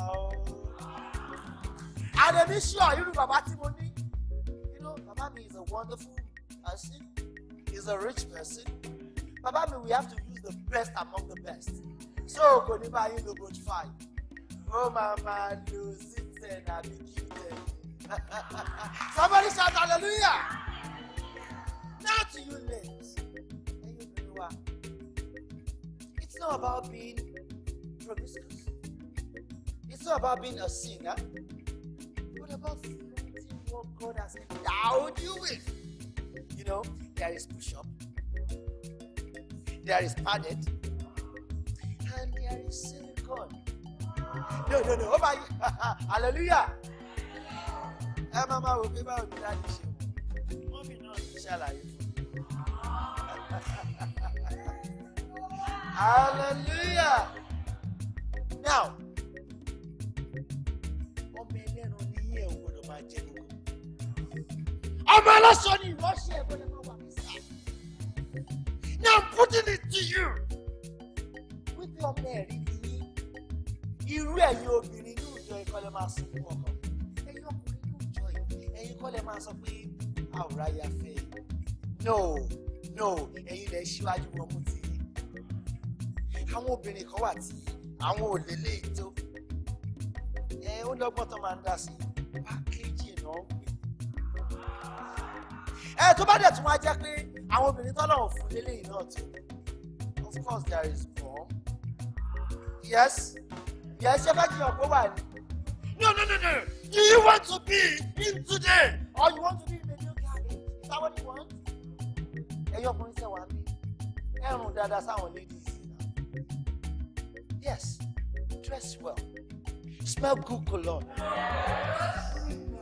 àdèmí ṣọ́ irú bàbá tí mo ní wonderful person. He's a rich person. Bàbá mi, we have to use the best among the best. So kò ní bá yín lo Oh, five. Ó máa máa lo zitẹ̀ àbí kíkẹ́. Somebody shout hallelujah! Now to you ladies, ẹ̀yin obìnrin wa, it's not about being promiscuous. It's not about being a sinner. What about you? what God has endowed you with. You know, there is push up, there is padded, and there is silicone. No, no, no, over here. Hallelujah. Ẹ mama, máa wò pé báwo ni láti ṣe wò? Mọ́mí náà Hallelujah. Now, ọmọ ẹlẹ́ran ní yẹ̀ ò gbọ́dọ̀ máa jẹ́ gbogbo ọmọ aláṣọ ni ìwọ ṣe ẹ bọ́lá máa wà mí Now I'm putting it to you. With wípé ọmọ ẹ̀rí ni you irú ẹ̀yin obìnrin yóò jọ ìkọlẹ̀ máa sùn fún ọkọ ẹ̀yin ọkùnrin yóò jọ ẹ̀yin ìkọlẹ̀ máa sọ pé àwòrán ya fẹ́ no no you. lẹ ṣíwájú wọn mú ti àwọn come kan wà tí àwọn ò lélẹ́yìí tó ẹ ó lọ́gbọ́n tó máa ń dá sí pákéjì náà ń pè ẹ tó bá dẹ̀ tún wá jẹ́ pé àwọn obìnrin tọ́lọ́run fún lélẹ́yìn náà tó of course there is more yes yes ṣé fẹ́ kí ọ̀pọ̀ wà ní. no no no no do you want to be in today or you want to be in the new garden is that what you want. ẹyọ ọkùnrin ṣe wà ní ẹrùn dáadáa sáwọn ladies yes dress well smell good cologne. Yes.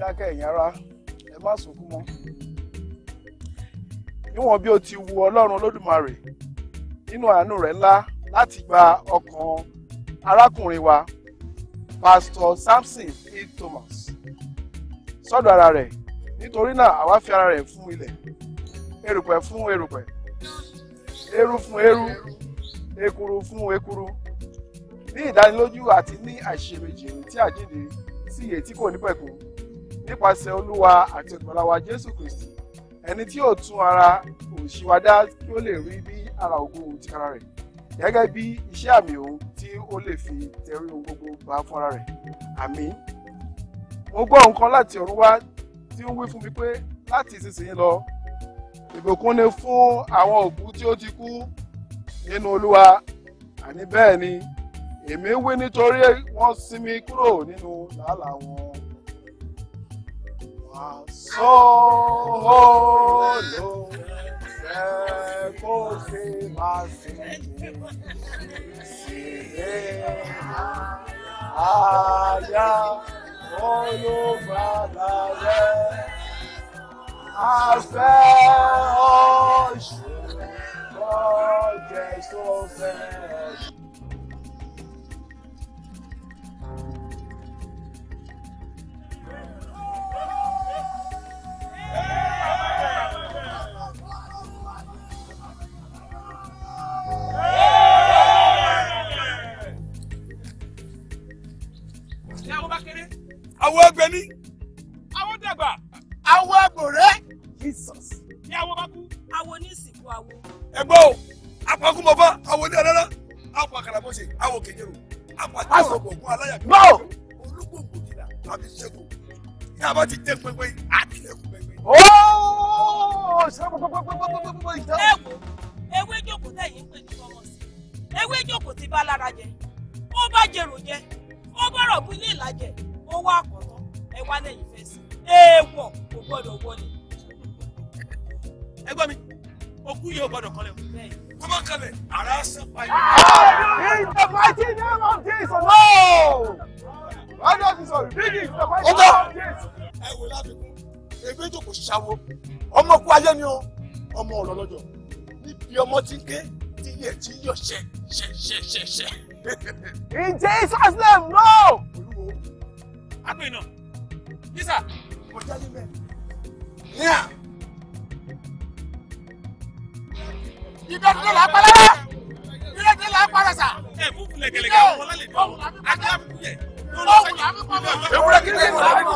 dákẹ́ ẹ̀yin ará ẹ má sunkún mọ́ níwọ̀n bí ó ti wu ọlọ́run olódùmarè nínú àánú rẹ̀ ńlá láti gba ọkàn arákùnrin wa pastor Samson p Thomas sọ́dọ̀ ara rẹ̀ nítorí náà àwa fi ara rẹ̀ fún ilẹ̀ erùpẹ̀ fún erùpẹ̀ eru fún eru ekuru fún ekuru ní ìdánilójú àti ní àìṣèméjì tí àjíǹde sí iye tí kò ní pẹ̀kun nípasẹ̀ olúwa àti ìgbàláwa jésù kristi ẹni tí yóò tún ara òṣìwádá kí ó lè rí bí ara ògo ti ara rẹ̀ gẹ́gẹ́ bí iṣẹ́ àmì òun tí ó lè fi tẹrí ohun gbogbo bá fúnra rẹ̀ àmín mo gbọ́ nǹkan láti ọ̀run wá tí ń wí fún mi pé láti ìsinsìnyí lọ ìbùkún ni fún àwọn òkú tí ó ti kú nínú olúwa àní bẹ́ẹ̀ ni èmi wí nítorí wọ́n sinmi kúrò nínú làálàá wọn solo se kó ṣe máa sinmi sílẹ̀ àyà olùgbàlà rẹ̀ afẹ́ ọ̀ṣun lọ́jẹ̀ tó fẹ́ àwọn ẹgbẹ́ ní. àwọn dàgbà. àwọn agbòrẹ́. Jesus. ní àwọn bá kú. àwọn onísìnkú àwọn. ẹgbẹ́ o apakú mọ̀ bá àwọn oní adára àwọn àkàràmọ́sẹ̀ àwọn kẹjẹrò àwọn àti ọ̀rọ̀ ògùn aláyàgbé. no. olúkòkò jìnnà àbí ṣẹ́gun ní a ti jẹ́ pẹ́pẹ́ àti ẹ̀kú pẹ́pẹ́. ooo ṣe pẹ́pẹ́pẹ́pẹ́pẹ́pẹ́ ìjà. ewé jókòó tẹ̀yìn ń pè ọmọ ẹ wá lẹ́yìn sí èèwọ̀ kò gbọ́dọ̀ wọlé. ẹ mi okú yóò gbọ́dọ̀ kọ́lẹ̀ o kọ́mọ kalẹ̀ ara ṣe báyìí. in the mighty name of Jesus no wájú ọ̀sìn sọ̀rọ̀ bíbí in the mighty name of Jesus. ẹ wò lábẹ́kún ebi tó kò ṣàwọ ọmọ kú ayé ni o ọmọ ọ̀rọ̀ lọ́jọ́ níbi ti yọ ṣẹ ṣẹ ṣẹ ṣẹ ṣẹ. in Jesus name no. olúwo àgbẹ̀ náà. Yísà. Ọjà ní mẹ́. Yíyà. Ìbẹ́ tó lọ apá lára. Ìbẹ́ tó lọ apá rẹ̀ sà. Ẹ kú kulẹ̀ kẹlẹ̀ kẹ́ wọ́n lálẹ́ dùn. Ajá kú yẹ. Ewúrẹ́ kí lè lọ lẹ́nu.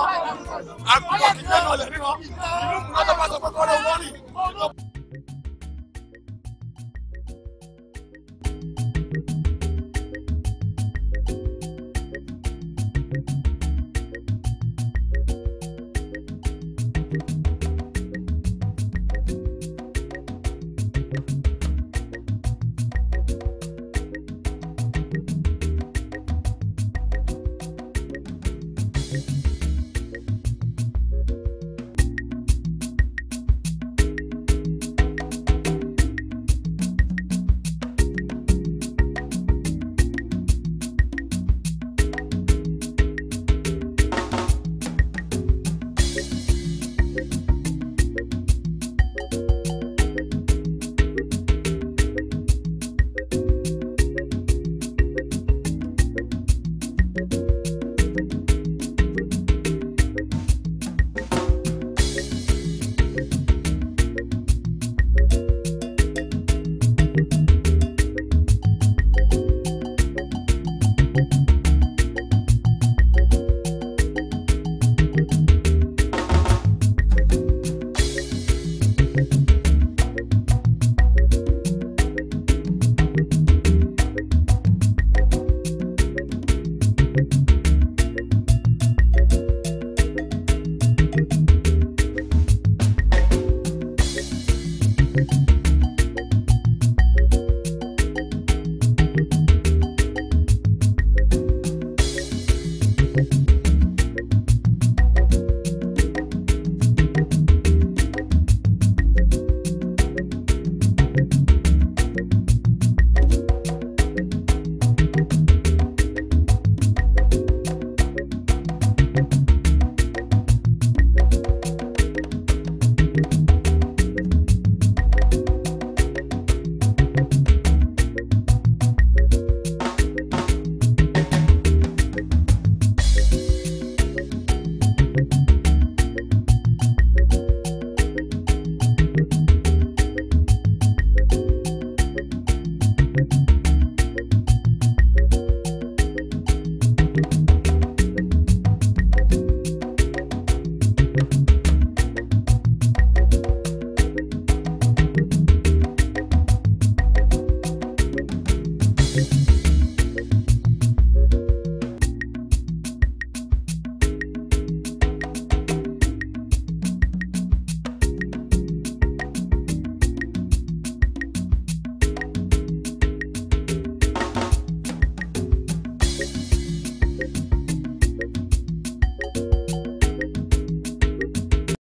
Àgùntàn kí lè lọ lẹ́nu. Ìlú kùnà tó bá sọ pé kọ́lé wọ́n rìn.